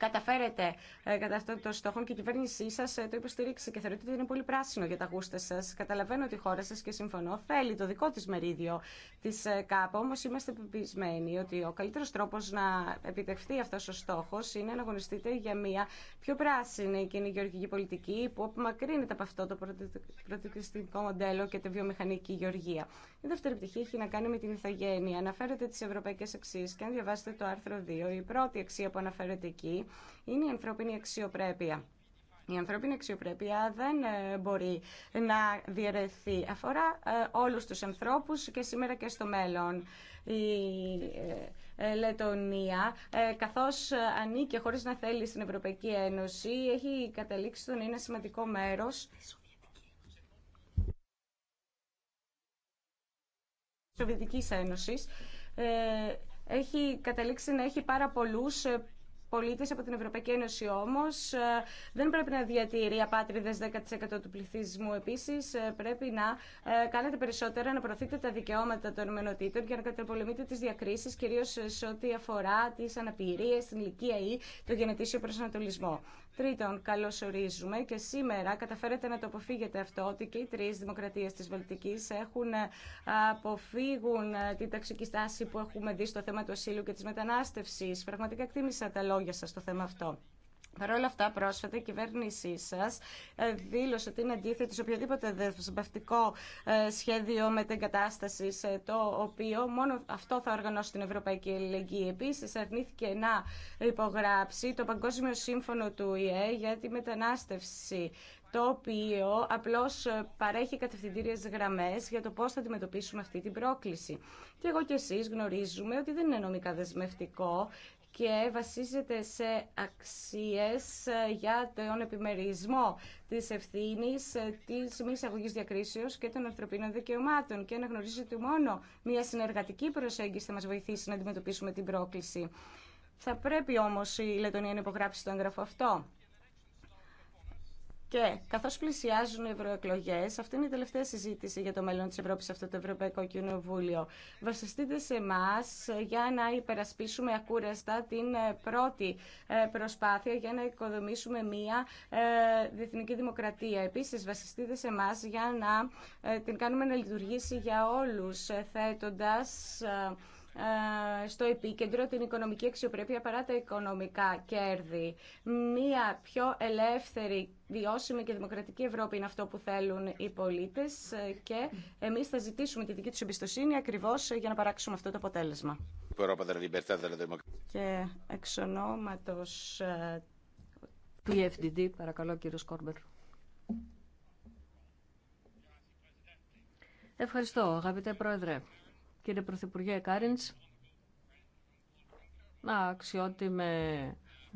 καταφέρετε ε, κατά αυτών των στόχο και η κυβέρνησή σα ε, το υποστηρίξει και θεωρείτε ότι είναι πολύ πράσινο για τα γούστα σα. Καταλαβαίνω ότι η χώρα σα και συμφωνώ θέλει το δικό τη μερίδιο τη ε, ΚΑΠ. Όμω είμαστε πεπισμένοι ότι ο καλύτερο τρόπο να επιτευχθεί αυτό ο στόχο είναι να αγωνιστείτε για μια πιο πράσινη κοινή γεωργική πολιτική που απομακρύνεται από αυτό το πρωτοκριστικό μοντέλο και τη βιομηχανική γεωργία. Η δεύτερη πτυχή έχει να κάνει με την ηθαγένεια. Αναφέρεται τι ευρωπαϊκέ αξίε και αν διαβάσετε το άρθρο 2, η πρώτη αξία που αναφέρεται εκεί είναι η ανθρώπινη αξιοπρέπεια. Η ανθρώπινη αξιοπρέπεια δεν ε, μπορεί να διαιρεθεί. Αφορά ε, όλους τους ανθρώπους και σήμερα και στο μέλλον. Η ε, Λετωνία, καθώς ανήκει χωρίς να θέλει στην Ευρωπαϊκή Ένωση, έχει καταλήξει στον να είναι σημαντικό μέρος Σοβιετικής Ένωσης ε, έχει καταλήξει να έχει πάρα πολλούς ε, πολίτες από την Ευρωπαϊκή Ένωση όμως ε, δεν πρέπει να διατηρεί απάτριδες 10% του πληθυσμού. Επίσης πρέπει να κάνετε περισσότερα, να προωθείτε τα δικαιώματα των μενοτήτων και να καταπολεμείτε τις διακρίσεις κυρίως σε ό,τι αφορά τις αναπηρίες, την ηλικία ή το γενετήσιο προσανατολισμό. Τρίτον, ορίζουμε και σήμερα καταφέρετε να το αποφύγετε αυτό ότι και οι τρει δημοκρατίε τη Βαλτική έχουν ε, αποφύγουν ε, την ταξική στάση που έχουμε δει στο θέμα του ασύλου και τη μετανάστευση. Πραγματικά εκτίμησα τα λόγια σα στο θέμα αυτό. Παρ' όλα αυτά, πρόσφατα η κυβέρνησή σα ε, δήλωσε ότι είναι αντίθετη σε οποιοδήποτε δεσμευτικό ε, σχέδιο μετεγκατάσταση, το οποίο μόνο αυτό θα οργανώσει την Ευρωπαϊκή Ελληνική. Επίση, αρνήθηκε να υπογράψει το Παγκόσμιο Σύμφωνο του ΙΕ για τη μετανάστευση το οποίο απλώς ε, παρέχει κατευθυντήριες γραμμές για το πώς θα αντιμετωπίσουμε αυτή την πρόκληση. Και εγώ και εσείς γνωρίζουμε ότι δεν είναι νομικά δεσμευτικό και βασίζεται σε αξίες ε, για τον επιμερισμό της ευθύνης, ε, της μη εισαγωγή διακρίσεως και των ανθρωπίνων δικαιωμάτων και αναγνωρίζει ότι μόνο μια συνεργατική προσέγγιση θα μας βοηθήσει να αντιμετωπίσουμε την πρόκληση. Θα πρέπει όμως η Λετωνία να υπογράψει το έγγραφο αυτό. Και καθώ πλησιάζουν οι ευρωεκλογέ, αυτή είναι η τελευταία συζήτηση για το μέλλον τη Ευρώπη, σε αυτό το Ευρωπαϊκό Κοινοβούλιο. Βασιστείτε σε εμά για να υπερασπίσουμε ακούραστα την ε, πρώτη ε, προσπάθεια για να οικοδομήσουμε μία ε, διεθνική δημοκρατία. Επίσης, βασιστείτε σε εμά για να την κάνουμε να λειτουργήσει για όλους, θέτοντα. Ε, στο επίκεντρο την οικονομική αξιοπρέπεια παρά τα οικονομικά κέρδη. Μία πιο ελεύθερη, βιώσιμη και δημοκρατική Ευρώπη είναι αυτό που θέλουν οι πολίτες ε, και εμείς θα ζητήσουμε τη δική τους εμπιστοσύνη ακριβώς για να παράξουμε αυτό το αποτέλεσμα. Και εξ του EFDD, ε, παρακαλώ κύριο Ευχαριστώ, αγαπητέ Πρόεδρε. Κύριε Πρωθυπουργέ Κάριντς, αξιότιμε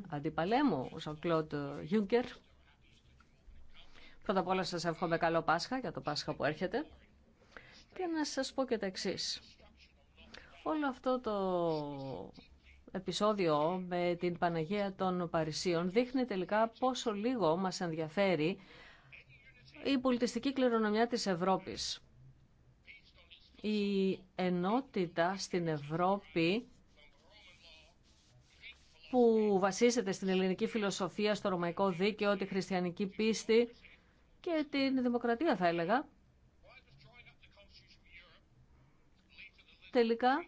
αντιπαλέ μου, ο Σανκλώτ Γιούγκερ, πρώτα απ' όλα σας εύχομαι καλό Πάσχα για το Πάσχα που έρχεται και να σας πω και τα εξή. Όλο αυτό το επεισόδιο με την Παναγία των Παρισίων δείχνει τελικά πόσο λίγο μας ενδιαφέρει η πολιτιστική κληρονομιά της Ευρώπης η ενότητα στην Ευρώπη που βασίζεται στην ελληνική φιλοσοφία, στο ρωμαϊκό δίκαιο, τη χριστιανική πίστη και την δημοκρατία θα έλεγα. Τελικά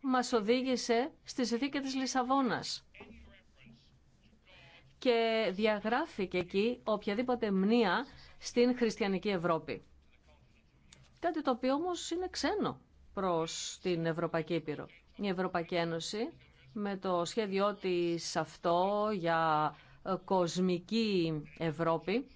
μας οδήγησε στη συνθήκη της Λισαβόνας και διαγράφηκε εκεί οποιαδήποτε μνήα στην χριστιανική Ευρώπη. Κάτι το οποίο όμως είναι ξένο προς την Ευρωπαϊκή Ήπειρο. Η Ευρωπαϊκή Ένωση με το σχέδιό της αυτό για ε, κοσμική Ευρώπη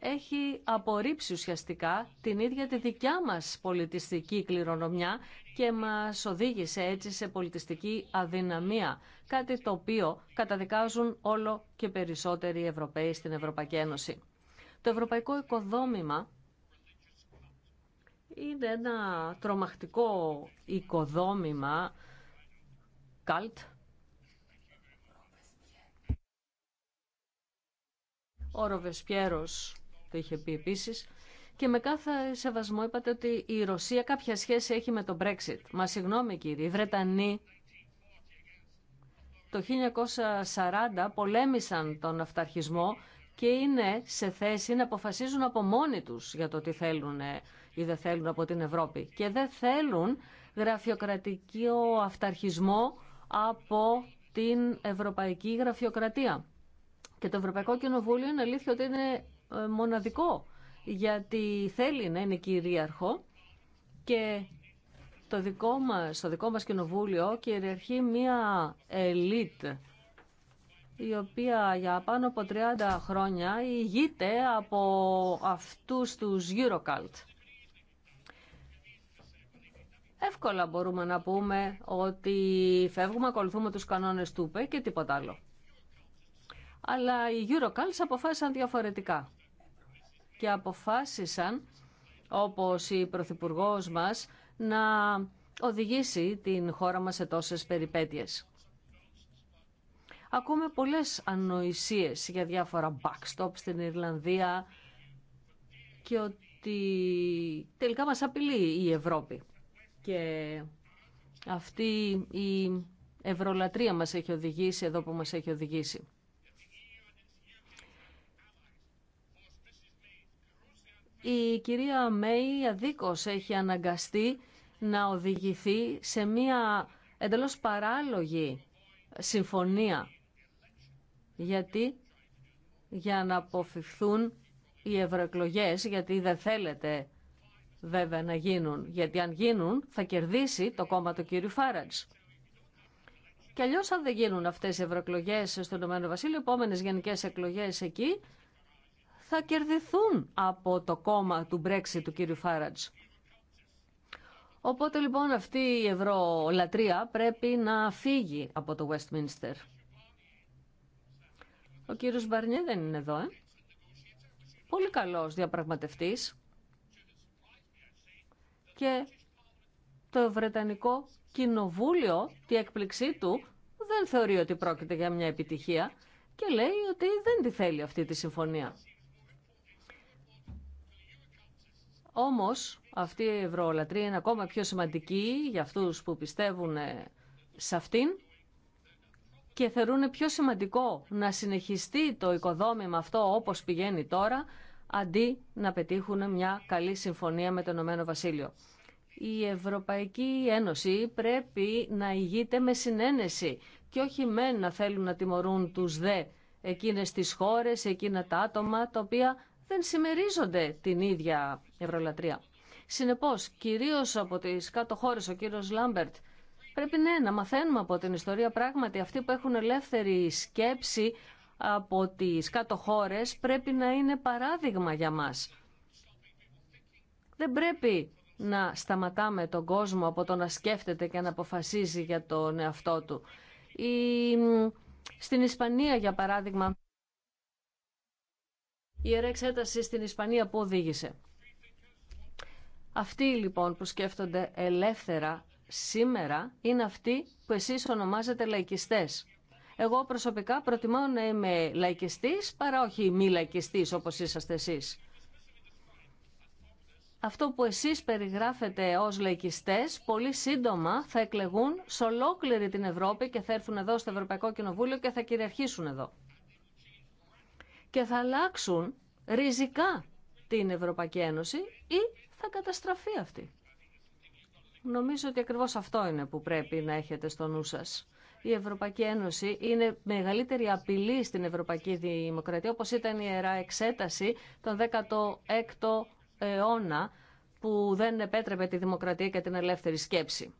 έχει απορρίψει ουσιαστικά την ίδια τη δικιά μας πολιτιστική κληρονομιά και μας οδήγησε έτσι σε πολιτιστική αδυναμία, κάτι το οποίο καταδικάζουν όλο και περισσότεροι Ευρωπαίοι στην Ευρωπαϊκή Ένωση. Το ευρωπαϊκό οικοδόμημα είναι ένα τρομακτικό οικοδόμημα καλτ ο Ροβεσπιέρος το είχε πει επίσης και με κάθε σεβασμό είπατε ότι η Ρωσία κάποια σχέση έχει με το Brexit. Μα συγγνώμη κύριε, οι Βρετανοί το 1940 πολέμησαν τον αυταρχισμό και είναι σε θέση να αποφασίζουν από μόνοι τους για το τι θέλουν ή δεν θέλουν από την Ευρώπη. Και δεν θέλουν γραφειοκρατικό αυταρχισμό από την Ευρωπαϊκή Γραφειοκρατία. Και το Ευρωπαϊκό Κοινοβούλιο είναι αλήθεια ότι είναι ε, μοναδικό, γιατί θέλει να είναι κυρίαρχο και το δικό μας, το δικό μας κοινοβούλιο κυριαρχεί μία ελίτ η οποία για πάνω από 30 χρόνια ηγείται από αυτούς τους Eurocult εύκολα μπορούμε να πούμε ότι φεύγουμε, ακολουθούμε τους κανόνες του ΠΕ και τίποτα άλλο. Αλλά οι Eurocalls αποφάσισαν διαφορετικά και αποφάσισαν, όπως η Πρωθυπουργό μας, να οδηγήσει την χώρα μας σε τόσες περιπέτειες. Ακούμε πολλές ανοησίες για διάφορα backstop στην Ιρλανδία και ότι τελικά μας απειλεί η Ευρώπη. Και αυτή η ευρωλατρεία μας έχει οδηγήσει εδώ που μας έχει οδηγήσει. Η κυρία Μέη αδίκως έχει αναγκαστεί να οδηγηθεί σε μία εντελώς παράλογη συμφωνία. Γιατί για να αποφευθούν οι ευρωεκλογέ, γιατί δεν θέλετε βέβαια να γίνουν, γιατί αν γίνουν θα κερδίσει το κόμμα του κύριου Φάραντ. Και αλλιώ αν δεν γίνουν αυτές οι ευρωεκλογέ στον Ηνωμένο Βασίλειο, επόμενες γενικές εκλογές εκεί θα κερδιθούν από το κόμμα του Brexit του κύριου Φάραντ. Οπότε λοιπόν αυτή η ευρωλατρεία πρέπει να φύγει από το Westminster. Ο κύριος Μπαρνιέ δεν είναι εδώ, ε? Πολύ καλός διαπραγματευτής και το Βρετανικό Κοινοβούλιο, τη έκπληξή του, δεν θεωρεί ότι πρόκειται για μια επιτυχία και λέει ότι δεν τη θέλει αυτή τη συμφωνία. Όμως αυτή η ευρωολατρία είναι ακόμα πιο σημαντική για αυτούς που πιστεύουν σε αυτήν και θεωρούν πιο σημαντικό να συνεχιστεί το οικοδόμημα αυτό όπως πηγαίνει τώρα αντί να πετύχουν μια καλή συμφωνία με το Ηνωμένο Βασίλειο. Η Ευρωπαϊκή Ένωση πρέπει να ηγείται με συνένεση και όχι με να θέλουν να τιμωρούν τους δε εκείνες τις χώρες, εκείνα τα άτομα τα οποία δεν συμμερίζονται την ίδια ευρωλατρεία. Συνεπώς, κυρίως από τις κάτω χώρες, ο κύριος Λάμπερτ, πρέπει ναι, να μαθαίνουμε από την ιστορία πράγματι αυτοί που έχουν ελεύθερη σκέψη από τις κάτω χώρες πρέπει να είναι παράδειγμα για μας. Δεν πρέπει να σταματάμε τον κόσμο από το να σκέφτεται και να αποφασίζει για τον εαυτό του. Η... Στην Ισπανία, για παράδειγμα, η ιερά εξέταση στην Ισπανία που οδήγησε. Αυτοί λοιπόν που σκέφτονται ελεύθερα σήμερα είναι αυτοί που εσείς ονομάζετε λαϊκιστές. Εγώ προσωπικά προτιμώ να είμαι λαϊκιστής παρά όχι μη λαϊκιστής όπως είσαστε εσείς. Αυτό που εσείς περιγράφετε ως λαϊκιστές πολύ σύντομα θα εκλεγούν σε ολόκληρη την Ευρώπη και θα έρθουν εδώ στο Ευρωπαϊκό Κοινοβούλιο και θα κυριαρχήσουν εδώ. Και θα αλλάξουν ριζικά την Ευρωπαϊκή Ένωση ή θα καταστραφεί αυτή. Νομίζω ότι ακριβώς αυτό είναι που πρέπει να έχετε στο νου σας η Ευρωπαϊκή Ένωση είναι μεγαλύτερη απειλή στην Ευρωπαϊκή Δημοκρατία, όπως ήταν η Ιερά Εξέταση τον 16ο αιώνα, που δεν επέτρεπε τη δημοκρατία και την ελεύθερη σκέψη.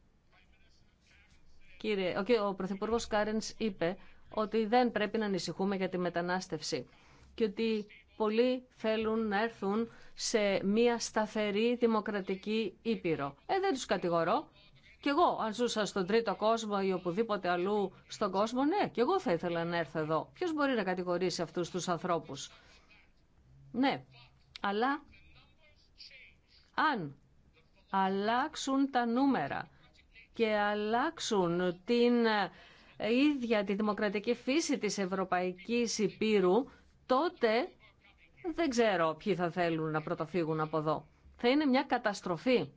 Κύριε, ο, ο Πρωθυπουργός Κάρενς είπε ότι δεν πρέπει να ανησυχούμε για τη μετανάστευση και ότι πολλοί θέλουν να έρθουν σε μια σταθερή δημοκρατική ήπειρο. Ε, δεν τους κατηγορώ. Κι εγώ, αν ζούσα στον τρίτο κόσμο ή οπουδήποτε αλλού στον κόσμο, ναι, κι εγώ θα ήθελα να έρθω εδώ. Ποιο μπορεί να κατηγορήσει αυτού του ανθρώπου. Ναι, αλλά αν αλλάξουν τα νούμερα και αλλάξουν την ε, ίδια τη δημοκρατική φύση της Ευρωπαϊκής Υπήρου, τότε δεν ξέρω ποιοι θα θέλουν να πρωτοφύγουν από εδώ. Θα είναι μια καταστροφή.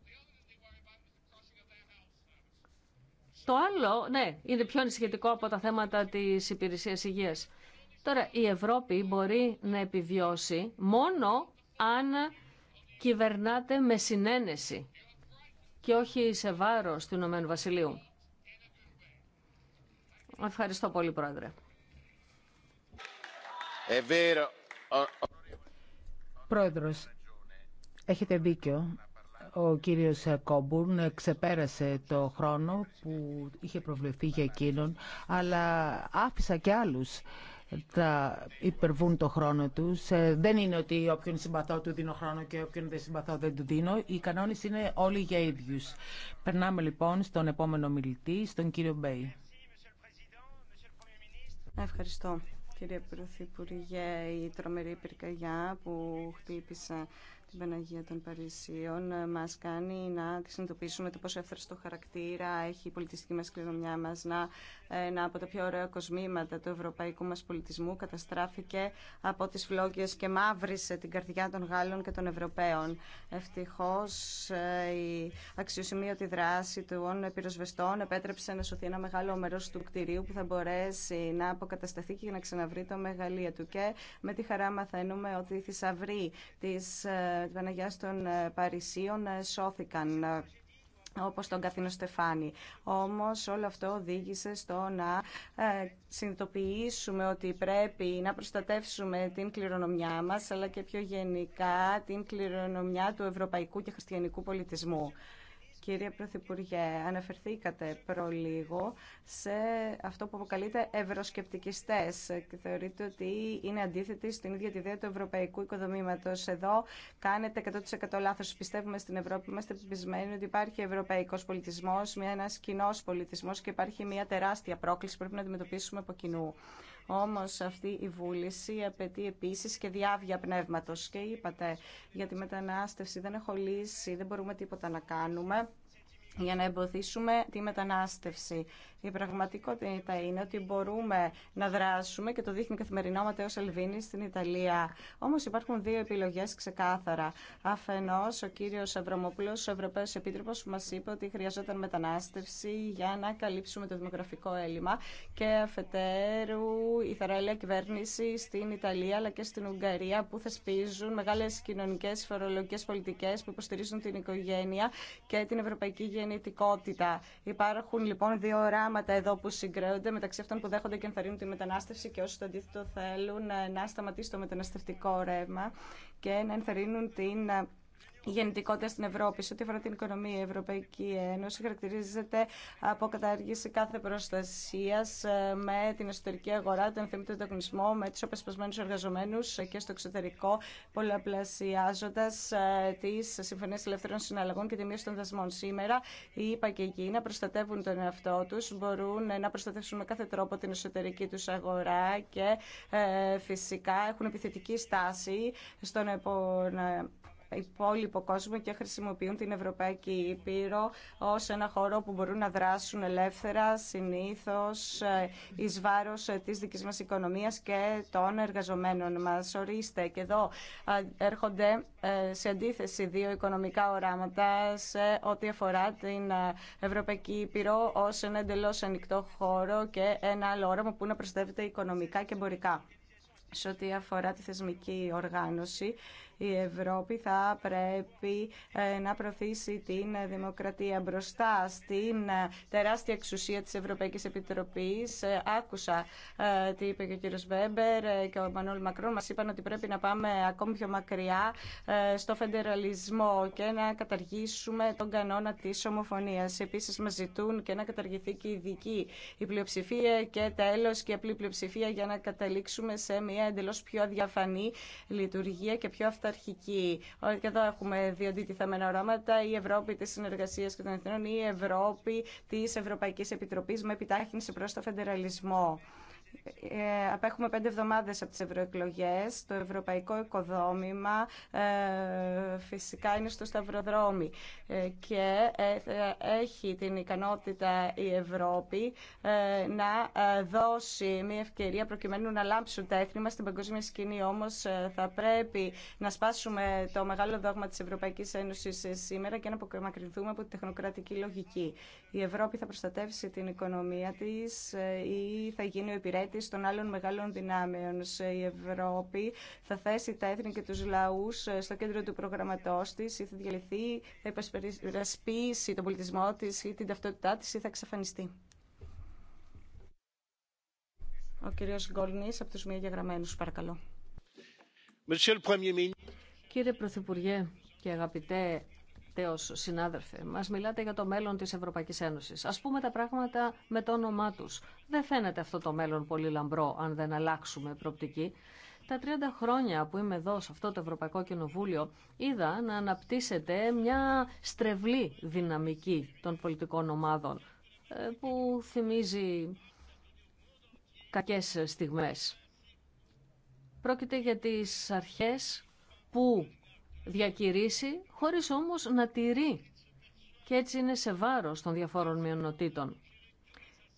Το άλλο, ναι, είναι πιο ανησυχητικό από τα θέματα της υπηρεσίας υγείας. Τώρα, η Ευρώπη μπορεί να επιβιώσει μόνο αν κυβερνάται με συνένεση και όχι σε βάρος του Ηνωμένου Βασιλείου. Ευχαριστώ πολύ, Πρόεδρε. Ε, Πρόεδρος, έχετε δίκιο ο κύριος Κόμπουρν ξεπέρασε το χρόνο που είχε προβλεφθεί για εκείνον, αλλά άφησα και άλλους να υπερβούν το χρόνο τους. Ε, δεν είναι ότι όποιον συμπαθώ του δίνω χρόνο και όποιον δεν συμπαθώ δεν του δίνω. Οι κανόνες είναι όλοι για ίδιους. Περνάμε λοιπόν στον επόμενο μιλητή, στον κύριο Μπέι. Ευχαριστώ κύριε Πρωθυπουργέ, η τρομερή πυρκαγιά που χτύπησε την Παναγία των Παρισίων ε, μα κάνει να συνειδητοποιήσουμε το πόσο το χαρακτήρα έχει η πολιτιστική μα κληρονομιά μα, να ε, ένα από τα πιο ωραία κοσμήματα του ευρωπαϊκού μα πολιτισμού καταστράφηκε από τι φλόγες και μαύρησε την καρδιά των Γάλλων και των Ευρωπαίων. Ευτυχώ ε, η αξιοσημείωτη δράση των πυροσβεστών επέτρεψε να σωθεί ένα μεγάλο μέρο του κτηρίου που θα μπορέσει να αποκατασταθεί και να ξαναβρει το μεγαλείο του και με τη χαρά μαθαίνουμε ότι οι θησαυροί τη των Βεναγιάς των Παρισίων ε, σώθηκαν ε, όπως τον Καθήνο Στεφάνη. Όμως όλο αυτό οδήγησε στο να ε, συνειδητοποιήσουμε ότι πρέπει να προστατεύσουμε την κληρονομιά μας, αλλά και πιο γενικά την κληρονομιά του ευρωπαϊκού και χριστιανικού πολιτισμού. Κύριε Πρωθυπουργέ, αναφερθήκατε προλίγο σε αυτό που αποκαλείται ευρωσκεπτικιστές και θεωρείτε ότι είναι αντίθετοι στην ίδια τη ιδέα του ευρωπαϊκού οικοδομήματος. Εδώ κάνετε 100% λάθος. Πιστεύουμε στην Ευρώπη, είμαστε πεπισμένοι ότι υπάρχει ευρωπαϊκός πολιτισμός, μια, ένας πολιτισμό πολιτισμός και υπάρχει μια τεράστια πρόκληση που πρέπει να αντιμετωπίσουμε από κοινού. Όμως αυτή η βούληση απαιτεί επίσης και διάβια πνεύματος. Και είπατε για τη μετανάστευση δεν έχω λύση, δεν μπορούμε τίποτα να κάνουμε για να εμποδίσουμε τη μετανάστευση. Η πραγματικότητα είναι ότι μπορούμε να δράσουμε και το δείχνει καθημερινό ο Ματέο στην Ιταλία. Όμω υπάρχουν δύο επιλογέ ξεκάθαρα. Αφενό, ο κύριο Ευρωμοπούλο, ο Ευρωπαίο Επίτροπο, μα είπε ότι χρειαζόταν μετανάστευση για να καλύψουμε το δημογραφικό έλλειμμα και αφετέρου η θεραλέα κυβέρνηση στην Ιταλία αλλά και στην Ουγγαρία που θεσπίζουν μεγάλε κοινωνικέ φορολογικέ πολιτικέ που υποστηρίζουν την οικογένεια και την ευρωπαϊκή γεννητικότητα. Υπάρχουν λοιπόν δύο ώρα πράγματα εδώ που συγκρέονται μεταξύ αυτών που δέχονται και ενθαρρύνουν τη μετανάστευση και όσοι το αντίθετο θέλουν ε, να σταματήσει το μεταναστευτικό ρεύμα και να ενθαρρύνουν την ε, γεννητικότητα στην Ευρώπη. Σε ό,τι αφορά την οικονομία, η Ευρωπαϊκή Ένωση χαρακτηρίζεται από κατάργηση κάθε προστασία ε, με την εσωτερική αγορά, τον θεμητό ανταγωνισμό, με του απεσπασμένου εργαζομένου ε, και στο εξωτερικό, πολλαπλασιάζοντα ε, τι συμφωνίε ελεύθερων συναλλαγών και τη μείωση των δασμών. Σήμερα, οι ΕΠΑ και η προστατεύουν τον εαυτό του, μπορούν να προστατεύσουν με κάθε τρόπο την εσωτερική του αγορά και φυσικά έχουν επιθετική στάση στον υπόλοιπο κόσμο και χρησιμοποιούν την Ευρωπαϊκή Ήπειρο ως ένα χώρο που μπορούν να δράσουν ελεύθερα συνήθως ε, εις βάρος ε, της δικής μας οικονομίας και των εργαζομένων μας. Ορίστε και εδώ έρχονται ε, σε αντίθεση δύο οικονομικά οράματα σε ό,τι αφορά την Ευρωπαϊκή Ήπειρο ως ένα εντελώς ανοιχτό χώρο και ένα άλλο όραμα που να προστεύεται οικονομικά και εμπορικά σε ό,τι αφορά τη θεσμική οργάνωση. Η Ευρώπη θα πρέπει ε, να προωθήσει την δημοκρατία μπροστά στην ε, τεράστια εξουσία της Ευρωπαϊκής Επιτροπής. Ε, άκουσα τι είπε και ο κύριος Βέμπερ και ο Μανώλη Μακρόν. Μας είπαν ότι πρέπει να πάμε ακόμη πιο μακριά στο φεντεραλισμό και να καταργήσουμε τον κανόνα της ομοφωνίας. Επίσης μας ζητούν και να καταργηθεί και η δική η πλειοψηφία και τέλος και απλή πλειοψηφία για να καταλήξουμε σε μια εντελώς πιο αδιαφανή λειτουργία και πιο αυτα και εδώ έχουμε δύο αντιτιθέμενα ορώματα. η Ευρώπη τη συνεργασία και των εθνών ή η Ευρώπη τη Ευρωπαϊκή Επιτροπή με επιτάχυνση προ το φεντεραλισμό. Ε, απέχουμε πέντε εβδομάδες από τις ευρωεκλογέ. Το ευρωπαϊκό οικοδόμημα ε, φυσικά είναι στο σταυροδρόμι ε, και έχει την ικανότητα η Ευρώπη να δώσει μια ευκαιρία προκειμένου να λάμψουν τα έθνη μας στην παγκόσμια σκηνή. Όμως θα πρέπει να σπάσουμε το μεγάλο δόγμα της Ευρωπαϊκής Ένωσης σήμερα και να απομακρυνθούμε από τη τεχνοκρατική λογική. Η Ευρώπη θα προστατεύσει την οικονομία της ή θα γίνει ο εξυπηρέτηση των άλλων μεγάλων δυνάμεων. Η Ευρώπη θα θέσει τα έθνη και τους λαούς ε, στο κέντρο του προγραμματός της ή θα διαλυθεί, θα υπερασπίσει τον πολιτισμό της ή την ταυτότητά της ή θα εξαφανιστεί. Ο κύριος Γκόλνης από τους μία γεγραμμένους, παρακαλώ. Κύριε Πρωθυπουργέ και αγαπητέ τελευταίο συνάδελφε, μας μιλάτε για το μέλλον τη Ευρωπαϊκή Ένωση. Α πούμε τα πράγματα με το όνομά του. Δεν φαίνεται αυτό το μέλλον πολύ λαμπρό αν δεν αλλάξουμε προπτική. Τα 30 χρόνια που είμαι εδώ σε αυτό το Ευρωπαϊκό Κοινοβούλιο είδα να αναπτύσσεται μια στρεβλή δυναμική των πολιτικών ομάδων ε, που θυμίζει κακές στιγμές. Πρόκειται για τις αρχές που διακηρύσει χωρίς όμως να τηρεί και έτσι είναι σε βάρος των διαφόρων μειονοτήτων.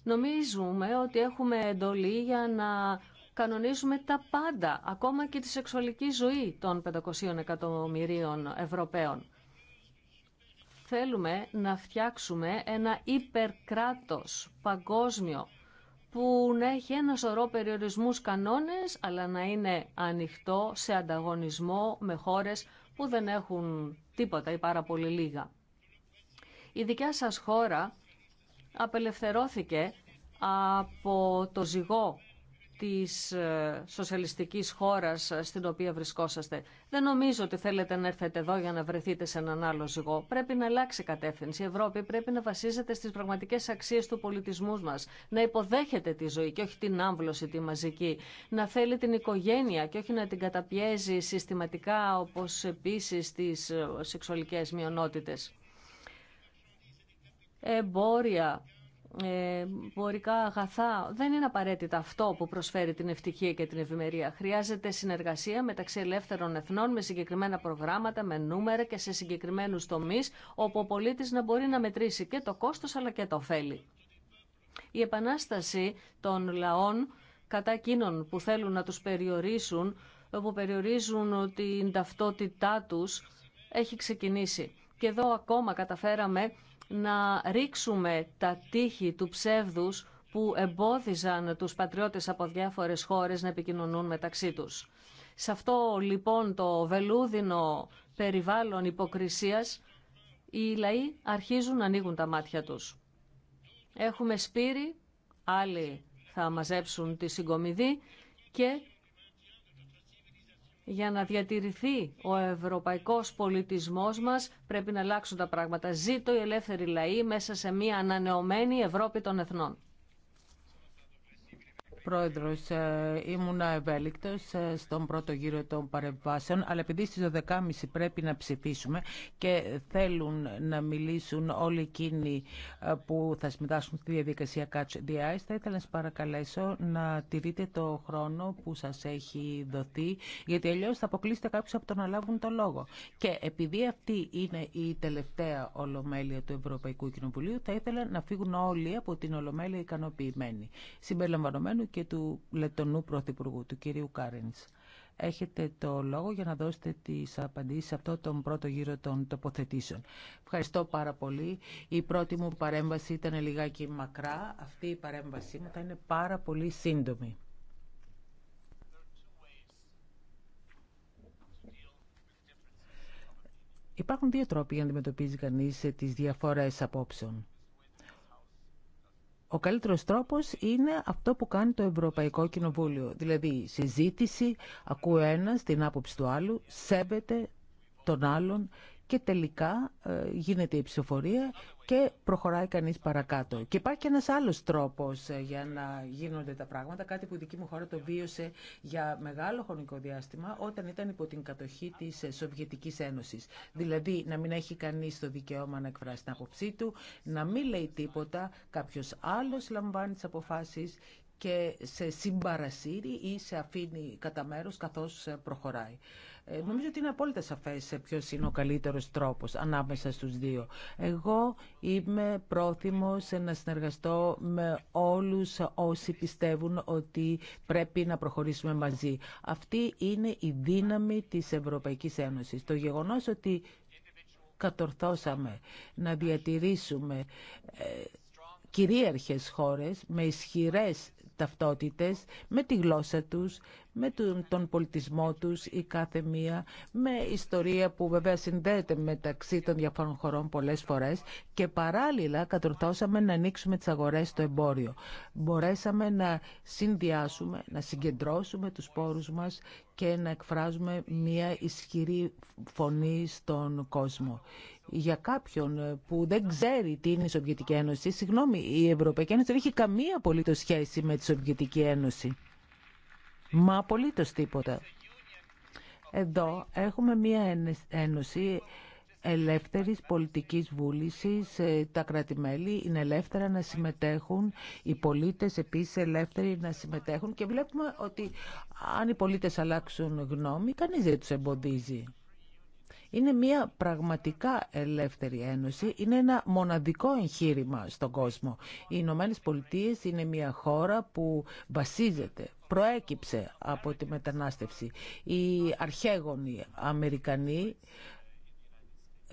Νομίζουμε ότι έχουμε εντολή για να κανονίζουμε τα πάντα, ακόμα και τη σεξουαλική ζωή των 500 εκατομμυρίων Ευρωπαίων. Θέλουμε να φτιάξουμε ένα υπερκράτος παγκόσμιο που να έχει ένα σωρό περιορισμούς κανόνες, αλλά να είναι ανοιχτό σε ανταγωνισμό με χώρες που δεν έχουν τίποτα ή πάρα πολύ λίγα. Η δικιά σας χώρα απελευθερώθηκε από το ζυγό της ε, σοσιαλιστικής χώρας ε, στην οποία βρισκόσαστε. Δεν νομίζω ότι θέλετε να έρθετε εδώ για να βρεθείτε σε έναν άλλο ζυγό. Πρέπει να αλλάξει κατεύθυνση. Η Ευρώπη πρέπει να βασίζεται στις πραγματικές αξίες του πολιτισμού μας. Να υποδέχεται τη ζωή και όχι την άμβλωση τη μαζική. Να θέλει την οικογένεια και όχι να την καταπιέζει συστηματικά όπως επίσης τις ε, σεξουαλικές μειονότητες. Εμπόρια, ε, πορικά αγαθά. Δεν είναι απαραίτητα αυτό που προσφέρει την ευτυχία και την ευημερία. Χρειάζεται συνεργασία μεταξύ ελεύθερων εθνών με συγκεκριμένα προγράμματα, με νούμερα και σε συγκεκριμένους τομείς όπου ο πολίτης να μπορεί να μετρήσει και το κόστος αλλά και το ωφέλη. Η επανάσταση των λαών κατά εκείνων που θέλουν να τους περιορίσουν, όπου περιορίζουν την ταυτότητά τους, έχει ξεκινήσει. Και εδώ ακόμα καταφέραμε να ρίξουμε τα τείχη του ψεύδους που εμπόδιζαν τους πατριώτες από διάφορες χώρες να επικοινωνούν μεταξύ τους. Σε αυτό λοιπόν το βελούδινο περιβάλλον υποκρισίας οι λαοί αρχίζουν να ανοίγουν τα μάτια τους. Έχουμε σπήρι, άλλοι θα μαζέψουν τη συγκομιδή και για να διατηρηθεί ο ευρωπαϊκός πολιτισμός μας πρέπει να αλλάξουν τα πράγματα. Ζήτω η ελεύθερη λαή μέσα σε μια ανανεωμένη Ευρώπη των Εθνών. Πρόεδρος, ε, ήμουν ευέλικτος ε, στον πρώτο γύρο των παρεμβάσεων, αλλά επειδή στις 12.30 πρέπει να ψηφίσουμε και θέλουν να μιλήσουν όλοι εκείνοι ε, που θα συμμετάσχουν στη διαδικασία Catch the Eyes, θα ήθελα να σας παρακαλέσω να τηρείτε το χρόνο που σας έχει δοθεί, γιατί αλλιώς θα αποκλείσετε κάποιους από το να λάβουν το λόγο. Και επειδή αυτή είναι η τελευταία ολομέλεια του Ευρωπαϊκού Κοινοβουλίου, θα ήθελα να φύγουν όλοι από την ολομέλεια ικανοποιημένη, Συμπεριλαμβανομένου και του Λετωνού Πρωθυπουργού, του κυρίου Κάριντς. Έχετε το λόγο για να δώσετε τις απαντήσεις σε αυτό τον πρώτο γύρο των τοποθετήσεων. Ευχαριστώ πάρα πολύ. Η πρώτη μου παρέμβαση ήταν λιγάκι μακρά. Αυτή η παρέμβασή μου θα είναι πάρα πολύ σύντομη. Υπάρχουν δύο τρόποι για να αντιμετωπίζει κανείς τις διαφορές απόψεων. Ο καλύτερος τρόπος είναι αυτό που κάνει το Ευρωπαϊκό Κοινοβούλιο. Δηλαδή, συζήτηση, ακούει ένας την άποψη του άλλου, σέβεται τον άλλον και τελικά ε, γίνεται η ψηφοφορία και προχωράει κανείς παρακάτω. Και υπάρχει και ένας άλλος τρόπος ε, για να γίνονται τα πράγματα, κάτι που η δική μου χώρα το βίωσε για μεγάλο χρονικό διάστημα όταν ήταν υπό την κατοχή της ε, Σοβιετικής Ένωσης. Δηλαδή να μην έχει κανείς το δικαίωμα να εκφράσει την άποψή του, να μην λέει τίποτα, κάποιος άλλος λαμβάνει τις αποφάσεις και σε συμπαρασύρει ή σε αφήνει κατά μέρο καθώς προχωράει. Ε, νομίζω ότι είναι απόλυτα σαφές ποιο είναι ο καλύτερο τρόπος ανάμεσα στους δύο. Εγώ είμαι πρόθυμος να συνεργαστώ με όλους όσοι πιστεύουν ότι πρέπει να προχωρήσουμε μαζί. Αυτή είναι η δύναμη της Ευρωπαϊκής Ένωσης. Το γεγονός ότι κατορθώσαμε να διατηρήσουμε ε, κυρίαρχες χώρες με ισχυρές ταυτότητες, με τη γλώσσα τους, με τον πολιτισμό τους η κάθε μία, με ιστορία που βέβαια συνδέεται μεταξύ των διαφόρων χωρών πολλές φορές και παράλληλα κατορθώσαμε να ανοίξουμε τις αγορές στο εμπόριο. Μπορέσαμε να συνδυάσουμε, να συγκεντρώσουμε τους πόρους μας και να εκφράζουμε μια ισχυρή φωνή στον κόσμο. Για κάποιον που δεν ξέρει τι είναι η Σοβιετική Ένωση, συγγνώμη, η Ευρωπαϊκή Ένωση δεν έχει καμία απολύτως σχέση με τη Σοβιετική Ένωση. Μα απολύτως τίποτα. Εδώ έχουμε μία ένωση ελεύθερης πολιτικής βούλησης ε, τα κρατημέλη είναι ελεύθερα να συμμετέχουν οι πολίτες επίσης ελεύθεροι να συμμετέχουν και βλέπουμε ότι αν οι πολίτες αλλάξουν γνώμη κανείς δεν τους εμποδίζει. Είναι μια πραγματικά ελεύθερη ένωση, είναι ένα μοναδικό εγχείρημα στον κόσμο. Οι Ηνωμένε Πολιτείε είναι μια χώρα που βασίζεται προέκυψε από τη μετανάστευση. Οι αρχαίγονοι Αμερικανοί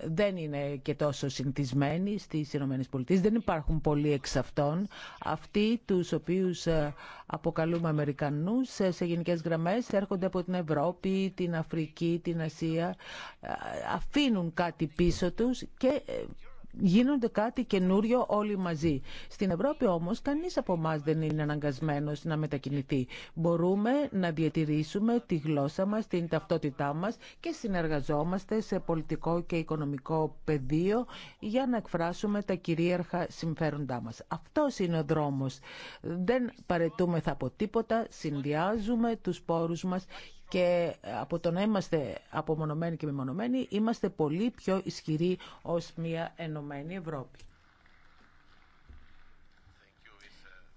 δεν είναι και τόσο συνηθισμένοι στις Ηνωμένες Πολιτείες. Δεν υπάρχουν πολλοί εξ αυτών. Αυτοί τους οποίους ε, αποκαλούμε Αμερικανούς ε, σε γενικές γραμμές έρχονται από την Ευρώπη, την Αφρική, την Ασία. Ε, αφήνουν κάτι πίσω τους και γίνονται κάτι καινούριο όλοι μαζί. Στην Ευρώπη όμως κανείς από εμά δεν είναι αναγκασμένος να μετακινηθεί. Μπορούμε να διατηρήσουμε τη γλώσσα μας, την ταυτότητά μας και συνεργαζόμαστε σε πολιτικό και οικονομικό πεδίο για να εκφράσουμε τα κυρίαρχα συμφέροντά μας. Αυτός είναι ο δρόμος. Δεν παρετούμεθα από τίποτα, συνδυάζουμε τους πόρου μα και από το να είμαστε απομονωμένοι και μεμονωμένοι είμαστε πολύ πιο ισχυροί ως μια ενωμένη Ευρώπη.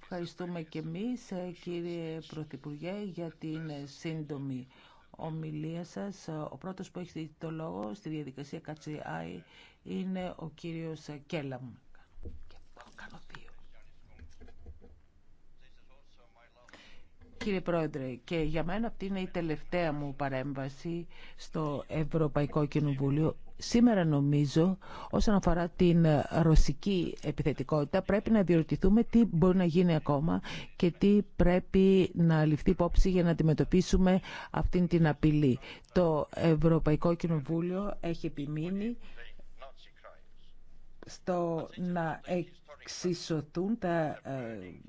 Ευχαριστούμε και εμείς ε, κύριε Πρωθυπουργέ για την σύντομη ομιλία σας. Ο πρώτος που έχει το λόγο στη διαδικασία ΚΑΤΣΙΑΙ είναι ο κύριος Κέλαμ. Κύριε Πρόεδρε, και για μένα αυτή είναι η τελευταία μου παρέμβαση στο Ευρωπαϊκό Κοινοβούλιο. Σήμερα νομίζω όσον αφορά την ρωσική επιθετικότητα πρέπει να διερωτηθούμε τι μπορεί να γίνει ακόμα και τι πρέπει να ληφθεί υπόψη για να αντιμετωπίσουμε αυτήν την απειλή. Το Ευρωπαϊκό Κοινοβούλιο έχει επιμείνει στο να εξισωθούν τα ε,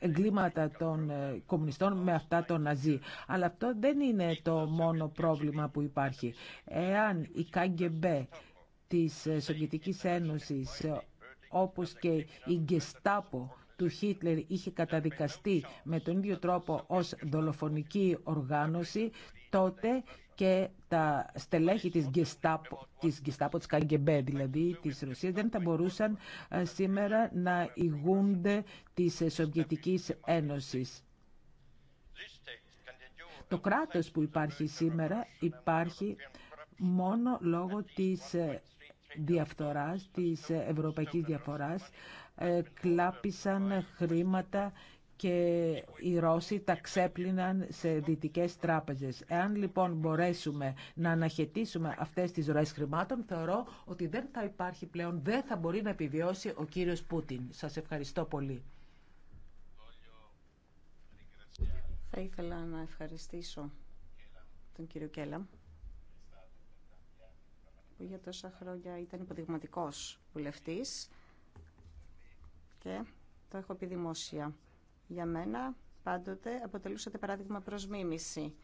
εγκλήματα των ε, κομμουνιστών με αυτά των Ναζί. Αλλά αυτό δεν είναι το μόνο πρόβλημα που υπάρχει. Εάν η ΚΑΓΚΕΜΠΕ της ε, Σοβιετικής Ένωσης ε, όπως και η Γκεστάπο του Χίτλερ είχε καταδικαστεί με τον ίδιο τρόπο ως δολοφονική οργάνωση, τότε και τα στελέχη της Γκεστάπο, της Γκεστάπο, της Καγκεμπέ, δηλαδή της Ρωσίας, δεν θα μπορούσαν ε, σήμερα να ηγούνται της Σοβιετικής Ένωσης. Το κράτος που υπάρχει σήμερα υπάρχει μόνο λόγω της ε, διαφθοράς, της ευρωπαϊκής διαφοράς, ε, κλάπησαν χρήματα και οι Ρώσοι τα ξέπλυναν σε δυτικές τράπεζες. Εάν λοιπόν μπορέσουμε να αναχαιτήσουμε αυτές τις ροές χρημάτων, θεωρώ ότι δεν θα υπάρχει πλέον, δεν θα μπορεί να επιβιώσει ο κύριος Πούτιν. Σας ευχαριστώ πολύ. Θα ήθελα να ευχαριστήσω τον κύριο Κέλα που για τόσα χρόνια ήταν υποδειγματικός βουλευτής και το έχω πει δημόσια για μένα πάντοτε αποτελούσατε παράδειγμα προς μίμηση.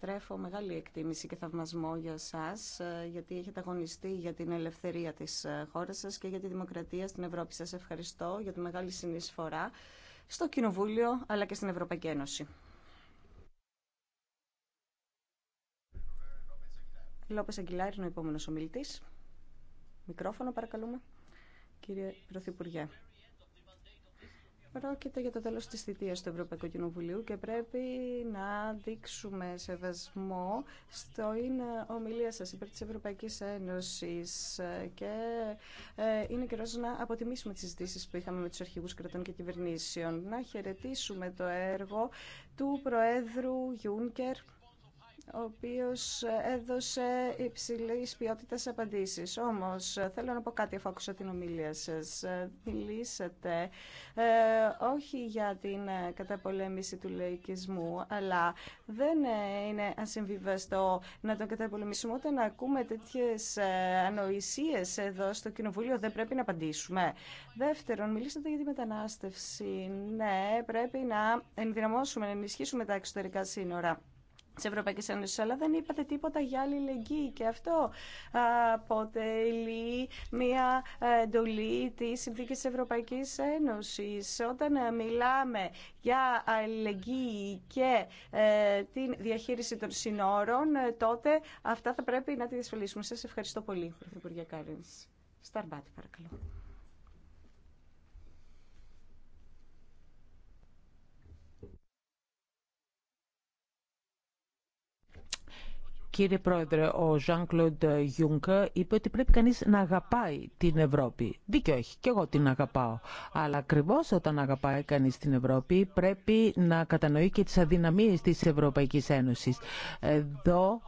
Τρέφω μεγάλη εκτίμηση και θαυμασμό για σας, ε, γιατί έχετε αγωνιστεί για την ελευθερία της ε, χώρας σας και για τη δημοκρατία στην Ευρώπη. Σας ευχαριστώ για τη μεγάλη συνεισφορά στο Κοινοβούλιο, αλλά και στην Ευρωπαϊκή Ένωση. Λόπες Αγγιλάρη ο επόμενο ομιλητή. Μικρόφωνο παρακαλούμε. Κύριε Πρωθυπουργέ. Πρόκειται για το τέλος της θητείας του Ευρωπαϊκού Κοινοβουλίου και πρέπει να δείξουμε σεβασμό στο ομιλία σας υπέρ της Ευρωπαϊκής Ένωσης και ε, είναι καιρός να αποτιμήσουμε τις συζητήσεις που είχαμε με τους αρχηγούς κρατών και κυβερνήσεων. Να χαιρετήσουμε το έργο του Προέδρου Γιούνκερ ο οποίος έδωσε υψηλής ποιότητας απαντήσεις. Όμως, θέλω να πω κάτι αφού άκουσα την ομιλία σας. Μιλήσατε ε, όχι για την καταπολέμηση του λαϊκισμού, αλλά δεν είναι ασυμβιβαστό να τον καταπολεμήσουμε όταν ακούμε τέτοιες ε, ανοησίες εδώ στο Κοινοβούλιο. Δεν πρέπει να απαντήσουμε. Δεύτερον, μιλήσατε για τη μετανάστευση. Ναι, πρέπει να ενδυναμώσουμε, να ενισχύσουμε τα εξωτερικά σύνορα τη Ευρωπαϊκή Ένωση, αλλά δεν είπατε τίποτα για αλληλεγγύη. Και αυτό αποτελεί μια εντολή τη συνθήκη τη Ευρωπαϊκή Ένωση. Όταν μιλάμε για αλληλεγγύη και τη ε, την διαχείριση των συνόρων, ε, τότε αυτά θα πρέπει να τη διασφαλίσουμε. Σα ευχαριστώ πολύ, Πρωθυπουργέ Κάριν. Σταρμπάτη, παρακαλώ. Κύριε Πρόεδρε, ο Ζαν-Κλοντ Juncker είπε ότι πρέπει κανείς να αγαπάει την Ευρώπη. Δίκιο έχει, και εγώ την αγαπάω. Αλλά ακριβώ όταν αγαπάει κανείς την Ευρώπη πρέπει να κατανοεί και τις αδυναμίες της Ευρωπαϊκής Ένωσης. Εδώ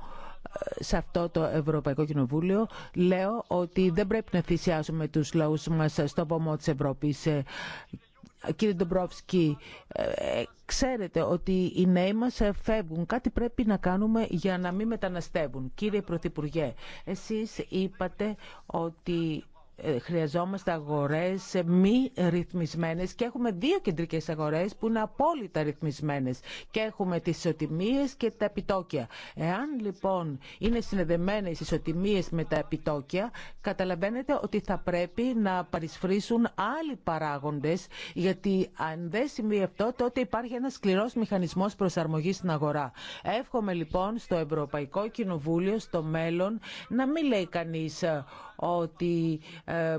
σε αυτό το Ευρωπαϊκό Κοινοβούλιο λέω ότι δεν πρέπει να θυσιάσουμε τους λαούς μας στο πομό της Ευρώπης Κύριε Ντομπρόφσκι, ε, ε, ξέρετε ότι οι νέοι μας ε, φεύγουν. Κάτι πρέπει να κάνουμε για να μην μεταναστεύουν. Κύριε Πρωθυπουργέ, εσείς είπατε ότι ε, χρειαζόμαστε αγορές μη ρυθμισμένες και έχουμε δύο κεντρικές αγορές που είναι απόλυτα ρυθμισμένες και έχουμε τις ισοτιμίες και τα επιτόκια. Εάν λοιπόν είναι συνεδεμένες οι ισοτιμίες με τα επιτόκια, καταλαβαίνετε ότι θα πρέπει να παρισφρήσουν άλλοι παράγοντες, γιατί αν δεν συμβεί αυτό, τότε υπάρχει ένας σκληρός μηχανισμός προσαρμογής στην αγορά. Εύχομαι λοιπόν στο Ευρωπαϊκό Κοινοβούλιο, στο μέλλον, να μην λέει κανείς ε, ότι ε,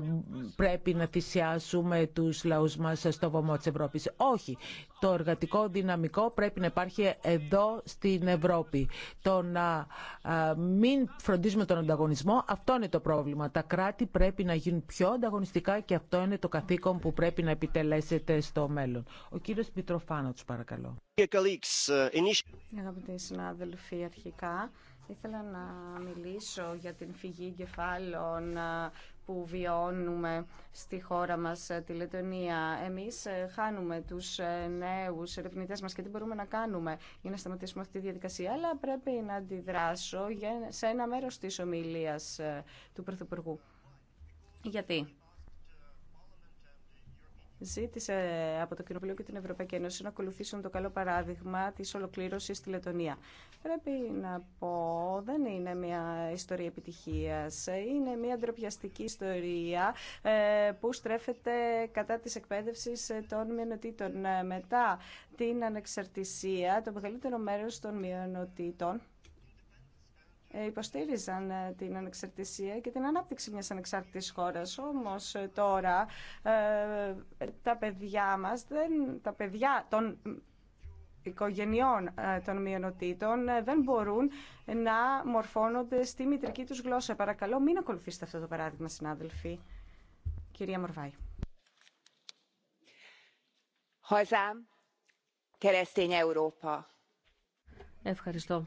πρέπει να θυσιάσουμε τους λαούς μας στο βωμό της Ευρώπης. Όχι. Το εργατικό δυναμικό πρέπει να υπάρχει εδώ στην Ευρώπη. Το να ε, μην φροντίζουμε τον ανταγωνισμό, αυτό είναι το πρόβλημα. Τα κράτη πρέπει να γίνουν πιο ανταγωνιστικά και αυτό είναι το καθήκον που πρέπει να επιτελέσετε στο μέλλον. Ο κύριος Μητροφάνο, τους παρακαλώ. Uh, Αγαπητοί συνάδελφοι, αρχικά Ήθελα να μιλήσω για την φυγή κεφάλων ε, που βιώνουμε στη χώρα μας, ε, τη Λετωνία. Εμείς ε, χάνουμε τους νέους ερευνητέ μας και τι μπορούμε να κάνουμε για να σταματήσουμε αυτή τη διαδικασία, αλλά πρέπει να αντιδράσω σε ένα μέρος της ομιλίας του Πρωθυπουργού. Γιατί ζήτησε από το Κοινοβούλιο και την Ευρωπαϊκή Ένωση να ακολουθήσουν το καλό παράδειγμα τη ολοκλήρωση στη Λετωνία. Πρέπει να πω, δεν είναι μια ιστορία επιτυχία. Είναι μια ντροπιαστική ιστορία ε, που στρέφεται κατά τη εκπαίδευση των μειονοτήτων. Ε, μετά την ανεξαρτησία, το μεγαλύτερο μέρο των μειονοτήτων ε, υποστήριζαν ε, την ανεξαρτησία και την ανάπτυξη μιας ανεξάρτητης χώρας. Όμως ε, τώρα τα παιδιά μας, τα παιδιά των οικογενειών των μειονοτήτων δεν μπορούν να μορφώνονται στη μητρική τους γλώσσα. Παρακαλώ μην ακολουθήσετε αυτό το παράδειγμα, συνάδελφοι. Κυρία Μορβάη. Ευχαριστώ.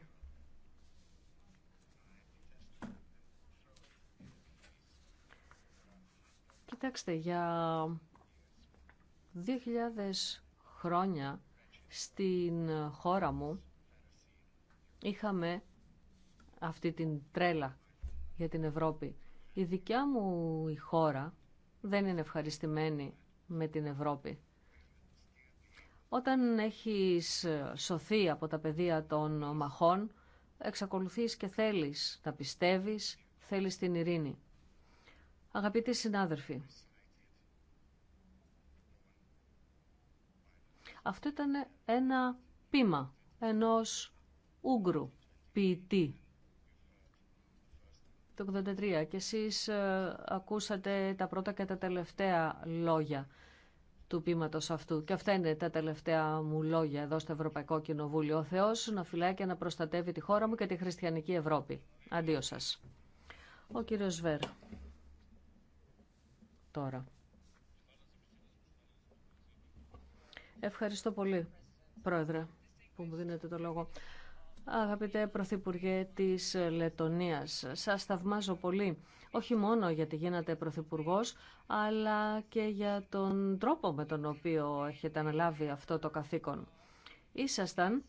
Κοιτάξτε, για 2.000 χρόνια στην χώρα μου είχαμε αυτή την τρέλα για την Ευρώπη. Η δικιά μου η χώρα δεν είναι ευχαριστημένη με την Ευρώπη. Όταν έχεις σωθεί από τα πεδία των μαχών, εξακολουθείς και θέλεις, να πιστεύεις, θέλεις την ειρήνη. Αγαπητοί συνάδελφοι, αυτό ήταν ένα πείμα ενός Ούγγρου ποιητή το 83 και εσείς ε, ακούσατε τα πρώτα και τα τελευταία λόγια του πείματος αυτού. Και αυτά είναι τα τελευταία μου λόγια εδώ στο Ευρωπαϊκό Κοινοβούλιο. Ο Θεός να φυλάει και να προστατεύει τη χώρα μου και τη χριστιανική Ευρώπη. Αντίο σας. Ο κύριος Βέρ τώρα. Ευχαριστώ πολύ, Πρόεδρε, που μου δίνετε το λόγο. Αγαπητέ Πρωθυπουργέ της Λετωνίας, σας θαυμάζω πολύ. Όχι μόνο γιατί γίνατε Πρωθυπουργό, αλλά και για τον τρόπο με τον οποίο έχετε αναλάβει αυτό το καθήκον. Ήσασταν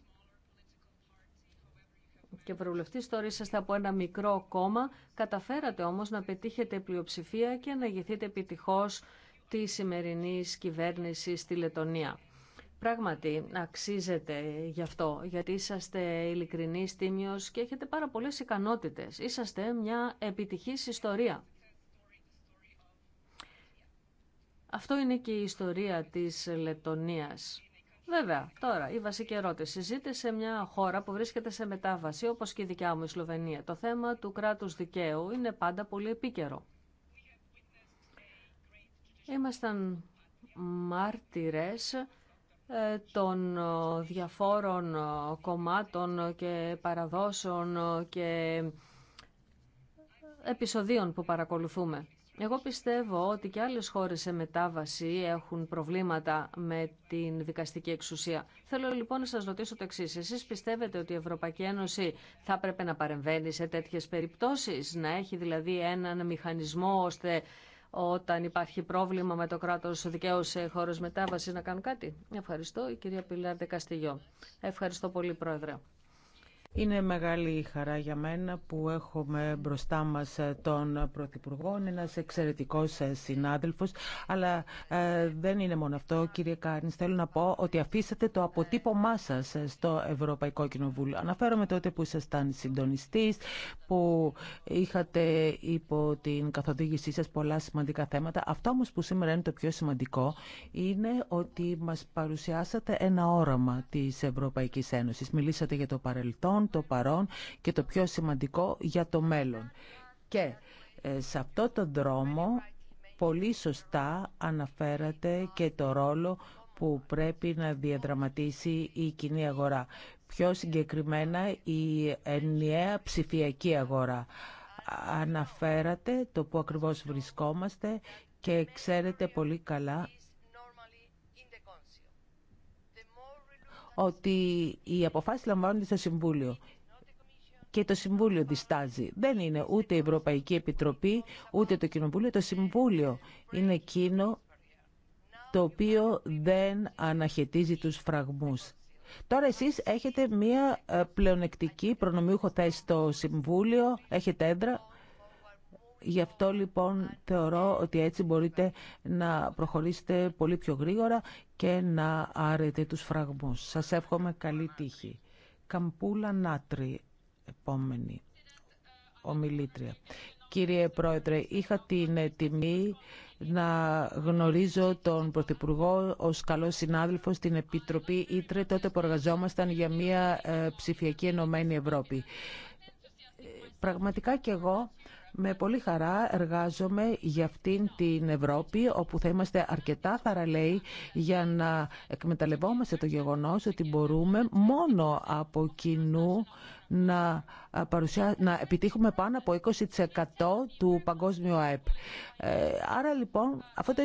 και προβλεφτή τώρα είσαστε από ένα μικρό κόμμα, καταφέρατε όμως να πετύχετε πλειοψηφία και να ηγηθείτε επιτυχώς τη σημερινή κυβέρνηση στη Λετωνία. Πράγματι, αξίζετε γι' αυτό, γιατί είσαστε ειλικρινή, τίμιο και έχετε πάρα πολλέ ικανότητε. Είσαστε μια επιτυχής ιστορία. Αυτό είναι και η ιστορία της Λετωνίας. Βέβαια, τώρα η βασική ερώτηση. Ζείτε σε μια χώρα που βρίσκεται σε μετάβαση, όπω και η δικιά μου η Σλοβενία. Το θέμα του κράτου δικαίου είναι πάντα πολύ επίκαιρο. Ήμασταν μάρτυρε ε, των ε, διαφόρων ε, κομμάτων και παραδόσεων και επεισοδίων που παρακολουθούμε. Εγώ πιστεύω ότι και άλλες χώρες σε μετάβαση έχουν προβλήματα με την δικαστική εξουσία. Θέλω λοιπόν να σας ρωτήσω το εξής. Εσείς πιστεύετε ότι η Ευρωπαϊκή Ένωση θα πρέπει να παρεμβαίνει σε τέτοιες περιπτώσεις, να έχει δηλαδή έναν μηχανισμό ώστε όταν υπάρχει πρόβλημα με το κράτος δικαίου σε χώρες μετάβασης να κάνουν κάτι. Ευχαριστώ, η κυρία Πιλάρντε Καστιγιώ. Ευχαριστώ πολύ, Πρόεδρε. Είναι μεγάλη χαρά για μένα που έχουμε μπροστά μας ε, τον Πρωθυπουργό, είναι ένας εξαιρετικός ε, συνάδελφος, αλλά ε, δεν είναι μόνο αυτό. Κύριε Κάρνης, θέλω να πω ότι αφήσατε το αποτύπωμά σας στο Ευρωπαϊκό Κοινοβούλιο. Αναφέρομαι τότε που ήσασταν συντονιστής, που είχατε υπό την καθοδήγησή σας πολλά σημαντικά θέματα. Αυτό όμω που σήμερα είναι το πιο σημαντικό είναι ότι μας παρουσιάσατε ένα όραμα της Ευρωπαϊκής Ένωσης. Μιλήσατε για το παρελθόν, το παρόν και το πιο σημαντικό για το μέλλον. Και ε, σε αυτό τον δρόμο πολύ σωστά αναφέρατε και το ρόλο που πρέπει να διαδραματίσει η κοινή αγορά. Πιο συγκεκριμένα η ενιαία ψηφιακή αγορά. Αναφέρατε το που ακριβώς βρισκόμαστε και ξέρετε πολύ καλά ότι οι αποφάσεις λαμβάνονται στο Συμβούλιο και το Συμβούλιο διστάζει. Δεν είναι ούτε η Ευρωπαϊκή Επιτροπή, ούτε το Κοινοβούλιο. Το Συμβούλιο είναι εκείνο το οποίο δεν αναχαιτίζει τους φραγμούς. Τώρα εσείς έχετε μία ε, πλεονεκτική προνομιούχο θέση στο Συμβούλιο, έχετε έδρα, Γι' αυτό λοιπόν θεωρώ ότι έτσι μπορείτε να προχωρήσετε πολύ πιο γρήγορα και να άρετε τους φραγμούς. Σας εύχομαι καλή τύχη. Καμπούλα Νάτρη, επόμενη ομιλήτρια. Κύριε Πρόεδρε, είχα την τιμή να γνωρίζω τον Πρωθυπουργό ως καλό συνάδελφο στην Επιτροπή Ήτρε τότε που εργαζόμασταν για μια ε, ψηφιακή ενωμένη Ευρώπη. Ε, πραγματικά και εγώ με πολύ χαρά εργάζομαι για αυτήν την Ευρώπη όπου θα είμαστε αρκετά θαραλέοι για να εκμεταλλευόμαστε το γεγονός ότι μπορούμε μόνο από κοινού να, ε, παρουσιά, να επιτύχουμε πάνω από 20% του παγκόσμιου ΑΕΠ. Ε, άρα λοιπόν αυτό το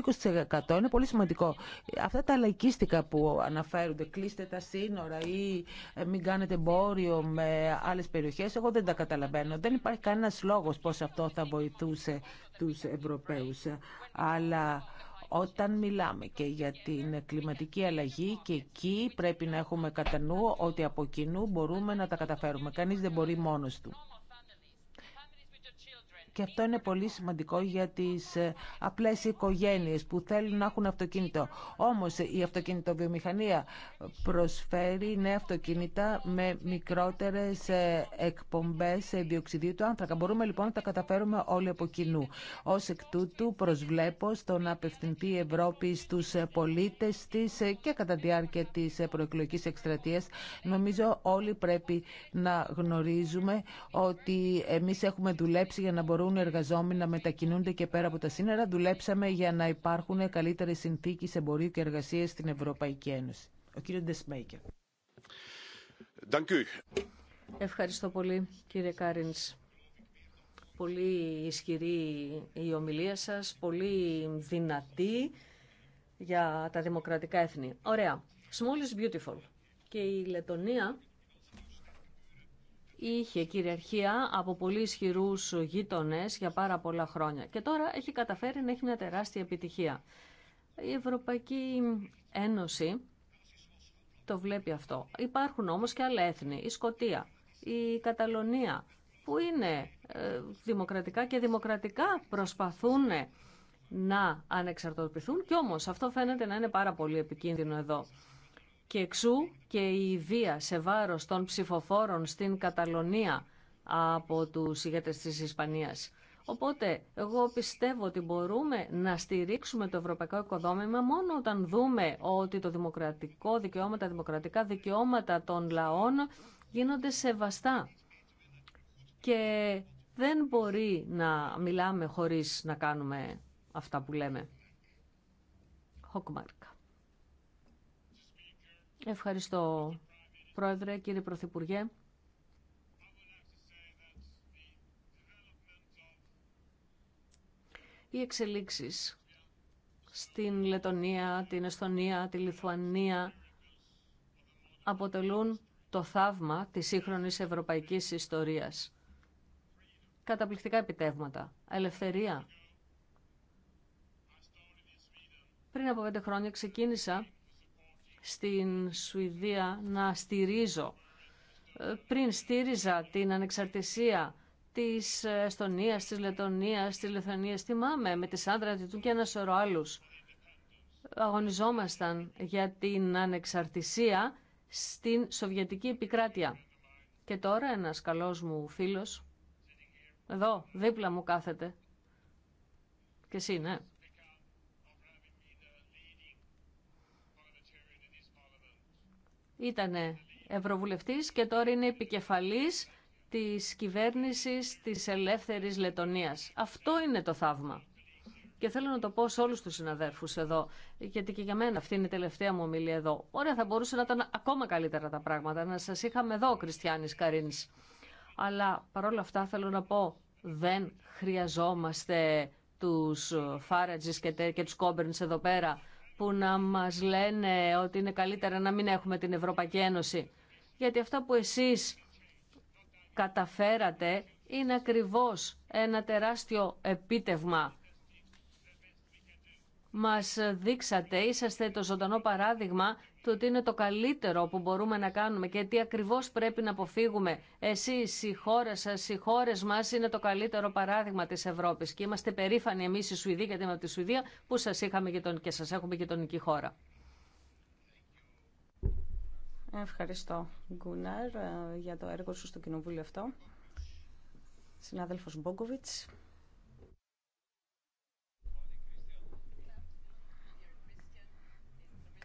20% είναι πολύ σημαντικό. Αυτά τα λαϊκίστικα που αναφέρονται, κλείστε τα σύνορα ή ε, μην κάνετε εμπόριο με άλλες περιοχές, εγώ δεν τα καταλαβαίνω. Δεν υπάρχει κανένας λόγος πώς αυτό θα βοηθούσε τους Ευρωπαίους. Αλλά όταν μιλάμε και για την κλιματική αλλαγή και εκεί πρέπει να έχουμε κατά νου ότι από κοινού μπορούμε να τα καταφέρουμε. Κανείς δεν μπορεί μόνος του. Και αυτό είναι πολύ σημαντικό για τις ε, απλές οικογένειες που θέλουν να έχουν αυτοκίνητο. Όμως η αυτοκινητοβιομηχανία προσφέρει νέα αυτοκίνητα με μικρότερες ε, εκπομπές διοξιδίου του άνθρακα. Μπορούμε λοιπόν να τα καταφέρουμε όλοι από κοινού. Ως εκ τούτου προσβλέπω στον απευθυντή Ευρώπη στους ε, πολίτες της και κατά διάρκεια της προεκλογικής εκστρατεία. Νομίζω όλοι πρέπει να γνωρίζουμε ότι εμείς έχουμε δουλέψει για να μπορούμε μπορούν οι εργαζόμενοι να μετακινούνται και πέρα από τα σύνορα, δουλέψαμε για να υπάρχουν καλύτερε συνθήκε εμπορίου και εργασία στην Ευρωπαϊκή Ένωση. Ο κύριο Ντεσμέικερ. Ευχαριστώ πολύ, κύριε Κάριν. Πολύ ισχυρή η ομιλία σας, πολύ δυνατή για τα δημοκρατικά έθνη. Ωραία. Small is beautiful. Και η Λετωνία είχε κυριαρχία από πολύ ισχυρού γείτονε για πάρα πολλά χρόνια και τώρα έχει καταφέρει να έχει μια τεράστια επιτυχία. Η Ευρωπαϊκή Ένωση το βλέπει αυτό. Υπάρχουν όμως και άλλα έθνη, η Σκοτία, η Καταλωνία, που είναι ε, δημοκρατικά και δημοκρατικά προσπαθούν να ανεξαρτοποιηθούν και όμως αυτό φαίνεται να είναι πάρα πολύ επικίνδυνο εδώ. Και εξού και η βία σε βάρος των ψηφοφόρων στην Καταλωνία από τους ηγέτες της Ισπανίας. Οπότε, εγώ πιστεύω ότι μπορούμε να στηρίξουμε το ευρωπαϊκό οικοδόμημα μόνο όταν δούμε ότι το δημοκρατικό δικαιώμα, τα δημοκρατικά δικαιώματα των λαών γίνονται σεβαστά. Και δεν μπορεί να μιλάμε χωρίς να κάνουμε αυτά που λέμε. Χοκμάρκα. Ευχαριστώ, Πρόεδρε, κύριε Πρωθυπουργέ. Οι εξελίξεις στην Λετωνία, την Εσθονία, τη Λιθουανία αποτελούν το θαύμα της σύγχρονης ευρωπαϊκής ιστορίας. Καταπληκτικά επιτεύγματα. Ελευθερία. Πριν από πέντε χρόνια ξεκίνησα στην Σουηδία να στηρίζω. Ε, πριν στήριζα την ανεξαρτησία της Εστονίας, της Λετωνίας, της Λεθονίας, θυμάμαι, με τις Σάντρα του και ένα σωρό άλλους. Αγωνιζόμασταν για την ανεξαρτησία στην Σοβιετική επικράτεια. Και τώρα ένας καλός μου φίλος, εδώ δίπλα μου κάθεται, και εσύ ναι, Ήτανε ευρωβουλευτής και τώρα είναι επικεφαλής της κυβέρνησης της ελεύθερης Λετωνίας. Αυτό είναι το θαύμα. Και θέλω να το πω σε όλους τους συναδέρφους εδώ, γιατί και για μένα αυτή είναι η τελευταία μου ομιλία εδώ. Ωραία, θα μπορούσε να ήταν ακόμα καλύτερα τα πράγματα, να σας είχαμε εδώ Κριστιανής Καρίνης. Αλλά παρόλα αυτά θέλω να πω, δεν χρειαζόμαστε τους Φάρατζης και, και τους Κόμπερνς εδώ πέρα που να μας λένε ότι είναι καλύτερα να μην έχουμε την Ευρωπαϊκή Ένωση. Γιατί αυτά που εσείς καταφέρατε είναι ακριβώς ένα τεράστιο επίτευγμα. Μας δείξατε, είσαστε το ζωντανό παράδειγμα το ότι είναι το καλύτερο που μπορούμε να κάνουμε και τι ακριβώς πρέπει να αποφύγουμε. Εσείς, οι χώρα σας, οι χώρες μας είναι το καλύτερο παράδειγμα της Ευρώπης και είμαστε περήφανοι εμείς οι Σουηδοί, γιατί είμαι από τη Σουηδία, που σας είχαμε και, τον, και σας έχουμε γειτονική χώρα. Ευχαριστώ, Γκούναρ, ε, για το έργο σου στο Κοινοβούλιο αυτό. Συνάδελφο Μπόγκοβιτς.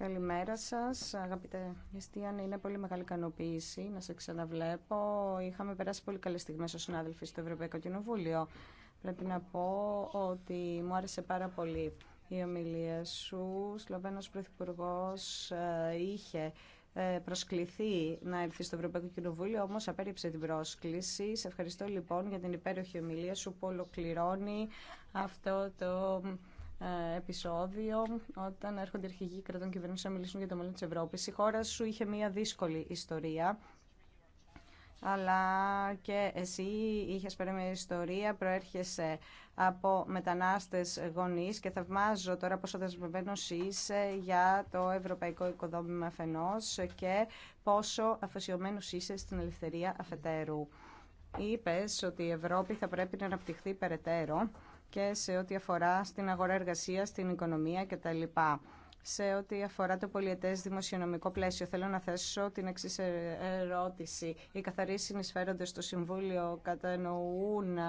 Καλημέρα σας, αγαπητέ Χριστίανα. Είναι πολύ μεγάλη ικανοποίηση να σε ξαναβλέπω. Είχαμε περάσει πολύ καλές στιγμές ως συνάδελφοι στο Ευρωπαϊκό Κοινοβούλιο. Πρέπει να πω ότι μου άρεσε πάρα πολύ η ομιλία σου. Ο Σλοβαίνος Πρωθυπουργό ε, είχε ε, προσκληθεί να έρθει στο Ευρωπαϊκό Κοινοβούλιο, όμως απέριψε την πρόσκληση. Σε ευχαριστώ λοιπόν για την υπέροχη ομιλία σου που ολοκληρώνει αυτό το ε, επεισόδιο όταν έρχονται αρχηγοί κρατών κυβερνήσεων να μιλήσουν για το μέλλον της Ευρώπης. Η χώρα σου είχε μια δύσκολη ιστορία αλλά και εσύ είχες πέρα μια ιστορία, προέρχεσαι από μετανάστες γονείς και θαυμάζω τώρα πόσο δεσμευμένος είσαι για το ευρωπαϊκό οικοδόμημα αφενός και πόσο αφοσιωμένος είσαι στην ελευθερία αφετέρου. Είπες ότι η Ευρώπη θα πρέπει να αναπτυχθεί περαιτέρω και σε ό,τι αφορά στην αγορά εργασίας, στην οικονομία κτλ. Σε ό,τι αφορά το πολιετές δημοσιονομικό πλαίσιο, θέλω να θέσω την εξή ε, ερώτηση. Οι καθαροί συνεισφέροντες στο Συμβούλιο κατανοούν ε,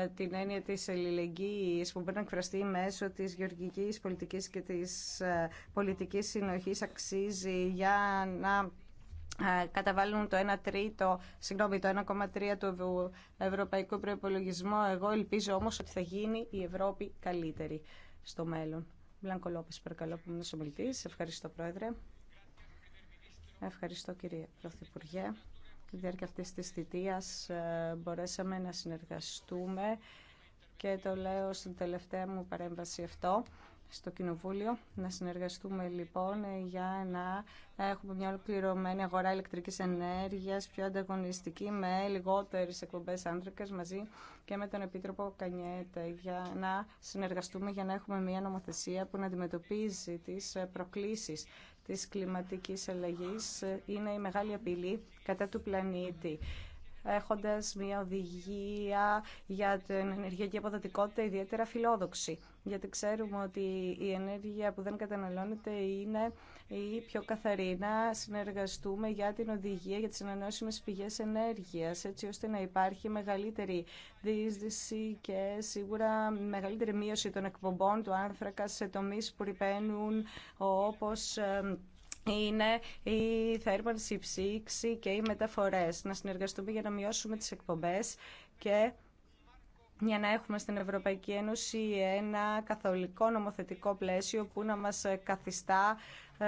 ε, την έννοια της ελληνικής που μπορεί να εκφραστεί μέσω της γεωργικής πολιτικής και της πολιτικής συνοχής αξίζει για να ε, καταβάλουν το 1 το το 1,3 του ευρωπαϊκού προπολογισμού. Εγώ ελπίζω όμως ότι θα γίνει η Ευρώπη καλύτερη στο μέλλον. Μπλάνκο Λόπε, παρακαλώ, που Ευχαριστώ, Πρόεδρε. Ευχαριστώ, κύριε Πρωθυπουργέ. Τη διάρκεια αυτής της θητείας ε, μπορέσαμε να συνεργαστούμε και το λέω στην τελευταία μου παρέμβαση αυτό στο Κοινοβούλιο. Να συνεργαστούμε λοιπόν για να έχουμε μια ολοκληρωμένη αγορά ηλεκτρικής ενέργειας, πιο ανταγωνιστική, με λιγότερες εκπομπές άνθρακας μαζί και με τον Επίτροπο Κανιέτα για να συνεργαστούμε για να έχουμε μια νομοθεσία που να αντιμετωπίζει τις προκλήσεις της κλιματικής αλλαγής. Είναι η μεγάλη απειλή κατά του πλανήτη έχοντας μια οδηγία για την ενεργειακή αποδοτικότητα ιδιαίτερα φιλόδοξη γιατί ξέρουμε ότι η ενέργεια που δεν καταναλώνεται είναι η πιο καθαρή. Να συνεργαστούμε για την οδηγία για τις ανανεώσιμες πηγές ενέργειας, έτσι ώστε να υπάρχει μεγαλύτερη δίσδυση και σίγουρα μεγαλύτερη μείωση των εκπομπών του άνθρακα σε τομείς που ρηπαίνουν όπως ε, είναι η θέρμανση, η ψήξη και οι μεταφορές. Να συνεργαστούμε για να μειώσουμε τις εκπομπές και για να έχουμε στην Ευρωπαϊκή Ένωση ένα καθολικό νομοθετικό πλαίσιο που να μας καθιστά ε,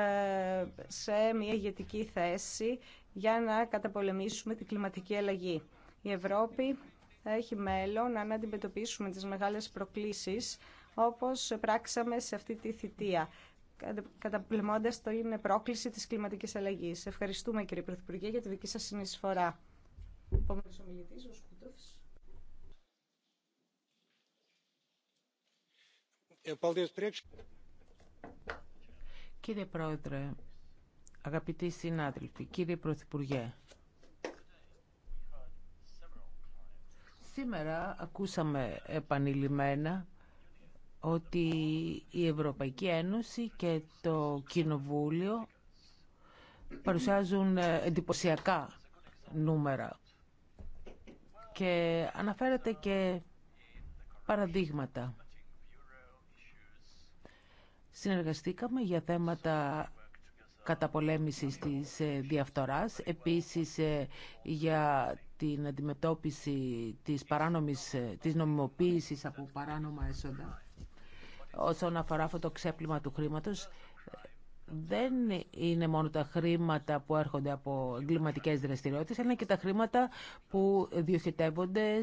σε μια ηγετική θέση για να καταπολεμήσουμε την κλιματική αλλαγή. Η Ευρώπη έχει μέλλον να αντιμετωπίσουμε τις μεγάλες προκλήσεις όπως πράξαμε σε αυτή τη θητεία καταπλημώντας το είναι πρόκληση της κλιματικής αλλαγής. Ευχαριστούμε κύριε Πρωθυπουργέ για τη δική σας συνεισφορά. Ε, κύριε Πρόεδρε, αγαπητοί συνάδελφοι, κύριε Πρωθυπουργέ, σήμερα ακούσαμε επανειλημμένα ότι η Ευρωπαϊκή Ένωση και το Κοινοβούλιο παρουσιάζουν ε, εντυπωσιακά νούμερα και αναφέρεται και παραδείγματα. Συνεργαστήκαμε για θέματα καταπολέμησης της ε, διαφθοράς, επίσης ε, για την αντιμετώπιση της, παράνομης, ε, της νομιμοποίησης από παράνομα έσοδα. Όσον αφορά αυτό το ξέπλυμα του χρήματος, δεν είναι μόνο τα χρήματα που έρχονται από εγκληματικέ δραστηριότητες, αλλά και τα χρήματα που διοχετεύονται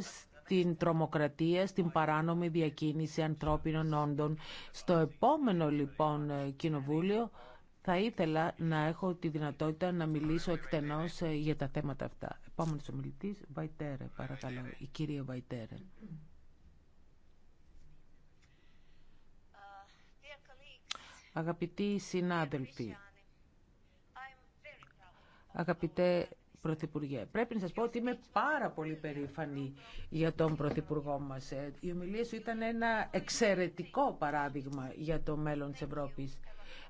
στην τρομοκρατία, στην παράνομη διακίνηση ανθρώπινων όντων. Στο επόμενο λοιπόν ε, κοινοβούλιο θα ήθελα να έχω τη δυνατότητα να μιλήσω εκτενώς ε, για τα θέματα αυτά. Επόμενος ομιλητής, Βαϊτέρε, παρακαλώ, η κυρία Βαϊτέρε. Αγαπητοί συνάδελφοι, αγαπητέ Πρωθυπουργέ. Πρέπει να σας πω ότι είμαι πάρα πολύ περήφανη για τον Πρωθυπουργό μας. Ε, η ομιλία σου ήταν ένα εξαιρετικό παράδειγμα για το μέλλον της Ευρώπης.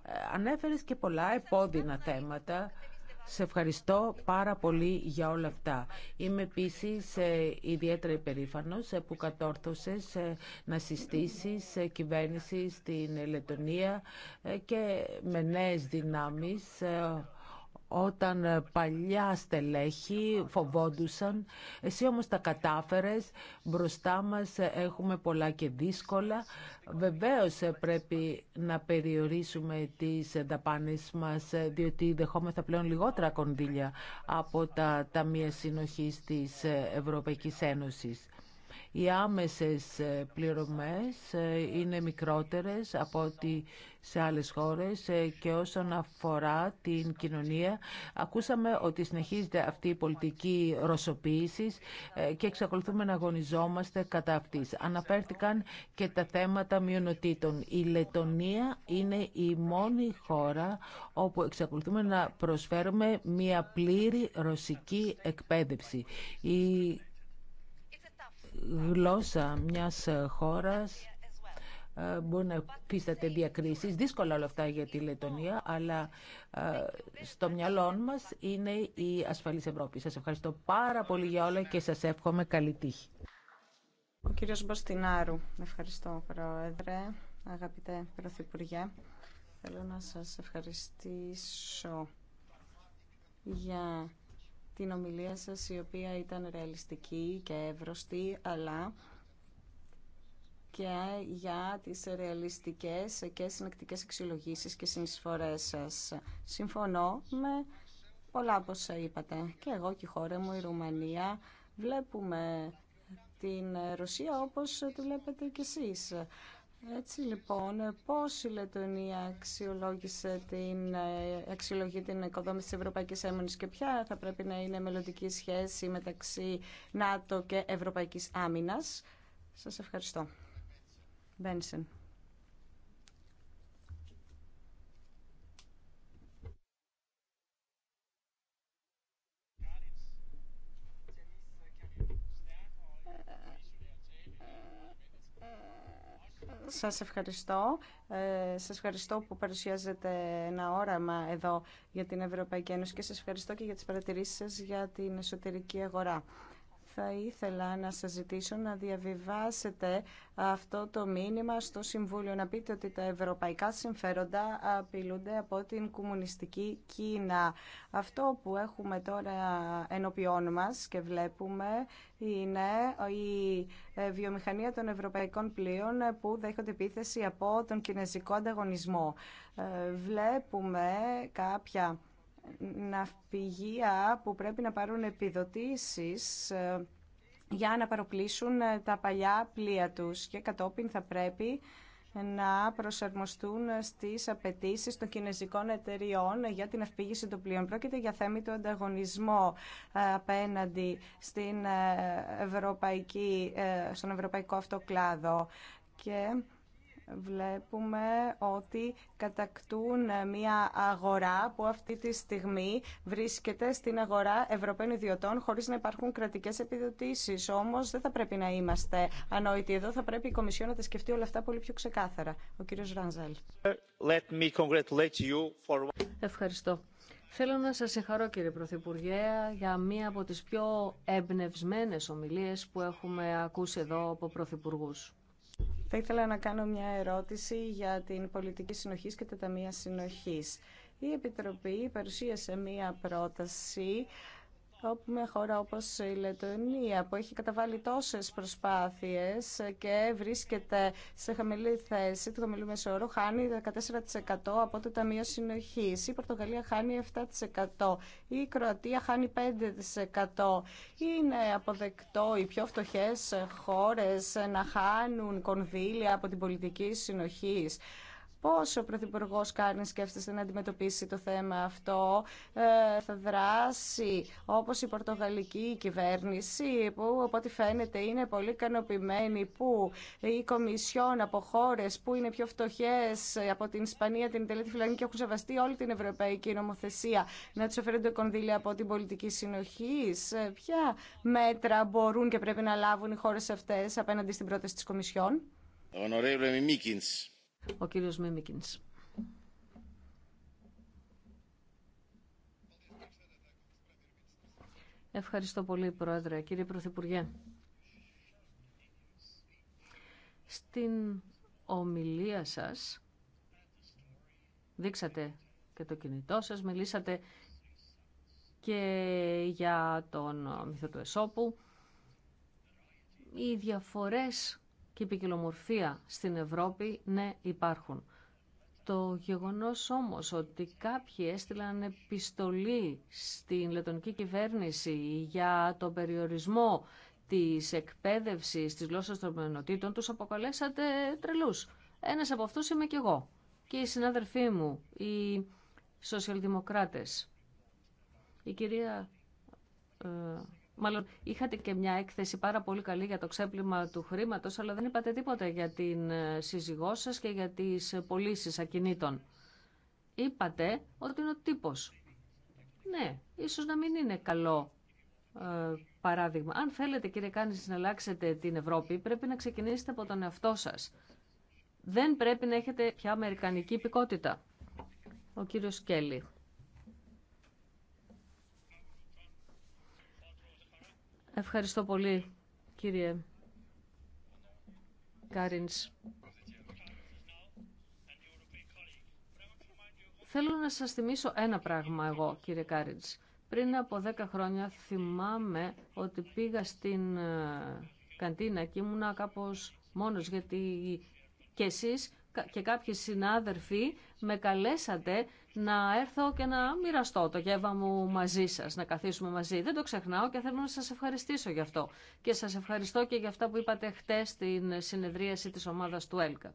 Ε, ανέφερες και πολλά επώδυνα θέματα. Σε ευχαριστώ πάρα πολύ για όλα αυτά. Είμαι επίση ε, ιδιαίτερα υπερήφανο που κατόρθωσε να συστήσει κυβέρνηση στην Λετωνία και με νέε δυνάμει όταν ε, παλιά στελέχη φοβόντουσαν. Εσύ όμως τα κατάφερες, μπροστά μας ε, έχουμε πολλά και δύσκολα. Βεβαίως ε, πρέπει να περιορίσουμε τις δαπάνες μας, διότι δεχόμεθα πλέον λιγότερα κονδύλια από τα Ταμεία Συνοχής της Ευρωπαϊκής Ένωσης. Οι άμεσες ε, πληρωμές ε, είναι μικρότερες από ό,τι σε άλλες χώρες ε, και όσον αφορά την κοινωνία ακούσαμε ότι συνεχίζεται αυτή η πολιτική ρωσοποίησης και εξακολουθούμε να αγωνιζόμαστε κατά αυτής. Αναφέρθηκαν και τα θέματα μειονοτήτων. Η Λετωνία είναι η μόνη χώρα όπου εξακολουθούμε να προσφέρουμε μια πλήρη ρωσική εκπαίδευση γλώσσα μιας ε, χώρας ε, μπορεί να πίσταται διακρίσεις. Δύσκολα όλα αυτά για τη Λετωνία, αλλά ε, στο μυαλό μας είναι η ασφαλής Ευρώπη. Σας ευχαριστώ πάρα πολύ για όλα και σας εύχομαι καλή τύχη. Ο κύριος Μπαστινάρου. Ευχαριστώ, Πρόεδρε, αγαπητέ Πρωθυπουργέ. Θέλω να σας ευχαριστήσω για την ομιλία σας η οποία ήταν ρεαλιστική και εύρωστη αλλά και για τις ρεαλιστικές και συνεκτικές αξιολογήσεις και συνεισφορές σας. Συμφωνώ με πολλά από όσα είπατε. Και εγώ και η χώρα μου, η Ρουμανία, βλέπουμε την Ρωσία όπως τη βλέπετε κι εσείς. Έτσι λοιπόν, πώς η Λετωνία αξιολόγησε την, ε, αξιολογεί την οικοδόμηση της Ευρωπαϊκής Άμυνας και ποια θα πρέπει να είναι μελλοντική σχέση μεταξύ ΝΑΤΟ και Ευρωπαϊκής Άμυνας. Σας ευχαριστώ. Σας ευχαριστώ. Ε, σας ευχαριστώ που παρουσιάζετε ένα όραμα εδώ για την Ευρωπαϊκή Ένωση και σας ευχαριστώ και για τις παρατηρήσεις σας για την εσωτερική αγορά θα ήθελα να σας ζητήσω να διαβιβάσετε αυτό το μήνυμα στο Συμβούλιο, να πείτε ότι τα ευρωπαϊκά συμφέροντα απειλούνται από την κομμουνιστική Κίνα. Αυτό που έχουμε τώρα ενωπιών μας και βλέπουμε είναι η ε, βιομηχανία των ευρωπαϊκών πλοίων που δέχονται επίθεση από τον κινέζικο ανταγωνισμό. Ε, βλέπουμε κάποια ναυπηγεία που πρέπει να πάρουν επιδοτήσεις ε, για να παροπλήσουν ε, τα παλιά πλοία τους και κατόπιν θα πρέπει να προσαρμοστούν ε, στις απαιτήσεις των κινέζικων εταιριών για την αυπήγηση των πλοίων. Πρόκειται για θέμη του ανταγωνισμό απέναντι στην ευρωπαϊκή, στον ευρωπαϊκό αυτοκλάδο. Και βλέπουμε ότι κατακτούν μια αγορά που αυτή τη στιγμή βρίσκεται στην αγορά Ευρωπαίων ιδιωτών χωρίς να υπάρχουν κρατικές επιδοτήσεις. Όμως δεν θα πρέπει να είμαστε ανόητοι εδώ, θα πρέπει η Κομισιό να τα σκεφτεί όλα αυτά πολύ πιο ξεκάθαρα. Ο κύριος Ρανζέλ. Ευχαριστώ. Θέλω να σας συγχαρώ κύριε Πρωθυπουργέ για μία από τις πιο εμπνευσμένες ομιλίες που έχουμε ακούσει εδώ από πρωθυπουργούς. Θα ήθελα να κάνω μια ερώτηση για την πολιτική συνοχής και τα ταμεία συνοχής. Η Επιτροπή παρουσίασε μία πρόταση Όπου μια χώρα όπως η Λετωνία που έχει καταβάλει τόσες προσπάθειες και βρίσκεται σε χαμηλή θέση του χαμηλού μεσόρου χάνει 14% από το Ταμείο Συνοχής. Η Πορτογαλία χάνει 7%. Η Κροατία χάνει 5%. Είναι αποδεκτό οι πιο φτωχές χώρες να χάνουν κονδύλια από την πολιτική συνοχής. Πώς ο Πρωθυπουργό κάνει σκέφτεστε να αντιμετωπίσει το θέμα αυτό, ε, θα δράσει όπως η πορτογαλική κυβέρνηση που από ό,τι φαίνεται είναι πολύ ικανοποιημένη που η Κομισιόν από χώρε που είναι πιο φτωχέ από την Ισπανία, την Ιταλία, τη Φιλανδία και έχουν σεβαστεί όλη την ευρωπαϊκή νομοθεσία να του αφαιρούνται κονδύλια από την πολιτική συνοχή. Ε, ποια μέτρα μπορούν και πρέπει να λάβουν οι χώρε αυτέ απέναντι στην πρόταση τη Κομισιόν. Ο κύριος Μίμικινς. Ευχαριστώ πολύ, Πρόεδρε. Κύριε Πρωθυπουργέ, στην ομιλία σας δείξατε και το κινητό σας, μιλήσατε και για τον μύθο του Εσώπου. Οι διαφορές και η ποικιλομορφία στην Ευρώπη, ναι, υπάρχουν. Το γεγονός όμως ότι κάποιοι έστειλαν επιστολή στην λετονική κυβέρνηση για τον περιορισμό της εκπαίδευσης της γλώσσας των μενοτήτων τους αποκαλέσατε τρελούς. Ένας από αυτούς είμαι κι εγώ και οι συνάδελφοί μου, οι σοσιαλδημοκράτες. Η κυρία ε, Μάλλον είχατε και μια έκθεση πάρα πολύ καλή για το ξέπλυμα του χρήματος, αλλά δεν είπατε τίποτα για την ε, σύζυγό σας και για τις πωλήσει ακινήτων. Είπατε ότι είναι ο τύπος. Ναι, ίσως να μην είναι καλό ε, παράδειγμα. Αν θέλετε κύριε Κάνης να αλλάξετε την Ευρώπη, πρέπει να ξεκινήσετε από τον εαυτό σας. Δεν πρέπει να έχετε πια αμερικανική υπηκότητα. Ο κύριος Κέλλη. Ευχαριστώ πολύ, κύριε Κάριντς. Θέλω να σας θυμίσω ένα πράγμα εγώ, κύριε Κάριντς. Πριν από 10 χρόνια θυμάμαι ότι πήγα στην ε, καντίνα και ήμουνα κάπως μόνος, γιατί και εσείς και κάποιοι συνάδελφοι με καλέσατε να έρθω και να μοιραστώ το γεύμα μου μαζί σας, να καθίσουμε μαζί. Δεν το ξεχνάω και θέλω να σας ευχαριστήσω γι' αυτό. Και σας ευχαριστώ και για αυτά που είπατε χτες στην συνεδρίαση της ομάδας του ΕΛΚΑ.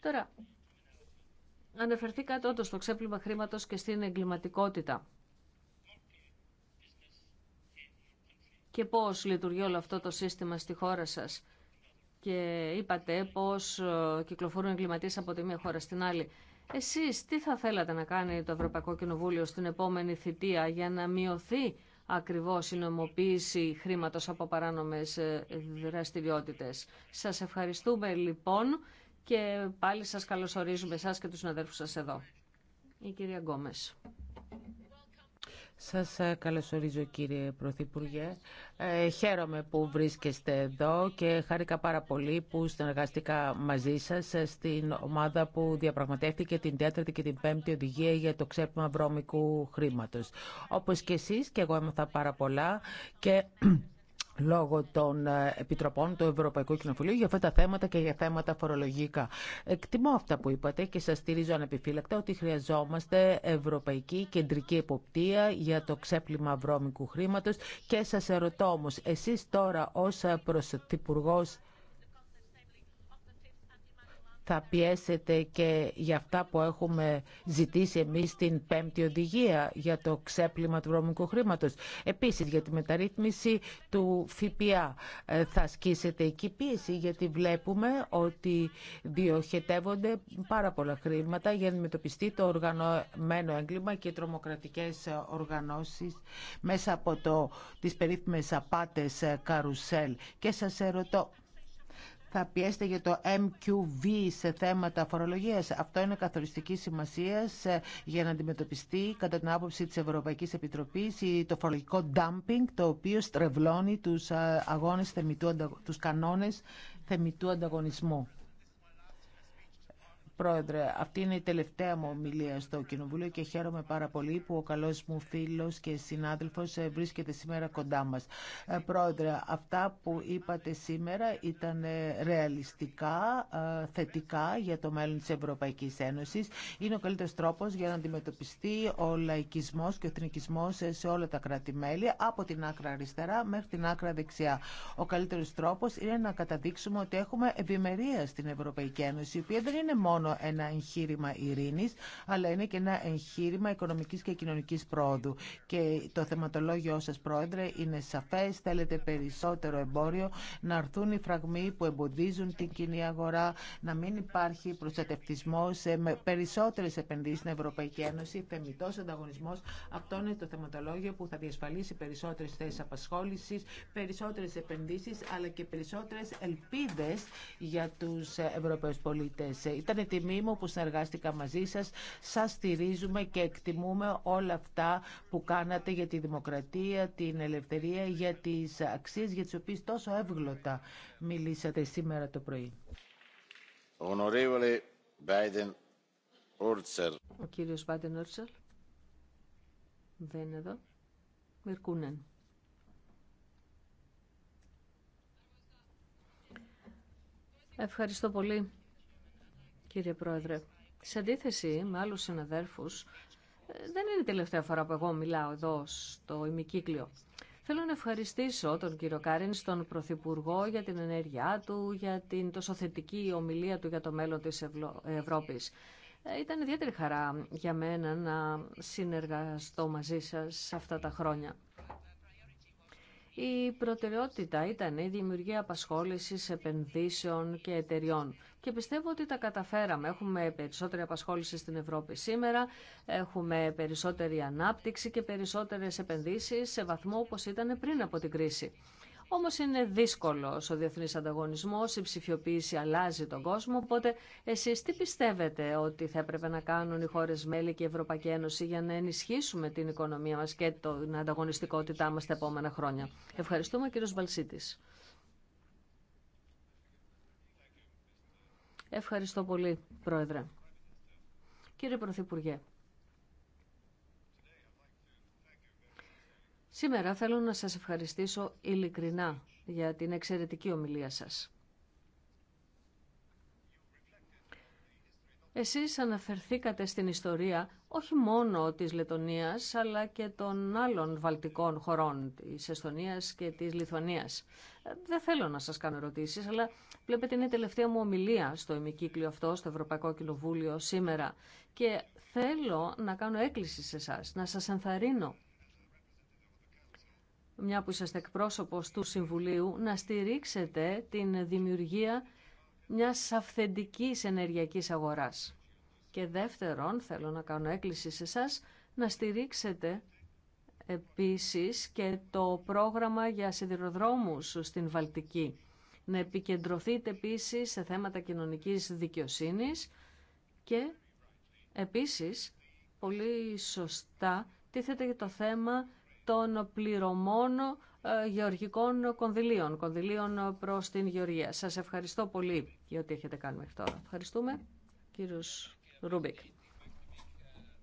Τώρα, αναφερθήκατε όντως στο ξέπλυμα χρήματος και στην εγκληματικότητα. Και πώς λειτουργεί όλο αυτό το σύστημα στη χώρα σας. Και είπατε πώς ε, κυκλοφορούν εγκληματίες από τη μία χώρα στην άλλη. Εσείς τι θα θέλατε να κάνει το Ευρωπαϊκό Κοινοβούλιο στην επόμενη θητεία για να μειωθεί ακριβώς η νομοποίηση χρήματος από παράνομες ε, δραστηριότητες. Σας ευχαριστούμε λοιπόν και πάλι σας καλωσορίζουμε εσάς και τους συναδέλφους σας εδώ. Η κυρία Γκόμες. Σας ε, καλωσορίζω κύριε Πρωθυπουργέ. Ε, χαίρομαι που βρίσκεστε εδώ και χάρηκα πάρα πολύ που συνεργαστήκα μαζί σας ε, στην ομάδα που διαπραγματεύτηκε την τέταρτη και την πέμπτη οδηγία για το ξέπημα βρώμικου χρήματος. Όπως και εσείς και εγώ έμαθα πάρα πολλά και λόγω των ε, επιτροπών του Ευρωπαϊκού Κοινοβουλίου για αυτά τα θέματα και για θέματα φορολογικά. Εκτιμώ αυτά που είπατε και σας στηρίζω ανεπιφύλακτα ότι χρειαζόμαστε ευρωπαϊκή κεντρική εποπτεία για το ξέπλυμα βρώμικου χρήματος και σας ερωτώ όμως, εσείς τώρα ως Πρωθυπουργός θα πιέσετε και για αυτά που έχουμε ζητήσει εμείς την πέμπτη οδηγία για το ξέπλυμα του βρώμικου χρήματος. Επίσης για τη μεταρρύθμιση του ΦΠΑ ε, θα ασκήσετε εκεί πίεση γιατί βλέπουμε ότι διοχετεύονται πάρα πολλά χρήματα για να αντιμετωπιστεί το οργανωμένο έγκλημα και τρομοκρατικές οργανώσεις μέσα από το, τις απάτε απάτες ε, καρουσέλ. Και σα ερωτώ, θα πιέσετε για το MQV σε θέματα φορολογίας. Αυτό είναι καθοριστική σημασία ε, για να αντιμετωπιστεί κατά την άποψη της Ευρωπαϊκής Επιτροπής το φορολογικό dumping το οποίο στρεβλώνει τους, ε, αγώνες θεμητού, τους κανόνες θεμητού ανταγωνισμού. Πρόεδρε, αυτή είναι η τελευταία μου ομιλία στο Κοινοβούλιο και χαίρομαι πάρα πολύ που ο καλός μου φίλος και συνάδελφος ε, βρίσκεται σήμερα κοντά μας. Ε, Πρόεδρε, αυτά που είπατε σήμερα ήταν ε, ρεαλιστικά, θετικά για το μέλλον της Ευρωπαϊκής Ένωσης. Είναι ο καλύτερος τρόπος για να αντιμετωπιστεί ο λαϊκισμός και ο εθνικισμός σε όλα τα κράτη-μέλη, από την άκρα αριστερά μέχρι την άκρα δεξιά. Ο καλύτερος τρόπος είναι να καταδείξουμε ότι έχουμε ευημερία στην Ευρωπαϊκή Ένωση, η οποία δεν είναι μόνο μόνο ένα εγχείρημα ειρήνης, αλλά είναι και ένα εγχείρημα οικονομικής και κοινωνικής πρόοδου. Και το θεματολόγιο σας, Πρόεδρε, είναι σαφές. Θέλετε περισσότερο εμπόριο, να έρθουν οι φραγμοί που εμποδίζουν την κοινή αγορά, να μην υπάρχει προστατευτισμό σε περισσότερες επενδύσεις στην Ευρωπαϊκή Ένωση, θεμητός ανταγωνισμός. Αυτό είναι το θεματολόγιο που θα διασφαλίσει περισσότερες θέσεις απασχόλησης, περισσότερες επενδύσεις, αλλά και περισσότερες ελπίδες για τους Ευρωπαίους πολίτες. Ήταν τιμή μου που συνεργάστηκα μαζί σας. Σας στηρίζουμε και εκτιμούμε όλα αυτά που κάνατε για τη δημοκρατία, την ελευθερία, για τις αξίες για τις οποίες τόσο εύγλωτα μιλήσατε σήμερα το πρωί. Ο κύριος Βάιντεν Όρτσερ δεν είναι εδώ. Μυρκούνεν. Ευχαριστώ πολύ κύριε Πρόεδρε. Σε αντίθεση με άλλους συναδέρφους, ε, δεν είναι η τελευταία φορά που εγώ μιλάω εδώ στο ημικύκλιο. Θέλω να ευχαριστήσω τον κύριο Κάριν, τον Πρωθυπουργό, για την ενέργειά του, για την τόσο θετική ομιλία του για το μέλλον της Ευρώπης. Ε, ήταν ιδιαίτερη χαρά για μένα να συνεργαστώ μαζί σας αυτά τα χρόνια. Η προτεραιότητα ήταν η δημιουργία απασχόλησης επενδύσεων και εταιριών. Και πιστεύω ότι τα καταφέραμε. Έχουμε περισσότερη απασχόληση στην Ευρώπη σήμερα, έχουμε περισσότερη ανάπτυξη και περισσότερες επενδύσεις σε βαθμό όπως ήταν πριν από την κρίση. Όμω είναι δύσκολος ο διεθνή ανταγωνισμό, η ψηφιοποίηση αλλάζει τον κόσμο, οπότε εσείς τι πιστεύετε ότι θα έπρεπε να κάνουν οι χώρε μέλη και η Ευρωπαϊκή Ένωση για να ενισχύσουμε την οικονομία μας και την ανταγωνιστικότητά μας τα επόμενα χρόνια. Ευχαριστούμε κύριο Βαλσίτη. Ευχαριστώ πολύ, Πρόεδρε. Κύριε Πρωθυπουργέ, Σήμερα θέλω να σας ευχαριστήσω ειλικρινά για την εξαιρετική ομιλία σας. Εσείς αναφερθήκατε στην ιστορία όχι μόνο της Λετωνίας, αλλά και των άλλων βαλτικών χωρών, της Εστονίας και της Λιθουανίας. Δεν θέλω να σας κάνω ερωτήσεις, αλλά βλέπετε είναι η τελευταία μου ομιλία στο ημικύκλιο αυτό, στο Ευρωπαϊκό Κοινοβούλιο σήμερα. Και θέλω να κάνω έκκληση σε εσά, να σας ενθαρρύνω μια που είσαστε εκπρόσωπος του Συμβουλίου, να στηρίξετε την δημιουργία μιας αυθεντικής ενεργειακής αγοράς. Και δεύτερον, θέλω να κάνω έκκληση σε εσά να στηρίξετε επίσης και το πρόγραμμα για σιδηροδρόμους στην Βαλτική. Να επικεντρωθείτε επίσης σε θέματα κοινωνικής δικαιοσύνης και επίσης πολύ σωστά τίθεται και το θέμα των πληρωμών ε, γεωργικών κονδυλίων, κονδυλίων προς την γεωργία. Σας ευχαριστώ πολύ για ό,τι έχετε κάνει μέχρι τώρα. Ευχαριστούμε, κύριος Ρούμπικ.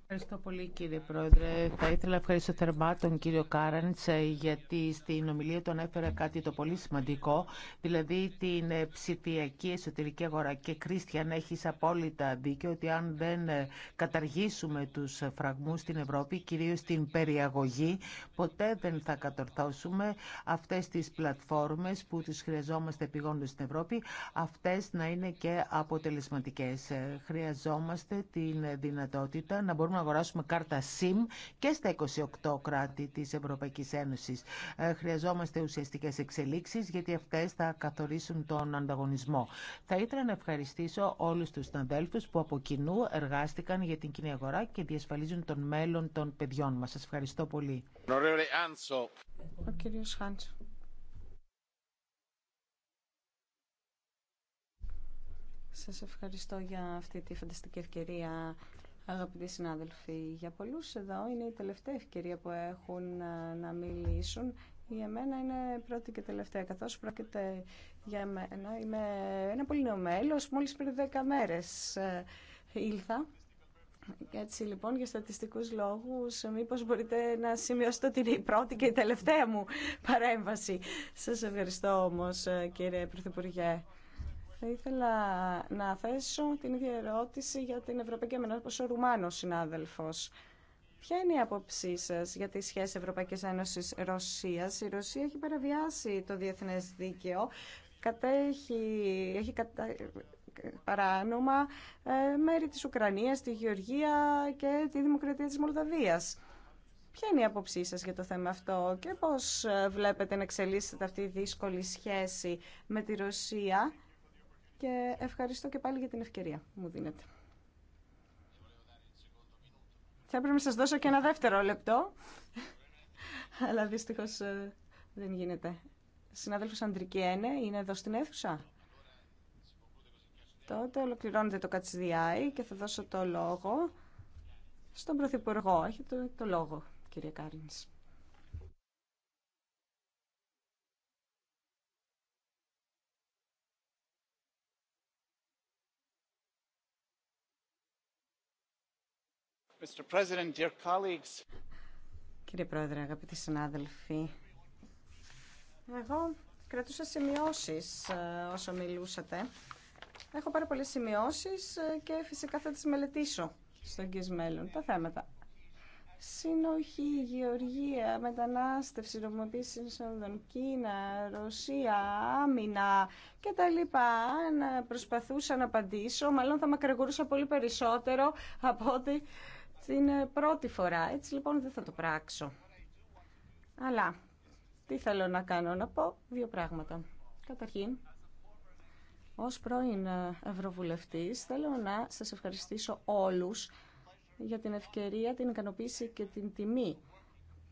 Ευχαριστώ πολύ κύριε Πρόεδρε. Θα ήθελα να ευχαριστώ θερμά τον κύριο Κάραντς ε, γιατί στην ομιλία τον έφερε κάτι το πολύ σημαντικό, δηλαδή την ε, ψηφιακή εσωτερική αγορά. Και Κρίστιαν έχεις απόλυτα δίκιο ότι αν δεν ε, καταργήσουμε τους φραγμούς στην Ευρώπη, κυρίως την περιαγωγή, ποτέ δεν θα κατορθώσουμε αυτές τις πλατφόρμες που τους χρειαζόμαστε επιγόντως στην Ευρώπη, αυτές να είναι και αποτελεσματικές. Χρειαζόμαστε την δυνατότητα να μπορούμε να αγοράσουμε κάρτα SIM και στα 28 κράτη της Ευρωπαϊκής Ένωσης. Ε, χρειαζόμαστε ουσιαστικές εξελίξεις γιατί αυτές θα καθορίσουν τον ανταγωνισμό. Θα ήθελα να ευχαριστήσω όλους τους συναδέλφους που από κοινού εργάστηκαν για την κοινή αγορά και διασφαλίζουν τον μέλλον των παιδιών μας. Σας ευχαριστώ πολύ. Ο Σας ευχαριστώ για αυτή τη φανταστική ευκαιρία Αγαπητοί συνάδελφοι, για πολλούς εδώ είναι η τελευταία ευκαιρία που έχουν ε, να μιλήσουν. Για μένα είναι πρώτη και τελευταία, καθώς πρόκειται για μένα. Είμαι ένα πολύ νέο μέλος, μόλις πριν 10 μέρες ε, ήλθα. Έτσι λοιπόν, για στατιστικούς λόγους, μήπως μπορείτε να σημειώσετε ότι είναι η πρώτη και η τελευταία μου παρέμβαση. Σας ευχαριστώ όμως ε, κύριε Πρωθυπουργέ. Θα ήθελα να θέσω την ίδια ερώτηση για την Ευρωπαϊκή Ένωση, όπως ο Ρουμάνος συνάδελφος. Ποια είναι η άποψή σα για τη σχέση Ευρωπαϊκής Ένωσης Ρωσίας. Η Ρωσία έχει παραβιάσει το διεθνές δίκαιο, κατέχει, έχει κατα... παράνομα ε, μέρη της Ουκρανίας, τη Γεωργία και τη Δημοκρατία της Μολδαβίας. Ποια είναι η άποψή σας για το θέμα αυτό και πώς ε, βλέπετε να εξελίσσεται αυτή η δύσκολη σχέση με τη Ρωσία και ευχαριστώ και πάλι για την ευκαιρία που μου δίνετε. Θα έπρεπε να σας δώσω και ένα δεύτερο λεπτό, αλλά δυστυχώς ε, δεν γίνεται. Συνάδελφος Αντρική είναι εδώ στην αίθουσα. Τότε ολοκληρώνεται το κατσιδιάι και θα δώσω το λόγο στον Πρωθυπουργό. Έχετε το λόγο, κύριε Κάρνης. Κύριε Πρόεδρε, αγαπητοί συνάδελφοι, εγώ κρατούσα σημειώσεις ε, όσο μιλούσατε. Έχω πάρα πολλές σημειώσεις ε, και φυσικά θα τις μελετήσω στο εγγύς μέλλον, τα θέματα. Συνοχή, γεωργία, μετανάστευση, νομιμοποίηση εισόδων, Κίνα, Ρωσία, άμυνα και τα λοιπά. Αν προσπαθούσα να απαντήσω, μάλλον θα μακρηγορούσα πολύ περισσότερο από ότι την πρώτη φορά, έτσι λοιπόν δεν θα το πράξω. Αλλά τι θέλω να κάνω, να πω δύο πράγματα. Καταρχήν, ως πρώην ε, Ευρωβουλευτής θέλω να σας ευχαριστήσω όλους για την ευκαιρία, την ικανοποίηση και την τιμή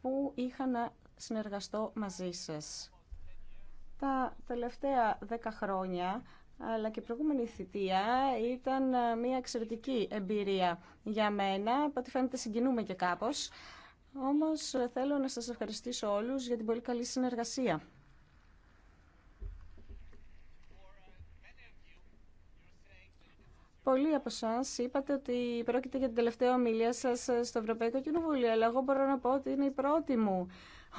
που είχα να συνεργαστώ μαζί σας. Τα τελευταία δέκα χρόνια αλλά και η προηγούμενη θητεία ήταν ε, μια εξαιρετική εμπειρία για μένα. Από ό,τι φαίνεται συγκινούμε και κάπως. Όμως ε, θέλω να σας ευχαριστήσω όλους για την πολύ καλή συνεργασία. Πολλοί από εσά είπατε ότι πρόκειται για την τελευταία ομιλία σα ε, στο Ευρωπαϊκό Κοινοβούλιο, αλλά εγώ μπορώ να πω ότι είναι η πρώτη μου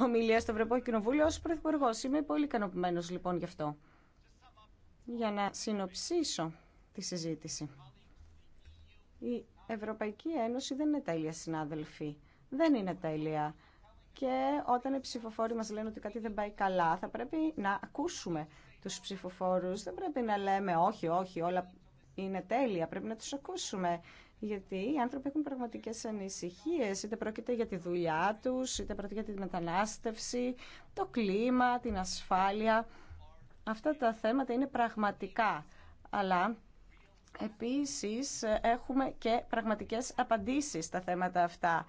ομιλία στο Ευρωπαϊκό Κοινοβούλιο ω Πρωθυπουργό. Είμαι πολύ ικανοποιημένο λοιπόν γι' αυτό για να συνοψίσω τη συζήτηση. Η Ευρωπαϊκή Ένωση δεν είναι τέλεια, συνάδελφοι. Δεν είναι τέλεια. Και όταν οι ψηφοφόροι μας λένε ότι κάτι δεν πάει καλά, θα πρέπει να ακούσουμε τους ψηφοφόρους. Δεν πρέπει να λέμε όχι, όχι, όλα είναι τέλεια. Πρέπει να τους ακούσουμε. Γιατί οι άνθρωποι έχουν πραγματικέ ανησυχίε, είτε πρόκειται για τη δουλειά του, είτε πρόκειται για τη μετανάστευση, το κλίμα, την ασφάλεια. Αυτά τα θέματα είναι πραγματικά, αλλά επίσης έχουμε και πραγματικές απαντήσεις στα θέματα αυτά.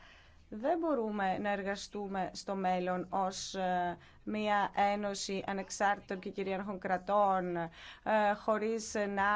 Δεν μπορούμε να εργαστούμε στο μέλλον ως ε, μια ένωση ανεξάρτητων και κυρίαρχων κρατών ε, χωρίς να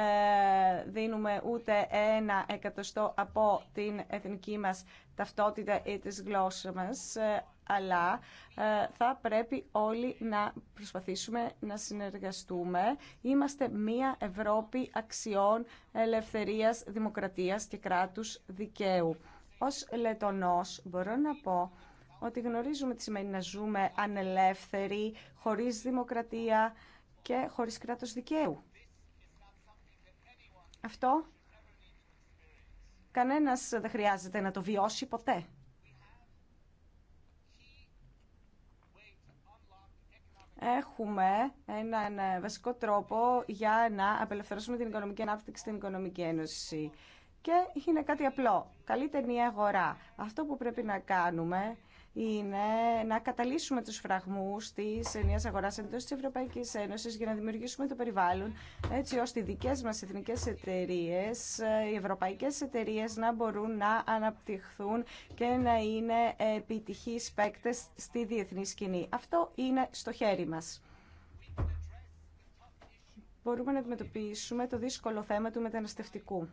ε, δίνουμε ούτε ένα εκατοστό από την εθνική μας ταυτότητα ή της γλώσσας μας αλλά ε, θα πρέπει όλοι να προσπαθήσουμε να συνεργαστούμε. Είμαστε μία Ευρώπη αξιών ελευθερίας, δημοκρατίας και κράτους δικαίου. Ως λετονός μπορώ να πω ότι γνωρίζουμε τι σημαίνει να ζούμε ανελεύθεροι, χωρίς δημοκρατία και χωρίς κράτος δικαίου. Αυτό κανένας δεν χρειάζεται να το βιώσει ποτέ. έχουμε έναν βασικό τρόπο για να απελευθερώσουμε την οικονομική ανάπτυξη στην Οικονομική Ένωση. Και είναι κάτι απλό. Καλύτερη η αγορά. Αυτό που πρέπει να κάνουμε είναι να καταλύσουμε τους φραγμούς της ενιαίας αγοράς εντός της Ευρωπαϊκής Ένωσης για να δημιουργήσουμε το περιβάλλον έτσι ώστε οι δικές μας εθνικές εταιρείες, οι ευρωπαϊκές εταιρείες να μπορούν να αναπτυχθούν και να είναι επιτυχείς παίκτες στη διεθνή σκηνή. Αυτό είναι στο χέρι μας μπορούμε να αντιμετωπίσουμε το δύσκολο θέμα του μεταναστευτικού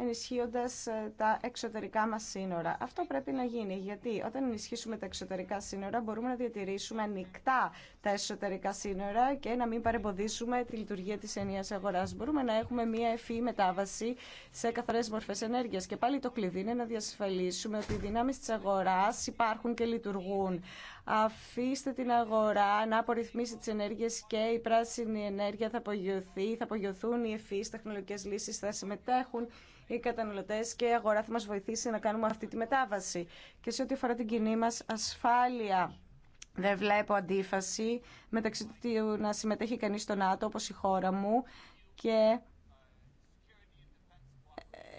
ενισχύοντας ε, τα εξωτερικά μας σύνορα. Αυτό πρέπει να γίνει, γιατί όταν ενισχύσουμε τα εξωτερικά σύνορα μπορούμε να διατηρήσουμε ανοιχτά τα εσωτερικά σύνορα και να μην παρεμποδίσουμε τη λειτουργία της ενιαίας αγοράς. Μπορούμε να έχουμε μια ευφύ μετάβαση σε καθαρές μορφές ενέργειας και πάλι το κλειδί είναι να διασφαλίσουμε ότι οι δυνάμεις της αγοράς υπάρχουν και λειτουργούν. Αφήστε την αγορά να απορριθμίσει τις ενέργειες και η πράσινη ενέργεια θα απογειωθεί, θα απογειωθούν οι ευφύς τεχνολογικές λύσεις, θα συμμετέχουν οι καταναλωτέ και η αγορά θα μα βοηθήσει να κάνουμε αυτή τη μετάβαση. Και σε ό,τι αφορά την κοινή μα ασφάλεια. Δεν βλέπω αντίφαση μεταξύ του να συμμετέχει κανείς στο ΝΑΤΟ όπως η χώρα μου και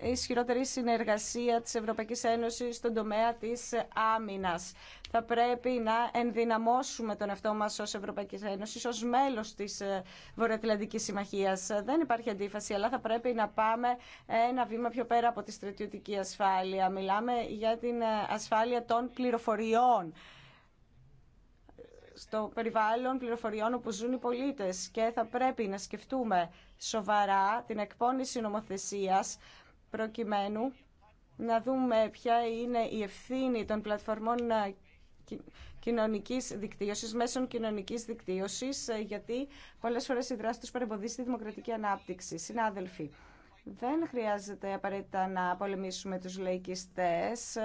ισχυρότερη συνεργασία της Ευρωπαϊκής Ένωσης στον τομέα της άμυνας. Θα πρέπει να ενδυναμώσουμε τον εαυτό μας ως Ευρωπαϊκή Ένωση, ως μέλος της ε, Βορειοατλαντικής Συμμαχίας. Δεν υπάρχει αντίφαση, αλλά θα πρέπει να πάμε ένα βήμα πιο πέρα από τη στρατιωτική ασφάλεια. Μιλάμε για την ε, ασφάλεια των πληροφοριών στο περιβάλλον πληροφοριών όπου ζουν οι πολίτες και θα πρέπει να σκεφτούμε σοβαρά την εκπόνηση νομοθεσίας προκειμένου να δούμε ποια είναι η ευθύνη των πλατφορμών ε, κοινωνικής δικτύωσης, μέσων κοινωνικής δικτύωσης, ε, γιατί πολλές φορές η δράση τους παρεμποδίζει τη δημοκρατική ανάπτυξη. Συνάδελφοι, δεν χρειάζεται απαραίτητα να πολεμήσουμε τους λαϊκιστές.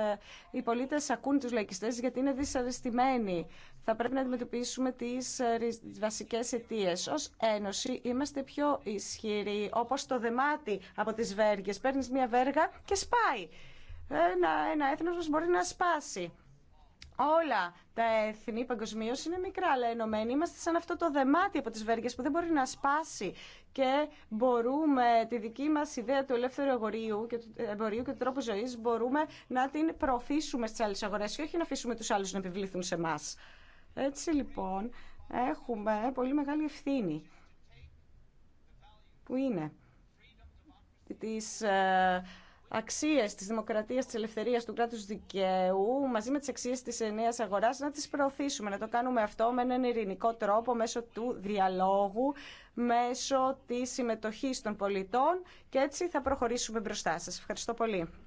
Οι πολίτες ακούν τους λαϊκιστές γιατί είναι δυσαρεστημένοι. Θα πρέπει να αντιμετωπίσουμε τις ε, βασικές αιτίε. Ως Ένωση είμαστε πιο ισχυροί, όπως το δεμάτι από τις βέργες. Παίρνεις μια βέργα και σπάει. Ένα, ένα έθνος μας μπορεί να σπάσει. Όλα τα έθνη παγκοσμίω είναι μικρά, αλλά ενωμένοι είμαστε σαν αυτό το δεμάτι από τι βέργε που δεν μπορεί να σπάσει και μπορούμε τη δική μα ιδέα του ελεύθερου αγοριού και του εμπορίου και του τρόπου ζωή μπορούμε να την προωθήσουμε στι άλλε αγορέ και όχι να αφήσουμε του άλλου να επιβληθούν σε εμά. Έτσι λοιπόν έχουμε πολύ μεγάλη ευθύνη που είναι της ε, αξίες της δημοκρατίας, της ελευθερίας, του κράτους δικαίου, μαζί με τις αξίες της νέας αγοράς, να τις προωθήσουμε, να το κάνουμε αυτό με έναν ειρηνικό τρόπο, μέσω του διαλόγου, μέσω της συμμετοχής των πολιτών και έτσι θα προχωρήσουμε μπροστά σας. Ευχαριστώ πολύ.